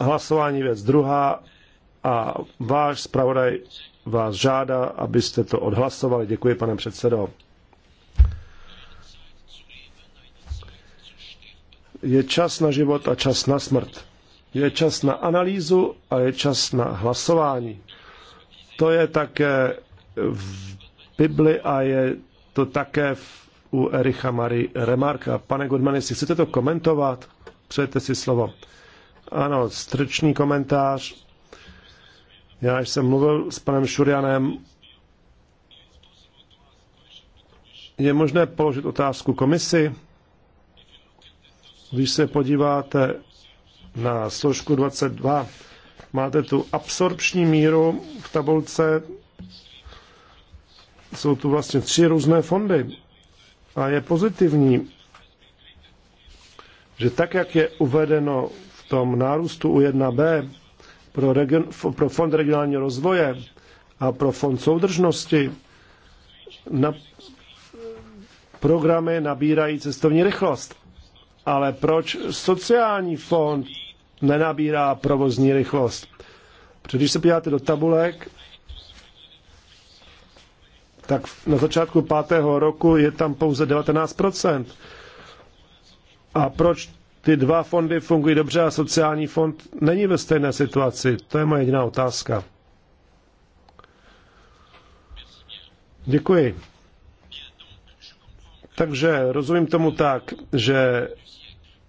hlasování věc druhá a váš zpravodaj vás žádá, abyste to odhlasovali. Děkuji, pane předsedo. Je čas na život a čas na smrt. Je čas na analýzu a je čas na hlasování. To je také v Bibli a je to také v, u Ericha Marie Remarka. Pane Godman, jestli chcete to komentovat, přejete si slovo. Ano, strčný komentář já jsem mluvil s panem Šurianem. Je možné položit otázku komisi? Když se podíváte na složku 22, máte tu absorpční míru v tabulce. Jsou tu vlastně tři různé fondy. A je pozitivní, že tak, jak je uvedeno v tom nárůstu u 1b, pro, region, pro Fond regionálního rozvoje a pro Fond soudržnosti na programy nabírají cestovní rychlost. Ale proč sociální fond nenabírá provozní rychlost? Protože když se podíváte do tabulek, tak na začátku pátého roku je tam pouze 19%. A proč ty dva fondy fungují dobře a sociální fond není ve stejné situaci? To je moje jediná otázka. Děkuji. Takže rozumím tomu tak, že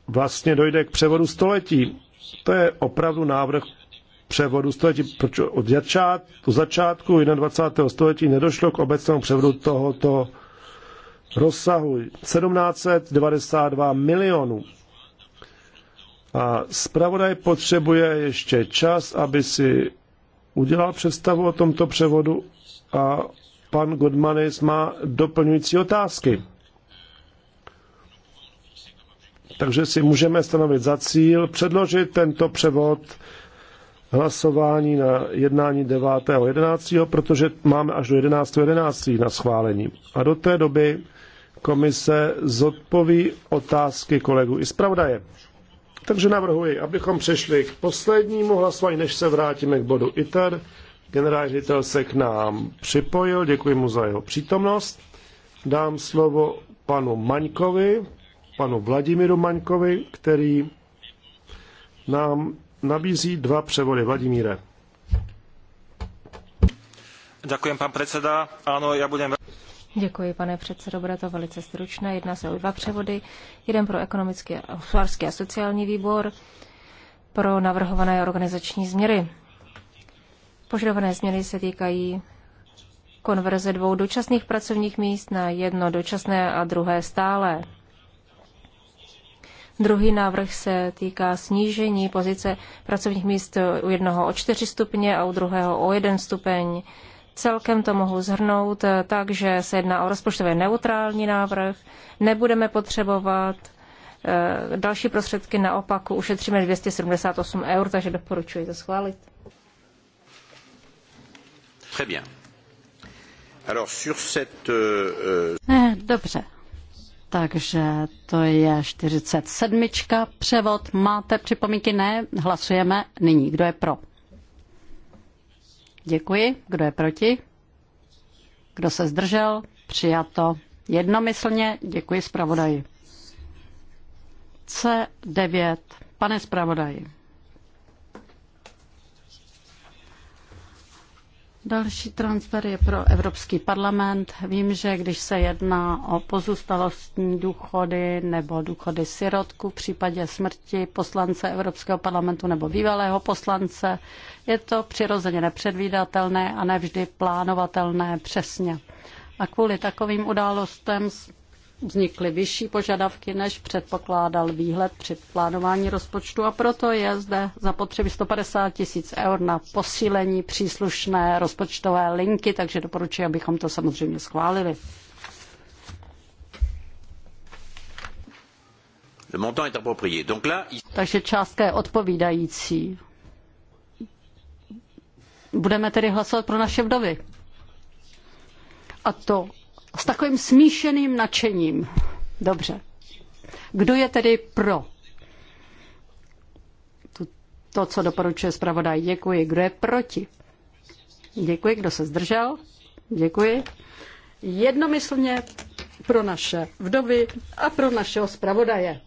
vlastně dojde k převodu století. To je opravdu návrh převodu století, proč od začát, od začátku 21. století nedošlo k obecnému převodu tohoto rozsahu. 1792 milionů a zpravodaj potřebuje ještě čas, aby si udělal představu o tomto převodu a pan Godmanis má doplňující otázky. Takže si můžeme stanovit za cíl předložit tento převod hlasování na jednání 9.11., protože máme až do 11.11. 11. na schválení. A do té doby komise zodpoví otázky kolegů i zpravodaje. Takže navrhuji, abychom přešli k poslednímu hlasování, než se vrátíme k bodu ITER. Generální ředitel se k nám připojil, děkuji mu za jeho přítomnost. Dám slovo panu Maňkovi, panu Vladimíru Maňkovi, který nám nabízí dva převody. Vladimíre. Děkuji pan předseda. Ano, já budem... Děkuji, pane předsedo, bude to velice stručné. Jedná se o dva převody. Jeden pro ekonomický, hospodářský a sociální výbor pro navrhované organizační změny. Požadované změny se týkají konverze dvou dočasných pracovních míst na jedno dočasné a druhé stále. Druhý návrh se týká snížení pozice pracovních míst u jednoho o čtyři stupně a u druhého o jeden stupeň Celkem to mohu zhrnout eh, tak, že se jedná o rozpočtově neutrální návrh. Nebudeme potřebovat eh, další prostředky, naopak ušetříme 278 eur, takže doporučuji to schválit. Très bien. Alors sur cette, euh, euh, Dobře. Takže to je 47. Převod. Máte připomínky? Ne. Hlasujeme nyní. Kdo je pro? Děkuji. Kdo je proti? Kdo se zdržel? Přijato. Jednomyslně děkuji zpravodaji. C9. Pane zpravodaji. Další transfer je pro Evropský parlament. Vím, že když se jedná o pozůstalostní důchody nebo důchody sirotku v případě smrti poslance Evropského parlamentu nebo bývalého poslance, je to přirozeně nepředvídatelné a nevždy plánovatelné přesně. A kvůli takovým událostem vznikly vyšší požadavky, než předpokládal výhled při plánování rozpočtu a proto je zde zapotřebí 150 tisíc eur na posílení příslušné rozpočtové linky, takže doporučuji, abychom to samozřejmě schválili. Takže částka je odpovídající. Budeme tedy hlasovat pro naše vdovy. A to s takovým smíšeným nadšením. Dobře. Kdo je tedy pro? To, co doporučuje zpravodaj. Děkuji. Kdo je proti? Děkuji. Kdo se zdržel? Děkuji. Jednomyslně pro naše vdovy a pro našeho zpravodaje.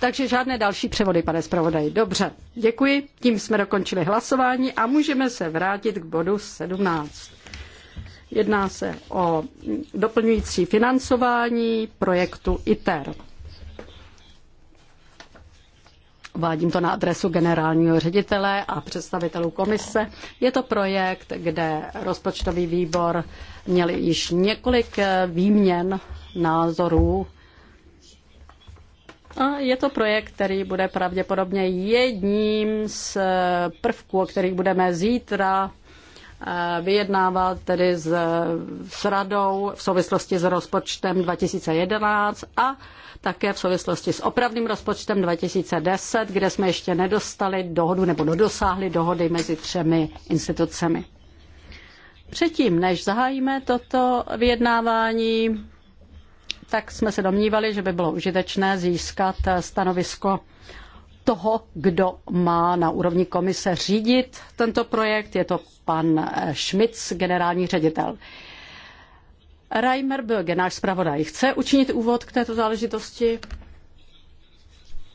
Takže žádné další převody, pane zpravodaji. Dobře, děkuji. Tím jsme dokončili hlasování a můžeme se vrátit k bodu 17. Jedná se o doplňující financování projektu ITER. Vádím to na adresu generálního ředitele a představitelů komise. Je to projekt, kde rozpočtový výbor měl již několik výměn názorů. A je to projekt, který bude pravděpodobně jedním z prvků, o kterých budeme zítra Eh, vyjednávat tedy s, s radou v souvislosti s rozpočtem 2011 a také v souvislosti s opravným rozpočtem 2010, kde jsme ještě nedostali dohodu nebo nedosáhli dohody mezi třemi institucemi. Předtím, než zahájíme toto vyjednávání, tak jsme se domnívali, že by bylo užitečné získat stanovisko toho, kdo má na úrovni komise řídit tento projekt. Je to pan Schmitz, generální ředitel. Reimer Böge, náš zpravodaj, chce učinit úvod k této záležitosti?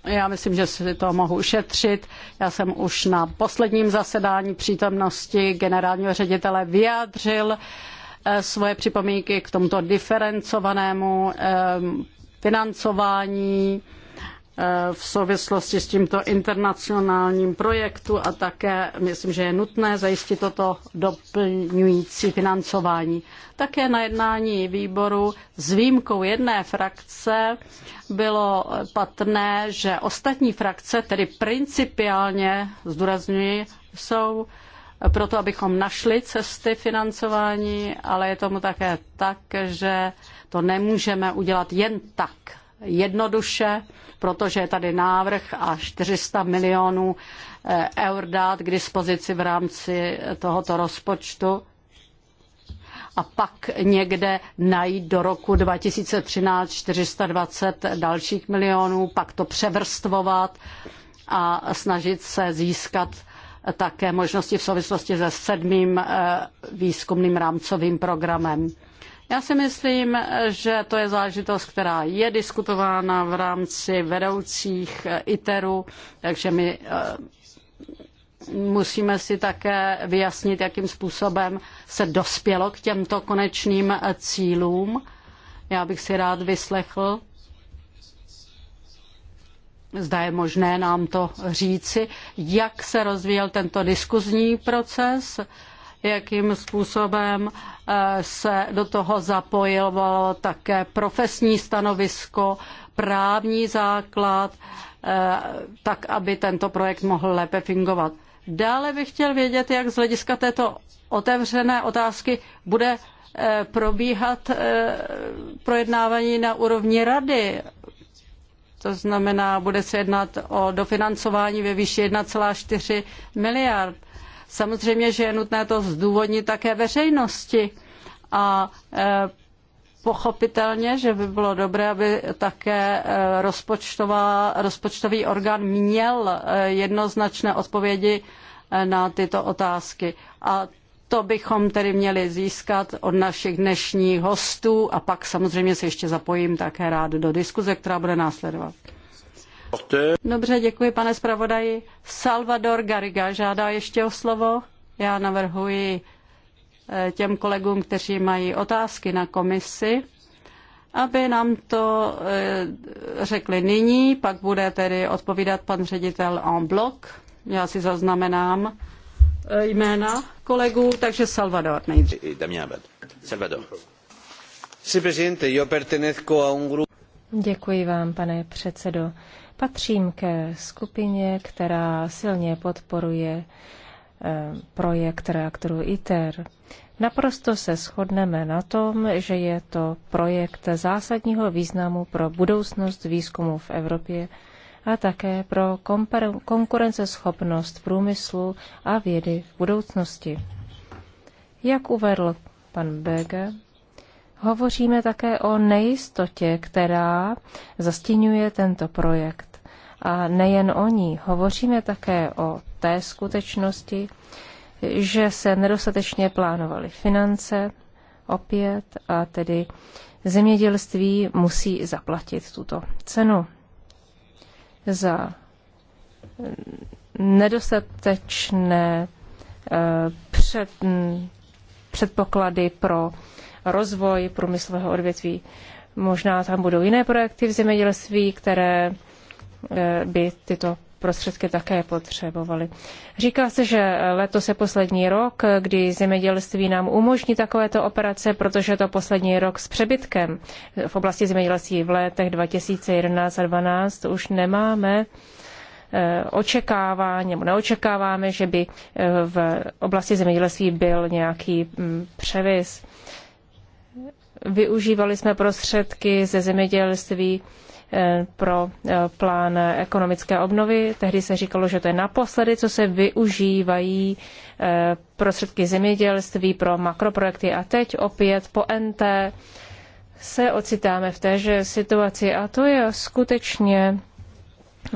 Já myslím, že si to mohu ušetřit. Já jsem už na posledním zasedání přítomnosti generálního ředitele vyjádřil eh, svoje připomínky k tomuto diferencovanému eh, financování v souvislosti s tímto internacionálním projektu a také myslím, že je nutné zajistit toto doplňující financování. Také na jednání výboru s výjimkou jedné frakce bylo patrné, že ostatní frakce, tedy principiálně, zdůrazňuji, jsou proto, abychom našli cesty financování, ale je tomu také tak, že to nemůžeme udělat jen tak jednoduše, protože je tady návrh a 400 milionů eh, eur dát k dispozici v rámci tohoto rozpočtu a pak někde najít do roku 2013 420 dalších milionů, pak to převrstvovat a snažit se získat také možnosti v souvislosti se sedmým eh, výzkumným rámcovým programem. Já si myslím, že to je záležitost, která je diskutována v rámci vedoucích eh, ITERu, takže my eh, musíme si také vyjasnit, jakým způsobem se dospělo k těmto konečným eh, cílům. Já bych si rád vyslechl, zda je možné nám to říci, jak se rozvíjel tento diskuzní proces, jakým způsobem eh, se do toho zapojilo také profesní stanovisko, právní základ, eh, tak aby tento projekt mohl lépe fungovat. Dále bych chtěl vědět, jak z hlediska této otevřené otázky bude eh, probíhat projednávání na úrovni rady. To znamená, bude se jednat o dofinancování ve výši 1,4 miliard. Samozřejmě, že je nutné to zdůvodnit také veřejnosti a e, pochopitelně, že by bylo dobré, aby také e, rozpočtová, rozpočtový orgán měl e, jednoznačné odpovědi na tyto otázky. A to bychom tedy měli získat od našich dnešních hostů a pak samozřejmě se ještě zapojím také rád do diskuze, která bude následovat. Dobře, děkuji pane zpravodaji. Salvador Garriga žádá ještě o slovo. Já navrhuji eh, těm kolegům, kteří mají otázky na komisi, aby nám to eh, řekli nyní, pak bude tedy odpovídat pan ředitel en bloc. Já si zaznamenám eh, jména kolegů, takže Salvador nejdřív. Salvador. Děkuji vám, pane předsedo. Patřím ke skupině, která silně podporuje eh, projekt reaktoru ITER. Naprosto se shodneme na tom, že je to projekt zásadního významu pro budoucnost výzkumu v Evropě a také pro konkurenceschopnost průmyslu a vědy v budoucnosti. Jak uvedl pan Bege, Hovoříme také o nejistotě, která zastínuje tento projekt. A nejen o ní, hovoříme také o té skutečnosti, že se nedostatečně plánovaly finance, opět, a tedy zemědělství musí zaplatit tuto cenu za nedostatečné eh, před, předpoklady pro rozvoj průmyslového odvětví. Možná tam budou jiné projekty v zemědělství, které eh, by tyto prostředky také potřebovaly. Říká se, že letos je poslední rok, kdy zemědělství nám umožní takovéto operace, protože je to poslední rok s přebytkem. V oblasti zemědělství v letech 2011 a 2012 už nemáme eh, očekávání nebo neočekáváme, že by eh, v oblasti zemědělství byl nějaký mm, převis. Využívali jsme prostředky ze zemědělství eh, pro eh, plán ekonomické obnovy. Tehdy se říkalo, že to je naposledy, co se využívají eh, prostředky zemědělství pro makroprojekty. A teď opět po NT se ocitáme v téže situaci a to je skutečně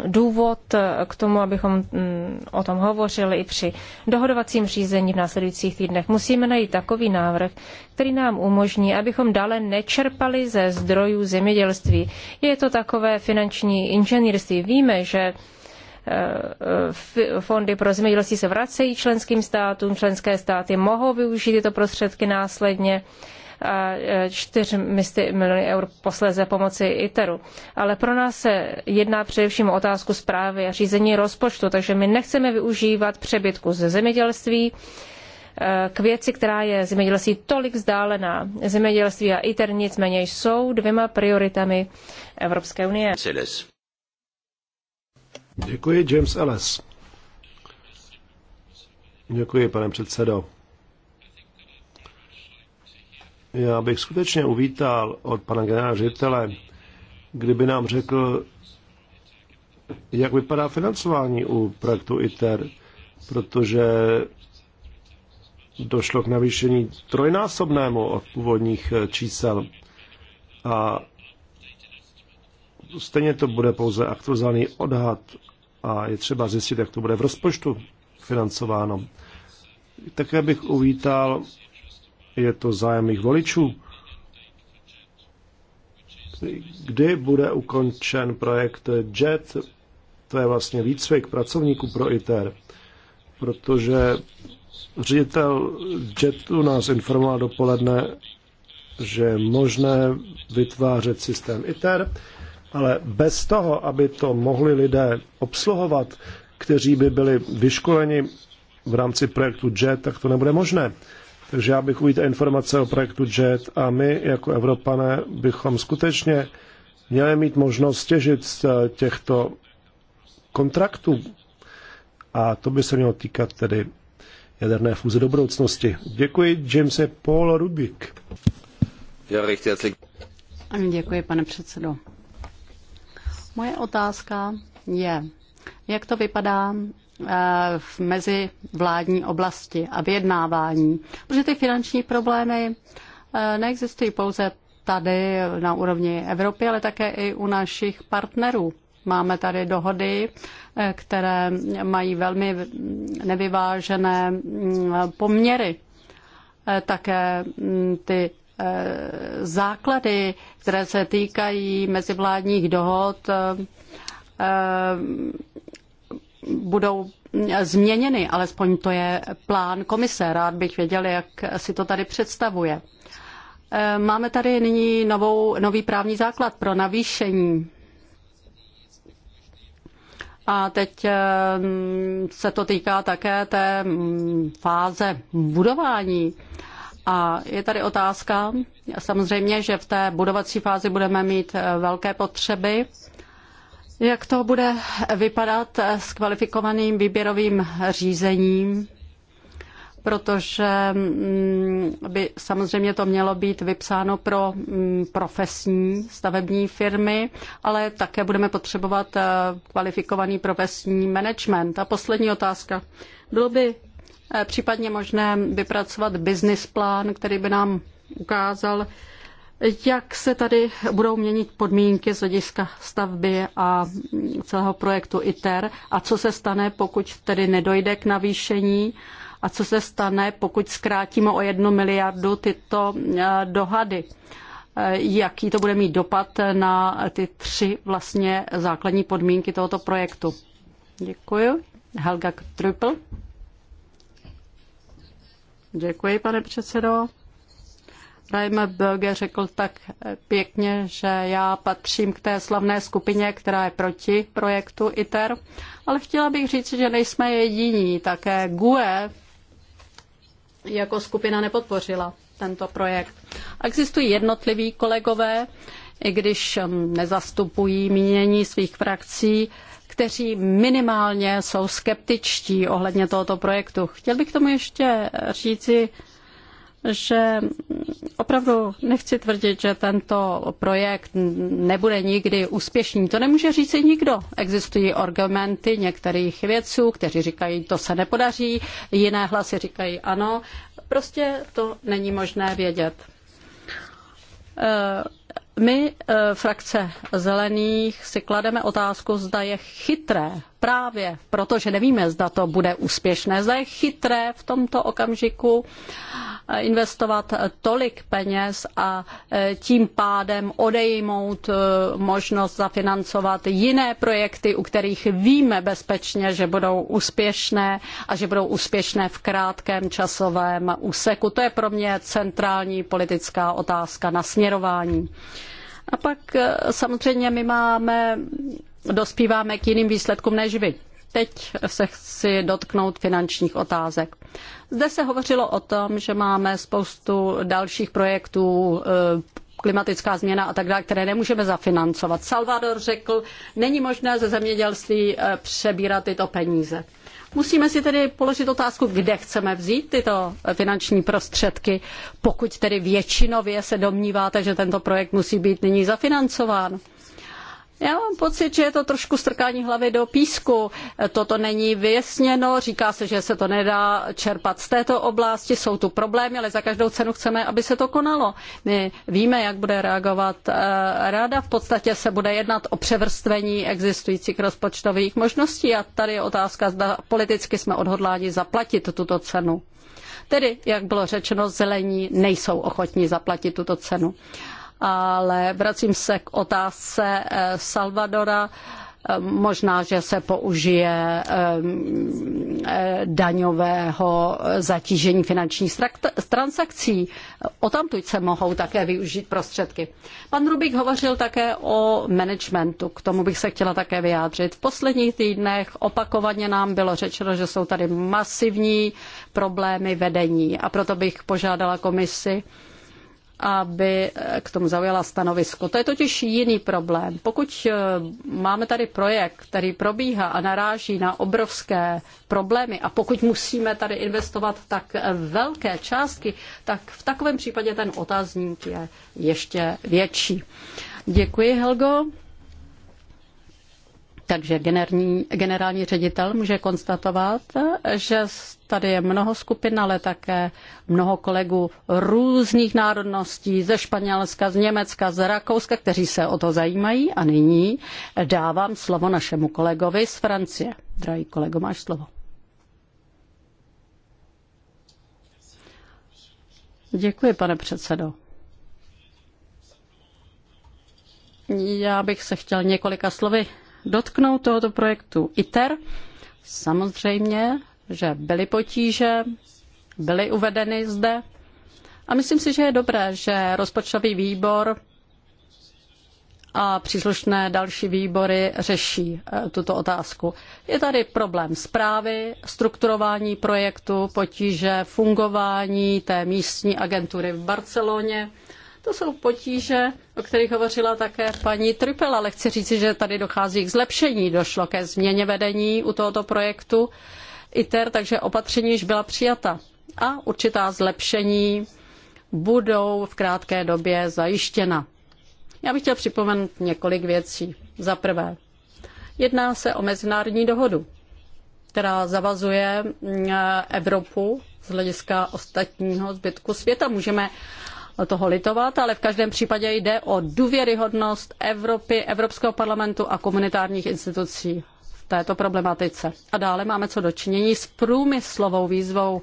důvod k tomu, abychom mm, o tom hovořili i při dohodovacím řízení v následujících týdnech. Musíme najít takový návrh, který nám umožní, abychom dále nečerpali ze zdrojů zemědělství. Je to takové finanční inženýrství. Víme, že e, e, fondy pro zemědělství se vracejí členským státům, členské státy mohou využít tyto prostředky následně a 4 e, miliony eur posléze pomoci ITERu. Ale pro nás se jedná především o otázku zprávy a řízení rozpočtu, takže my nechceme využívat přebytku ze zemědělství, e, k věci, která je zemědělství tolik vzdálená. Zemědělství a ITER nicméně jsou dvěma prioritami Evropské unie. Děkuji, James Ellis. Děkuji, pane předsedo. Já bych skutečně uvítal od pana generála ředitele, kdyby nám řekl, jak vypadá financování u projektu ITER, protože došlo k navýšení trojnásobnému od původních eh, čísel. A stejně to bude pouze aktualizovaný odhad a je třeba zjistit, jak to bude v rozpočtu financováno. Také bych uvítal je to zájem voličů. Kdy bude ukončen projekt JET, to je vlastně výcvik pracovníků pro ITER, protože ředitel JETu nás informoval dopoledne, že je možné vytvářet systém ITER, ale bez toho, aby to mohli lidé obsluhovat, kteří by byli vyškoleni v rámci projektu JET, tak to nebude možné. Takže já bych uvítal informace o projektu JET a my jako Evropané bychom skutečně měli mít možnost těžit z eh, těchto kontraktů. A to by se mělo týkat tedy jaderné fúze do budoucnosti. Děkuji, Jamese Paul Rubik. Já Děkuji, pane předsedo. Moje otázka je, jak to vypadá v mezivládní oblasti a vyjednávání, protože ty finanční problémy eh, neexistují pouze tady na úrovni Evropy, ale také i u našich partnerů. Máme tady dohody, eh, které mají velmi nevyvážené mm, poměry. Eh, také mm, ty základy, které se týkají mezivládních dohod, budou změněny, alespoň to je plán komise. Rád bych věděl, jak si to tady představuje. Eh, máme tady nyní novou, nový právní základ pro navýšení. A teď eh, se to týká také té mm, fáze budování. A je tady otázka, samozřejmě, že v té budovací fázi budeme mít eh, velké potřeby jak to bude vypadat s kvalifikovaným výběrovým řízením? Protože mm, by samozřejmě to mělo být vypsáno pro mm, profesní stavební firmy, ale také budeme potřebovat eh, kvalifikovaný profesní management. A poslední otázka. Bylo by eh, případně možné vypracovat business plán, který by nám ukázal, jak se tady budou měnit podmínky z hlediska stavby a celého projektu ITER a co se stane, pokud tedy nedojde k navýšení a co se stane, pokud zkrátíme o jednu miliardu tyto eh, dohady. Eh, jaký to bude mít dopad na ty tři vlastně základní podmínky tohoto projektu? Děkuji. Helga Trupl. Děkuji, pane předsedo. Reimer Böge řekl tak pěkně, že já patřím k té slavné skupině, která je proti projektu ITER, ale chtěla bych říct, že nejsme jediní. Také GUE jako skupina nepodpořila tento projekt. Existují jednotliví kolegové, i když um, nezastupují mínění svých frakcí, kteří minimálně jsou skeptičtí ohledně tohoto projektu. Chtěl bych k tomu ještě říci, že opravdu nechci tvrdit, že tento projekt nebude nikdy úspěšný. To nemůže říct i nikdo. Existují argumenty některých vědců, kteří říkají, to se nepodaří, jiné hlasy říkají ano. Prostě to není možné vědět. Eh, my, eh, frakce zelených, si klademe otázku, zda je chytré právě proto, že nevíme, zda to bude úspěšné, zda je chytré v tomto okamžiku eh, investovat eh, tolik peněz a eh, tím pádem odejmout možnost zafinancovat jiné projekty, u kterých víme bezpečně, že budou úspěšné a že budou úspěšné v krátkém časovém úseku. To je pro mě centrální politická otázka na směrování. A pak samozřejmě my máme dospíváme k jiným výsledkům než vy. Teď se chci dotknout finančních otázek. Zde se hovořilo o tom, že máme spoustu dalších projektů, eh, klimatická změna a tak dále, které nemůžeme zafinancovat. Salvador řekl, není možné ze zemědělství eh, přebírat tyto peníze. Musíme si tedy položit otázku, kde chceme vzít tyto eh, finanční prostředky, pokud tedy většinově se domníváte, že tento projekt musí být nyní zafinancován. Já mám pocit, že je to trošku strkání hlavy do písku. Toto není vyjasněno, říká se, že se to nedá čerpat z této oblasti, jsou tu problémy, ale za každou cenu chceme, aby se to konalo. My víme, jak bude reagovat eh, ráda. V podstatě se bude jednat o převrstvení existujících rozpočtových možností a tady je otázka, zda politicky jsme odhodláni zaplatit tuto cenu. Tedy, jak bylo řečeno, zelení nejsou ochotní zaplatit tuto cenu ale vracím se k otázce eh, Salvadora eh, možná, že se použije eh, daňového zatížení finančních transakcí. Otamtud se mohou také využít prostředky. Pan Rubik hovořil také o managementu, k tomu bych se chtěla také vyjádřit. V posledních týdnech opakovaně nám bylo řečeno, že jsou tady masivní problémy vedení a proto bych požádala komisi, aby eh, k tomu zaujala stanovisko. To je totiž jiný problém. Pokud eh, máme tady projekt, který probíhá a naráží na obrovské problémy a pokud musíme tady investovat tak eh, velké částky, tak v takovém případě ten otázník je ještě větší. Děkuji, Helgo. Takže generní, generální ředitel může konstatovat, že tady je mnoho skupin, ale také mnoho kolegů různých národností ze Španělska, z Německa, z Rakouska, kteří se o to zajímají. A nyní dávám slovo našemu kolegovi z Francie. Drahý kolego, máš slovo. Děkuji, pane předsedo. Já bych se chtěl několika slovy dotknout tohoto projektu ITER. Samozřejmě, že byly potíže, byly uvedeny zde. A myslím si, že je dobré, že rozpočtový výbor a příslušné další výbory řeší eh, tuto otázku. Je tady problém zprávy, strukturování projektu, potíže fungování té místní agentury v Barceloně. To jsou potíže, o kterých hovořila také paní Trypel, ale chci říci, že tady dochází k zlepšení. Došlo ke změně vedení u tohoto projektu ITER, takže opatření již byla přijata. A určitá zlepšení budou v krátké době zajištěna. Já bych chtěl připomenout několik věcí. Za prvé, jedná se o mezinárodní dohodu, která zavazuje mm, Evropu z hlediska ostatního zbytku světa. Můžeme toho litovat, ale v každém případě jde o důvěryhodnost Evropy, Evropského parlamentu a komunitárních institucí v této problematice. A dále máme co dočinění s průmyslovou výzvou.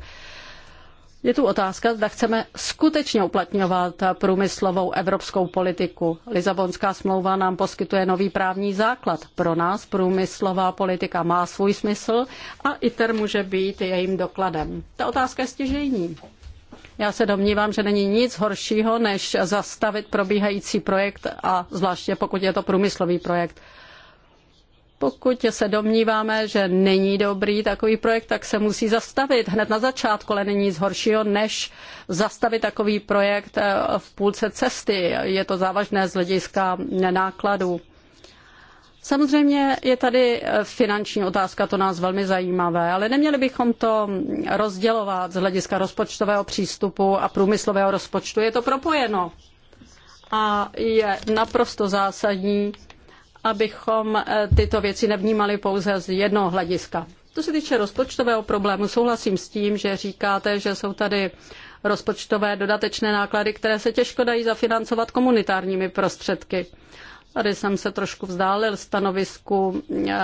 Je tu otázka, zda chceme skutečně uplatňovat průmyslovou evropskou politiku. Lizabonská smlouva nám poskytuje nový právní základ. Pro nás průmyslová politika má svůj smysl a ITER může být jejím dokladem. Ta otázka je stěžejní. Já se domnívám, že není nic horšího, než zastavit probíhající projekt a zvláště pokud je to průmyslový projekt. Pokud se domníváme, že není dobrý takový projekt, tak se musí zastavit hned na začátku, ale není nic horšího, než zastavit takový projekt eh, v půlce cesty. Je to závažné z hlediska nákladů. Samozřejmě je tady eh, finanční otázka, to nás velmi zajímavé, ale neměli bychom to rozdělovat z hlediska rozpočtového přístupu a průmyslového rozpočtu. Je to propojeno a je naprosto zásadní, abychom eh, tyto věci nevnímali pouze z jednoho hlediska. To se týče rozpočtového problému, souhlasím s tím, že říkáte, že jsou tady rozpočtové dodatečné náklady, které se těžko dají zafinancovat komunitárními prostředky. Tady jsem se trošku vzdálil stanovisku eh,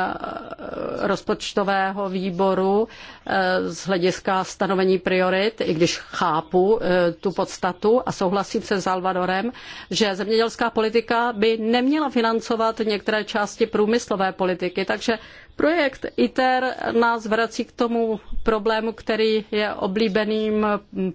rozpočtového výboru eh, z hlediska stanovení priorit, i když chápu eh, tu podstatu a souhlasím se s Alvadorem, že zemědělská politika by neměla financovat některé části průmyslové politiky, takže Projekt ITER nás vrací k tomu problému, který je oblíbeným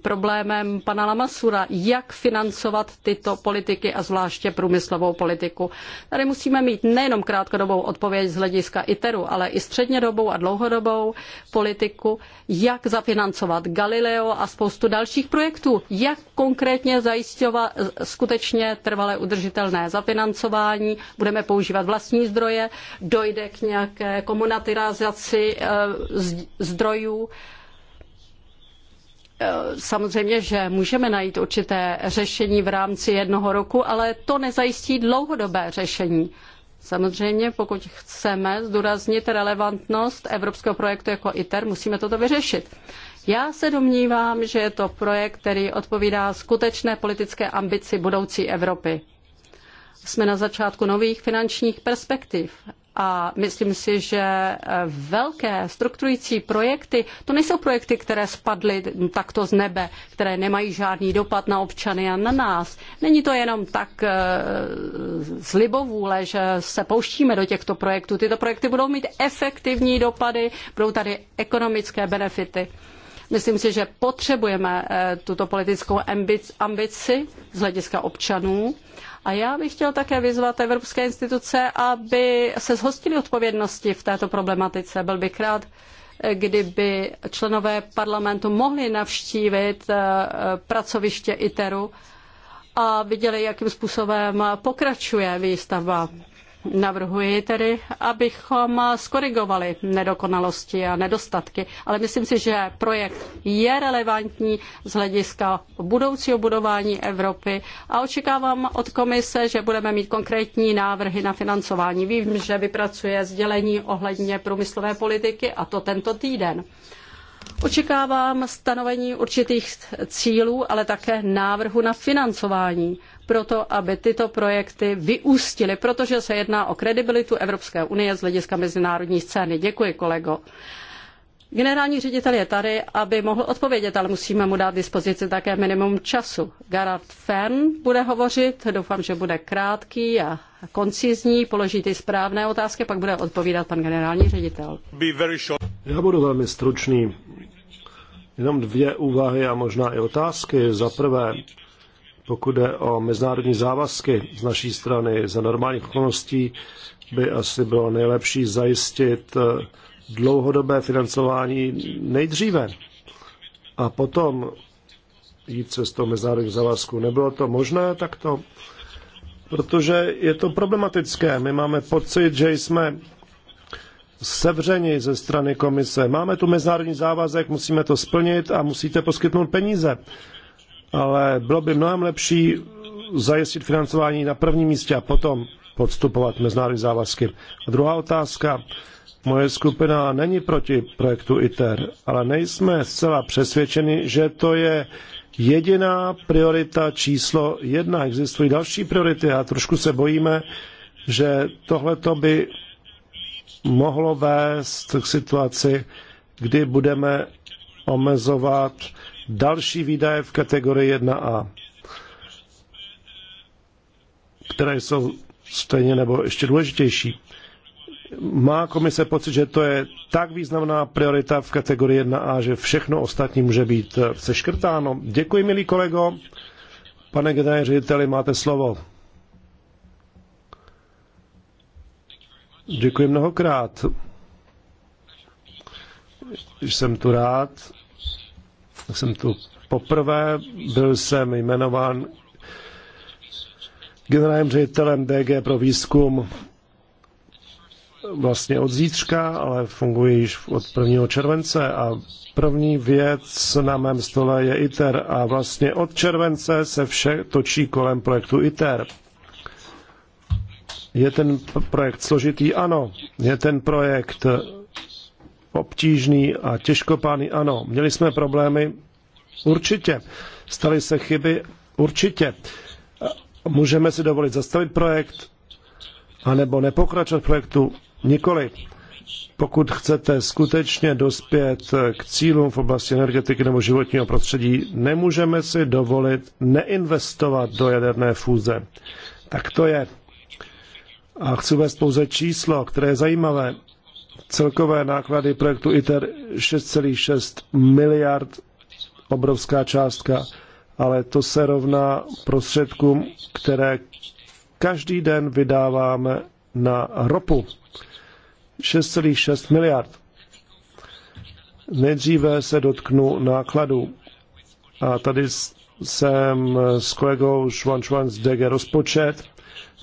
problémem pana Lamasura, jak financovat tyto politiky a zvláště průmyslovou politiku. Tady musíme mít nejenom krátkodobou odpověď z hlediska ITERu, ale i střednědobou a dlouhodobou politiku, jak zafinancovat Galileo a spoustu dalších projektů, jak konkrétně zajišťovat skutečně trvale udržitelné zafinancování, budeme používat vlastní zdroje, dojde k nějaké komunitarizaci eh, zdrojů. Eh, samozřejmě, že můžeme najít určité řešení v rámci jednoho roku, ale to nezajistí dlouhodobé řešení. Samozřejmě, pokud chceme zdůraznit relevantnost evropského projektu jako ITER, musíme toto vyřešit. Já se domnívám, že je to projekt, který odpovídá skutečné politické ambici budoucí Evropy. Jsme na začátku nových finančních perspektiv a myslím si, že eh, velké strukturující projekty, to nejsou projekty, které spadly takto z nebe, které nemají žádný dopad na občany a na nás. Není to jenom tak eh, z libovůle, že se pouštíme do těchto projektů. Tyto projekty budou mít efektivní dopady, budou tady ekonomické benefity. Myslím si, že potřebujeme eh, tuto politickou ambici z hlediska občanů. A já bych chtěl také vyzvat evropské instituce, aby se zhostily odpovědnosti v této problematice. Byl bych rád, eh, kdyby členové parlamentu mohli navštívit eh, pracoviště ITERu a viděli, jakým způsobem pokračuje výstavba. Navrhuji tedy, abychom skorigovali nedokonalosti a nedostatky, ale myslím si, že projekt je relevantní z hlediska budoucího budování Evropy a očekávám od komise, že budeme mít konkrétní návrhy na financování. Vím, že vypracuje sdělení ohledně průmyslové politiky a to tento týden. Očekávám stanovení určitých cílů, ale také návrhu na financování pro to, aby tyto projekty vyústily, protože se jedná o kredibilitu Evropské unie z hlediska mezinárodní scény. Děkuji, kolego. Generální ředitel je tady, aby mohl odpovědět, ale musíme mu dát dispozici také minimum času. Gerard Fern bude hovořit, doufám, že bude krátký a koncizní, položí ty správné otázky, pak bude odpovídat pan generální ředitel. Já budu velmi stručný. Jenom dvě úvahy a možná i otázky. Za prvé, pokud jde o mezinárodní závazky z naší strany, za normálních okolností by asi bylo nejlepší zajistit eh, dlouhodobé financování nejdříve a potom jít cestou mezinárodní závazku. Nebylo to možné takto, protože je to problematické. My máme pocit, že jsme sevřeni ze strany komise. Máme tu mezinárodní závazek, musíme to splnit a musíte poskytnout peníze ale bylo by mnohem lepší zajistit financování na prvním místě a potom podstupovat mezinárodní závazky. A druhá otázka. Moje skupina není proti projektu ITER, ale nejsme zcela přesvědčeni, že to je jediná priorita číslo jedna. Existují další priority a trošku se bojíme, že tohle to by mohlo vést k situaci, kdy budeme omezovat další výdaje v kategorii 1A, které jsou stejně nebo ještě důležitější. Má komise pocit, že to je tak významná priorita v kategorii 1A, že všechno ostatní může být eh, seškrtáno. Děkuji, milý kolego. Pane generální řediteli, máte slovo. Děkuji mnohokrát. Jsem tu rád, jsem tu poprvé, byl jsem jmenován generálním ředitelem DG pro výzkum vlastně od zítřka, ale funguji již od 1. července a první věc na mém stole je ITER a vlastně od července se vše točí kolem projektu ITER. Je ten projekt složitý? Ano. Je ten projekt obtížný a těžkopádný. Ano, měli jsme problémy, určitě. Staly se chyby, určitě. Můžeme si dovolit zastavit projekt, anebo nepokračovat projektu, nikoli. Pokud chcete skutečně dospět k cílům v oblasti energetiky nebo životního prostředí, nemůžeme si dovolit neinvestovat do jaderné fúze. Tak to je. A chci uvést pouze číslo, které je zajímavé. Celkové náklady projektu ITER 6,6 miliard, obrovská částka, ale to se rovná prostředkům, které každý den vydáváme na ropu. 6,6 miliard. Nejdříve se dotknu nákladů. A tady jsem s kolegou Švančvan z DG Rozpočet,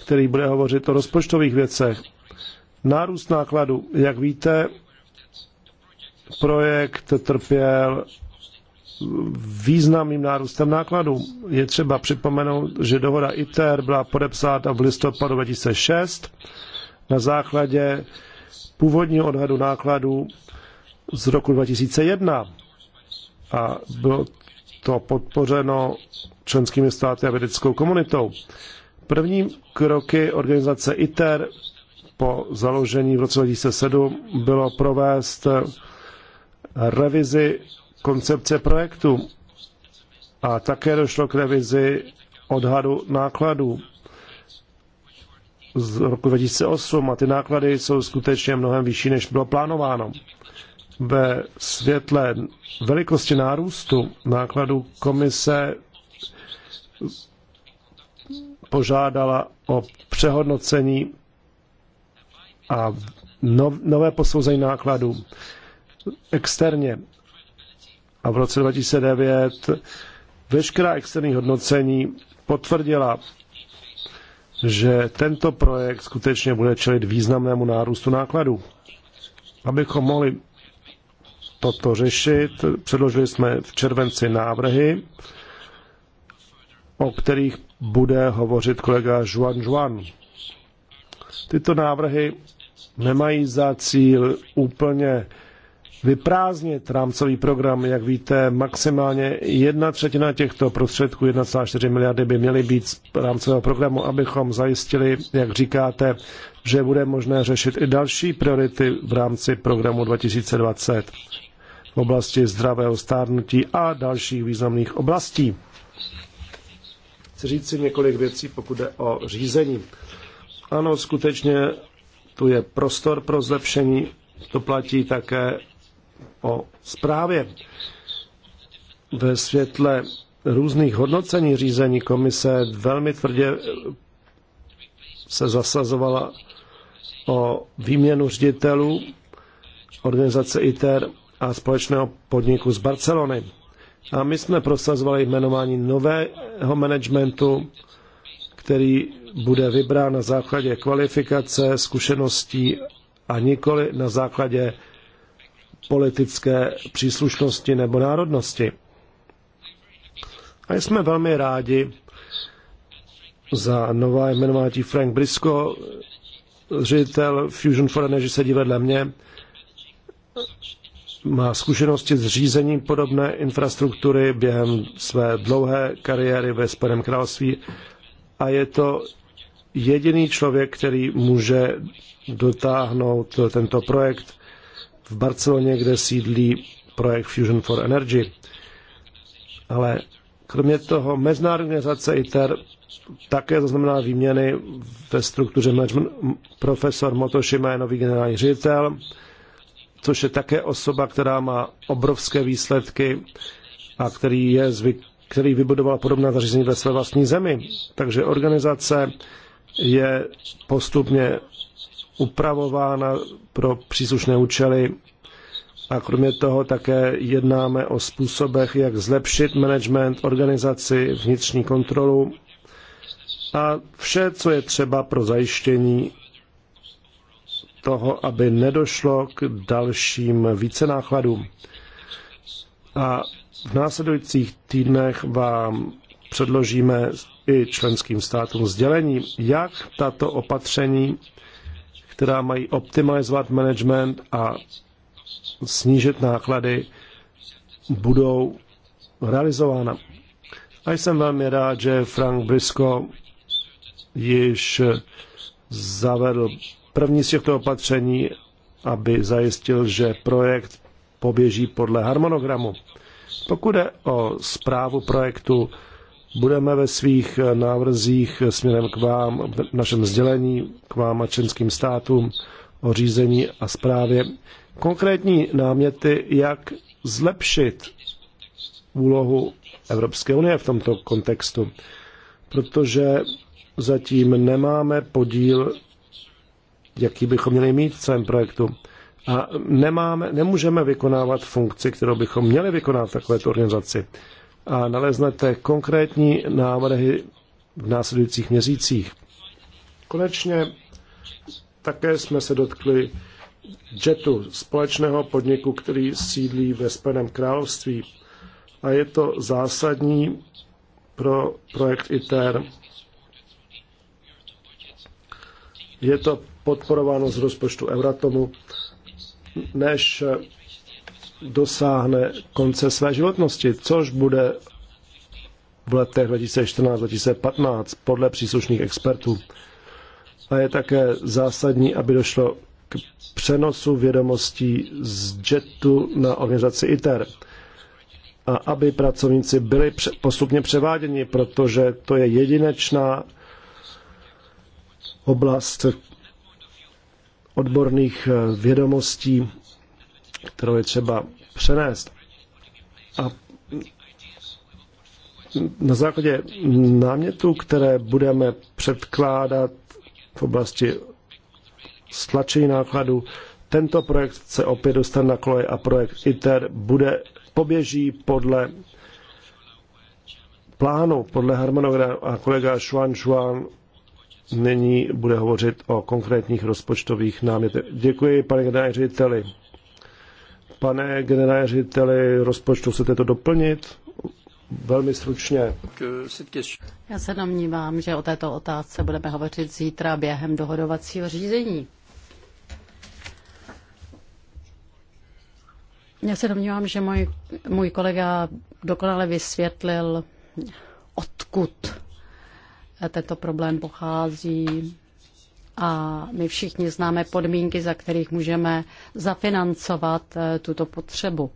který bude hovořit o rozpočtových věcech. Nárůst nákladu, jak víte, projekt trpěl významným nárůstem nákladů. Je třeba připomenout, že dohoda ITER byla podepsána v listopadu 2006 na základě původního odhadu nákladů z roku 2001 a bylo to podpořeno členskými státy a vědeckou komunitou. První kroky organizace ITER po založení v roce 2007 bylo provést eh, revizi koncepce projektu a také došlo k revizi odhadu nákladů z roku 2008 a ty náklady jsou skutečně mnohem vyšší, než bylo plánováno. Ve světle velikosti nárůstu nákladů komise požádala o přehodnocení a nové posouzení nákladů externě. A v roce 2009 veškerá externí hodnocení potvrdila, že tento projekt skutečně bude čelit významnému nárůstu nákladů. Abychom mohli toto řešit, předložili jsme v červenci návrhy, o kterých bude hovořit kolega Juan Juan. Tyto návrhy nemají za cíl úplně vyprázdnit rámcový program. Jak víte, maximálně jedna třetina těchto prostředků, 1,4 miliardy, by měly být z rámcového programu, abychom zajistili, jak říkáte, že bude možné řešit i další priority v rámci programu 2020 v oblasti zdravého stárnutí a dalších významných oblastí. Chci říct si několik věcí, pokud jde o řízení. Ano, skutečně tu je prostor pro zlepšení, to platí také o zprávě. Ve světle různých hodnocení řízení komise velmi tvrdě se zasazovala o výměnu ředitelů organizace ITER a společného podniku z Barcelony. A my jsme prosazovali jmenování nového managementu, který bude vybrán na základě kvalifikace, zkušeností a nikoli na základě politické příslušnosti nebo národnosti. A jsme velmi rádi za nová jmenování Frank Brisco, ředitel Fusion for Energy sedí vedle mě, má zkušenosti s řízením podobné infrastruktury během své dlouhé kariéry ve Spojeném království a je to jediný člověk, který může dotáhnout tento projekt v Barceloně, kde sídlí projekt Fusion for Energy. Ale kromě toho mezinárodní organizace ITER také zaznamená výměny ve struktuře management. Profesor Motoshima je nový generální ředitel, což je také osoba, která má obrovské výsledky a který, je zvyk, který vybudoval podobná zařízení ve své vlastní zemi. Takže organizace je postupně upravována pro příslušné účely a kromě toho také jednáme o způsobech, jak zlepšit management, organizaci, vnitřní kontrolu a vše, co je třeba pro zajištění toho, aby nedošlo k dalším vícenákladům. A v následujících týdnech vám předložíme i členským státům sdělení, jak tato opatření, která mají optimalizovat management a snížit náklady, budou realizována. A jsem velmi rád, že Frank Brisco již zavedl první z těchto opatření, aby zajistil, že projekt poběží podle harmonogramu. Pokud je o zprávu projektu, Budeme ve svých eh, návrzích eh, směrem k vám, v našem sdělení k vám a členským státům o řízení a zprávě konkrétní náměty, jak zlepšit úlohu Evropské unie v tomto kontextu, protože zatím nemáme podíl, jaký bychom měli mít v celém projektu. A nemáme, nemůžeme vykonávat funkci, kterou bychom měli vykonávat v takovéto organizaci a naleznete konkrétní návrhy v následujících měsících. Konečně také jsme se dotkli JETu, společného podniku, který sídlí ve Spojeném království. A je to zásadní pro projekt ITER. Je to podporováno z rozpočtu Euratomu, než dosáhne konce své životnosti, což bude v letech 2014-2015 podle příslušných expertů. A je také zásadní, aby došlo k přenosu vědomostí z JETu na organizaci ITER a aby pracovníci byli postupně převáděni, protože to je jedinečná oblast odborných eh, vědomostí, kterou je třeba přenést. A na základě námětů, které budeme předkládat v oblasti stlačení nákladů, tento projekt se opět dostane na koleje a projekt ITER bude, poběží podle plánu, podle harmonogramu a kolega Xuan Xuan nyní bude hovořit o konkrétních rozpočtových námětech. Děkuji, pane generální řediteli. Pane generále řediteli rozpočtu, chcete to doplnit? Velmi stručně. Já se domnívám, že o této otázce budeme hovořit zítra během dohodovacího řízení. Já se domnívám, že můj, můj kolega dokonale vysvětlil, odkud tento problém pochází, a my všichni známe podmínky, za kterých můžeme zafinancovat eh, tuto potřebu,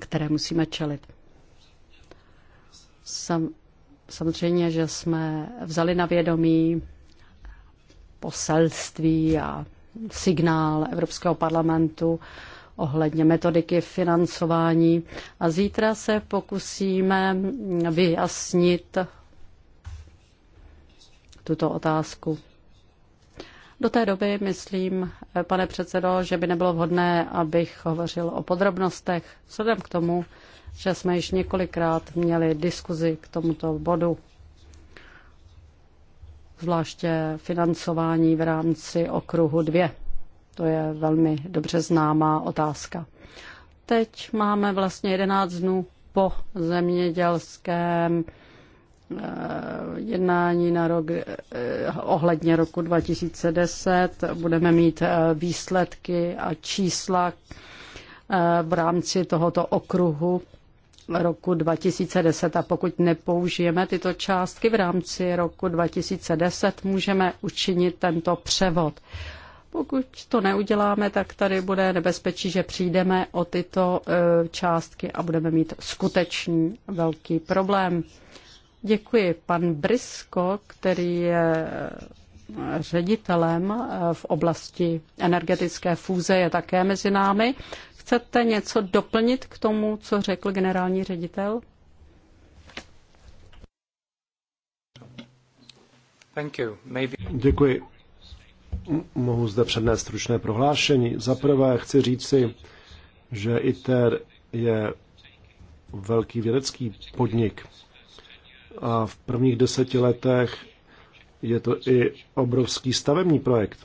které musíme čelit. Sam, samozřejmě, že jsme vzali na vědomí poselství a signál Evropského parlamentu ohledně metodiky financování a zítra se pokusíme vyjasnit tuto otázku. Do té doby myslím, pane předsedo, že by nebylo vhodné, abych hovořil o podrobnostech, vzhledem k tomu, že jsme již několikrát měli diskuzi k tomuto bodu, zvláště financování v rámci okruhu 2. To je velmi dobře známá otázka. Teď máme vlastně 11 dnů po zemědělském Eh, jednání na rok, eh, ohledně roku 2010. Budeme mít eh, výsledky a čísla v rámci tohoto okruhu roku 2010 a pokud nepoužijeme tyto částky v rámci roku 2010, můžeme učinit tento převod. Pokud to neuděláme, tak tady bude nebezpečí, že přijdeme o tyto částky a budeme mít skutečný velký problém. Děkuji. Pan Brisko, který je eh, ředitelem eh, v oblasti energetické fúze, je také mezi námi. Chcete něco doplnit k tomu, co řekl generální ředitel? Thank you. Maybe... Děkuji. Mohu zde přednést stručné prohlášení. Za prvé chci říci, že ITER je velký vědecký podnik a v prvních deseti letech je to i obrovský stavební projekt.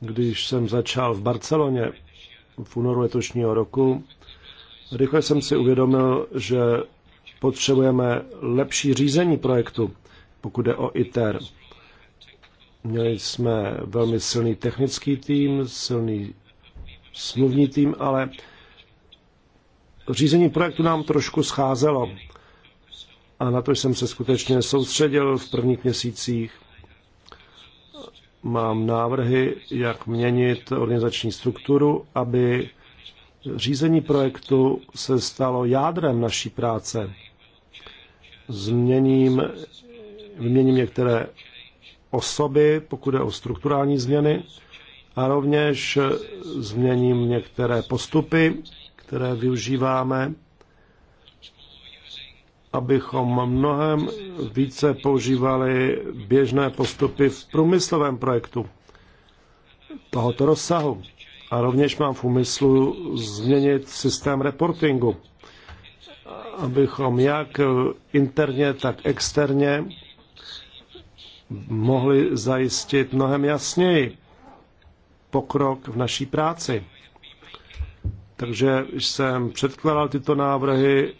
Když jsem začal v Barceloně v únoru letošního roku, rychle jsem si uvědomil, že potřebujeme lepší řízení projektu, pokud jde o ITER. Měli jsme velmi silný technický tým, silný smluvní tým, ale řízení projektu nám trošku scházelo. A na to jsem se skutečně soustředil v prvních měsících. Mám návrhy, jak měnit organizační strukturu, aby řízení projektu se stalo jádrem naší práce. Změním, vyměním některé osoby, pokud je o strukturální změny, a rovněž změním některé postupy které využíváme, abychom mnohem více používali běžné postupy v průmyslovém projektu tohoto rozsahu. A rovněž mám v úmyslu změnit systém reportingu, abychom jak interně, tak externě mohli zajistit mnohem jasněji pokrok v naší práci. Takže jsem předkládal tyto návrhy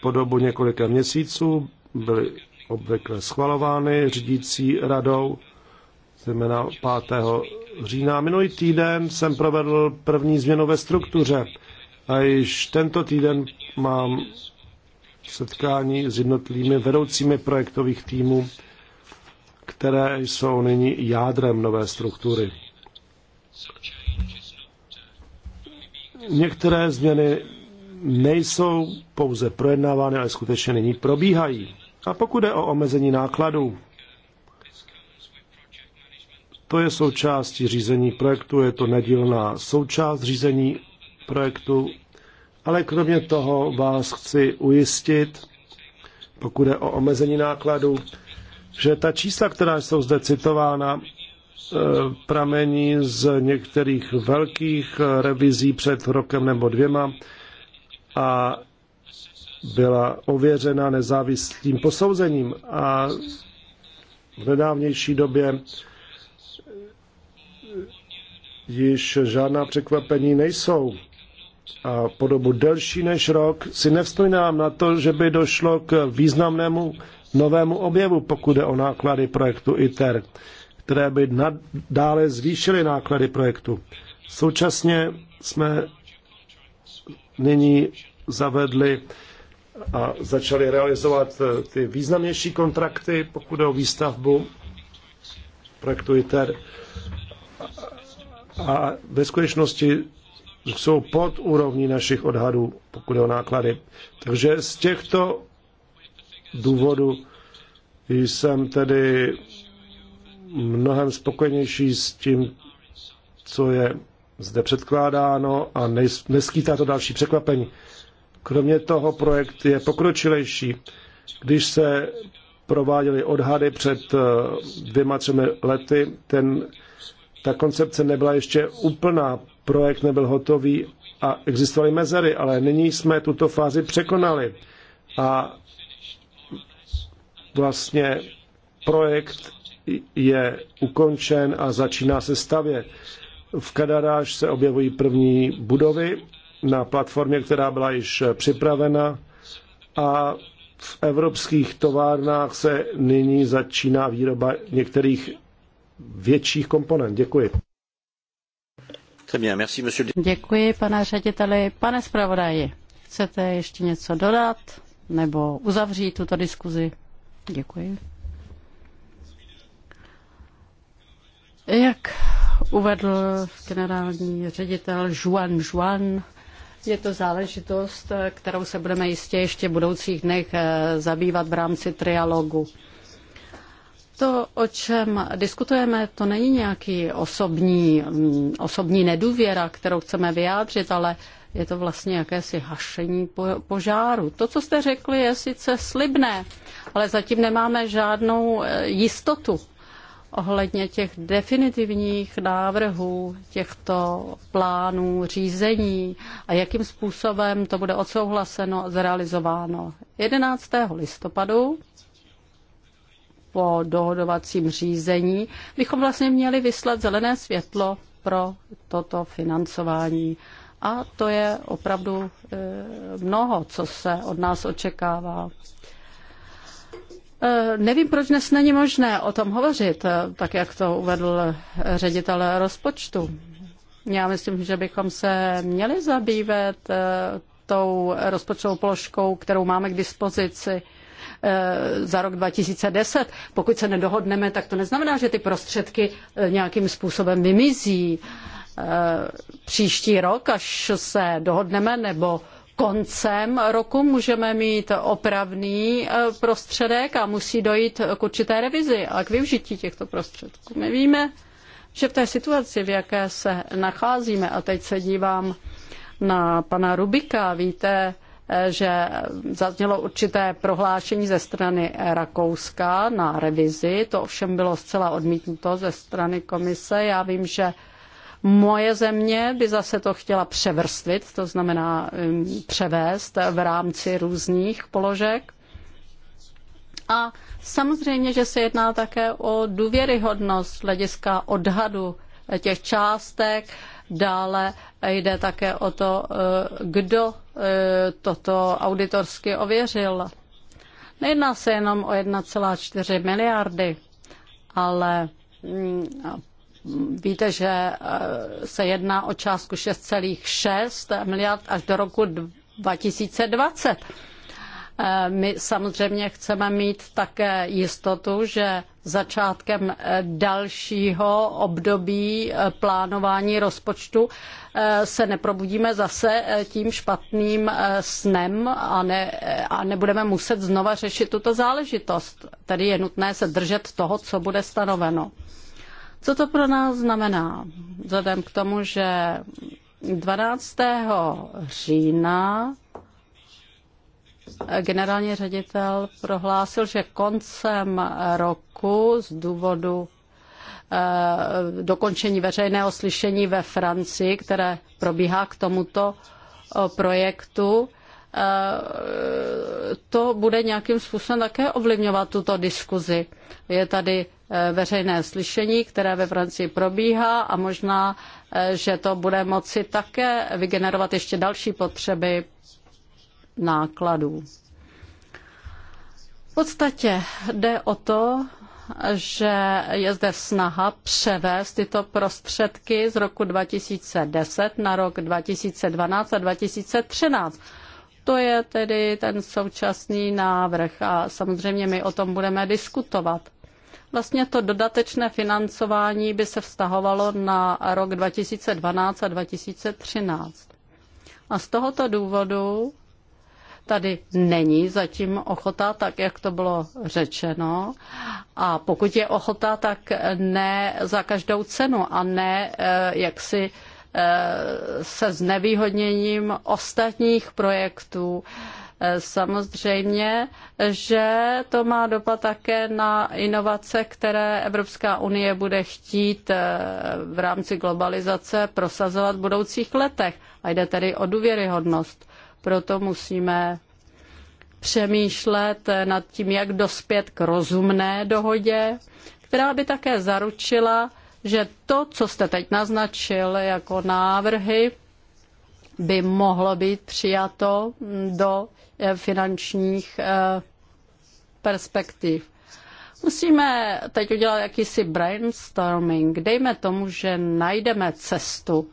po dobu několika měsíců, byly obvykle schvalovány řídící radou, zejména 5. října. Minulý týden jsem provedl první změnu ve struktuře a již tento týden mám setkání s jednotlivými vedoucími projektových týmů, které jsou nyní jádrem nové struktury. Některé změny nejsou pouze projednávány, ale skutečně nyní probíhají. A pokud je o omezení nákladů, to je součástí řízení projektu, je to nedílná součást řízení projektu, ale kromě toho vás chci ujistit, pokud je o omezení nákladů, že ta čísla, která jsou zde citována, Eh, pramení z některých velkých revizí před rokem nebo dvěma a byla ověřena nezávislým posouzením a v nedávnější době již žádná překvapení nejsou. A po dobu delší než rok si nevzpomínám na to, že by došlo k významnému novému objevu, pokud jde o náklady projektu ITER které by nadále zvýšily náklady projektu. Současně jsme nyní zavedli a začali realizovat eh, ty významnější kontrakty, pokud je o výstavbu projektu ITER. A ve skutečnosti jsou pod úrovní našich odhadů, pokud je o náklady. Takže z těchto důvodů jsem tedy mnohem spokojenější s tím, co je zde předkládáno a neskýtá to další překvapení. Kromě toho projekt je pokročilejší. Když se prováděly odhady před eh, dvěma, třemi lety, ten, ta koncepce nebyla ještě úplná, projekt nebyl hotový a existovaly mezery, ale nyní jsme tuto fázi překonali a vlastně projekt je ukončen a začíná se stavět. V Kadaráž se objevují první budovy na platformě, která byla již připravena a v evropských továrnách se nyní začíná výroba některých větších komponent. Děkuji. Děkuji, pane řediteli. Pane zpravodaji, chcete ještě něco dodat nebo uzavřít tuto diskuzi? Děkuji. Jak uvedl generální ředitel Juan Juan, je to záležitost, kterou se budeme jistě ještě v budoucích dnech eh, zabývat v rámci trialogu. To, o čem diskutujeme, to není nějaký osobní, mm, osobní nedůvěra, kterou chceme vyjádřit, ale je to vlastně jakési hašení po, požáru. To, co jste řekli, je sice slibné, ale zatím nemáme žádnou eh, jistotu ohledně těch definitivních návrhů těchto plánů řízení a jakým způsobem to bude odsouhlaseno a zrealizováno. 11. listopadu po dohodovacím řízení bychom vlastně měli vyslat zelené světlo pro toto financování. A to je opravdu eh, mnoho, co se od nás očekává. Eh, nevím, proč dnes není možné o tom hovořit, eh, tak jak to uvedl ředitel rozpočtu. Já myslím, že bychom se měli zabývat eh, tou rozpočtovou položkou, kterou máme k dispozici za rok 2010. Pokud se nedohodneme, tak to neznamená, že ty prostředky nějakým způsobem vymizí příští rok, až se dohodneme, nebo koncem roku můžeme mít opravný e, prostředek a musí dojít k určité revizi a k využití těchto prostředků. My víme, že v té situaci, v jaké se nacházíme, a teď se dívám na pana Rubika, víte, e, že zaznělo určité prohlášení ze strany Rakouska na revizi, to ovšem bylo zcela odmítnuto ze strany komise. Já vím, že Moje země by zase to chtěla převrstvit, to znamená um, převést v rámci různých položek. A samozřejmě, že se jedná také o důvěryhodnost hlediska odhadu těch částek. Dále jde také o to, uh, kdo uh, toto auditorsky ověřil. Nejedná se jenom o 1,4 miliardy, ale mm, Víte, že eh, se jedná o částku 6,6 miliard až do roku 2020. Eh, my samozřejmě chceme mít také jistotu, že začátkem eh, dalšího období plánování rozpočtu se neprobudíme zase tím špatným snem a, ne, a nebudeme muset znova řešit tuto záležitost. Tedy je nutné se držet toho, co bude stanoveno. Co to pro nás znamená? Vzhledem k tomu, že 12. října generální ředitel prohlásil, že koncem roku z důvodu eh, dokončení veřejného slyšení ve Francii, které probíhá k tomuto eh, projektu, eh, to bude nějakým způsobem také ovlivňovat tuto diskuzi. Je tady Eh, veřejné slyšení, které ve Francii probíhá a možná, eh, že to bude moci také vygenerovat ještě další potřeby nákladů. V podstatě jde o to, že je zde snaha převést tyto prostředky z roku 2010 na rok 2012 a 2013. To je tedy ten současný návrh a samozřejmě my o tom budeme diskutovat. Vlastně to dodatečné financování by se vztahovalo na rok 2012 a 2013. A z tohoto důvodu tady není zatím ochota, tak jak to bylo řečeno. A pokud je ochota, tak ne za každou cenu a ne eh, jaksi eh, se znevýhodněním ostatních projektů Samozřejmě, že to má dopad také na inovace, které Evropská unie bude chtít eh, v rámci globalizace prosazovat v budoucích letech. A jde tedy o důvěryhodnost. Proto musíme přemýšlet eh, nad tím, jak dospět k rozumné dohodě, která by také zaručila, že to, co jste teď naznačil jako návrhy, by mohlo být přijato do Eh, finančních eh, perspektiv. Musíme teď udělat jakýsi brainstorming. Dejme tomu, že najdeme cestu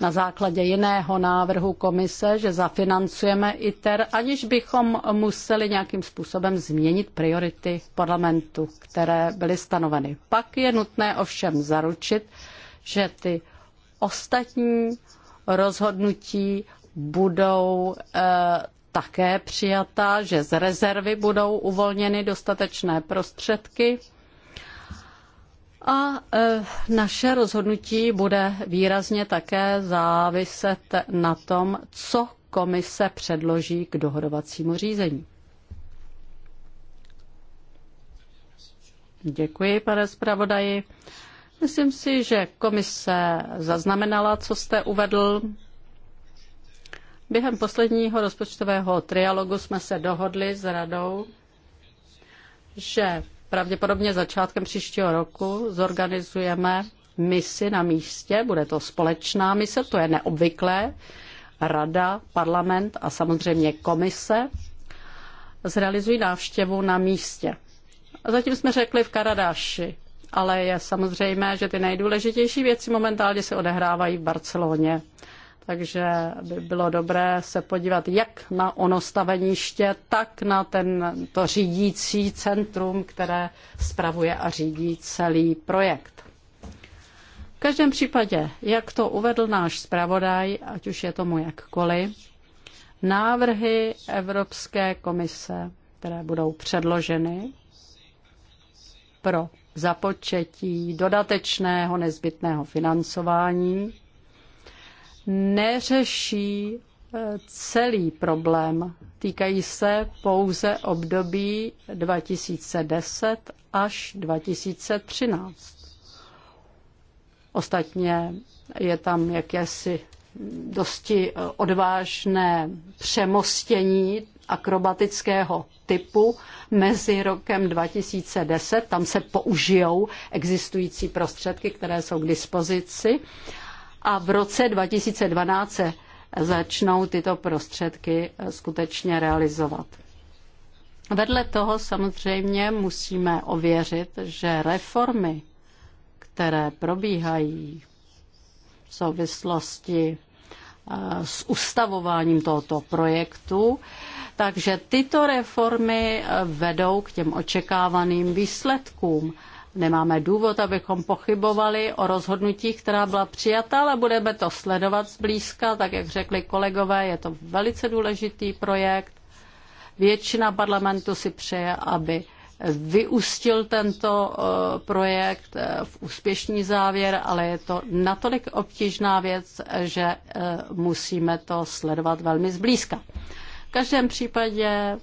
na základě jiného návrhu komise, že zafinancujeme ITER, aniž bychom museli nějakým způsobem změnit priority parlamentu, které byly stanoveny. Pak je nutné ovšem zaručit, že ty ostatní rozhodnutí budou eh, také přijata, že z rezervy budou uvolněny dostatečné prostředky a e, naše rozhodnutí bude výrazně také záviset na tom, co komise předloží k dohodovacímu řízení. Děkuji, pane zpravodaji. Myslím si, že komise zaznamenala, co jste uvedl. Během posledního rozpočtového trialogu jsme se dohodli s radou, že pravděpodobně začátkem příštího roku zorganizujeme misi na místě. Bude to společná mise, to je neobvyklé. Rada, parlament a samozřejmě komise zrealizují návštěvu na místě. Zatím jsme řekli v Karadaši, ale je samozřejmé, že ty nejdůležitější věci momentálně se odehrávají v Barceloně takže by bylo dobré se podívat jak na ono staveniště, tak na ten, to řídící centrum, které spravuje a řídí celý projekt. V každém případě, jak to uvedl náš zpravodaj, ať už je tomu jakkoliv, návrhy Evropské komise, které budou předloženy pro započetí dodatečného nezbytného financování neřeší eh, celý problém. Týkají se pouze období 2010 až 2013. Ostatně je tam jakési dosti eh, odvážné přemostění akrobatického typu mezi rokem 2010, tam se použijou existující prostředky, které jsou k dispozici, a v roce 2012 se začnou tyto prostředky eh, skutečně realizovat. Vedle toho samozřejmě musíme ověřit, že reformy, které probíhají v souvislosti eh, s ustavováním tohoto projektu. Takže tyto reformy eh, vedou k těm očekávaným výsledkům. Nemáme důvod, abychom pochybovali o rozhodnutích, která byla přijata, ale budeme to sledovat zblízka. Tak jak řekli kolegové, je to velice důležitý projekt. Většina parlamentu si přeje, aby vyústil tento eh, projekt eh, v úspěšný závěr, ale je to natolik obtížná věc, že eh, musíme to sledovat velmi zblízka každém případě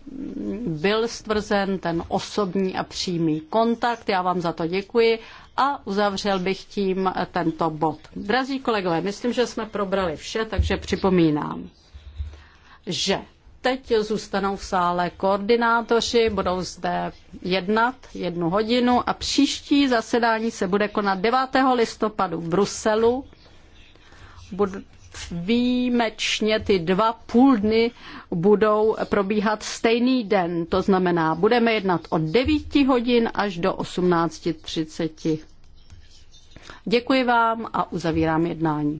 byl stvrzen ten osobní a přímý kontakt. Já vám za to děkuji a uzavřel bych tím tento bod. Drazí kolegové, myslím, že jsme probrali vše, takže připomínám, že teď zůstanou v sále koordinátoři, budou zde jednat jednu hodinu a příští zasedání se bude konat 9. listopadu v Bruselu. Budu výjimečně ty dva půl dny budou probíhat stejný den. To znamená, budeme jednat od 9 hodin až do 18.30. Děkuji vám a uzavírám jednání.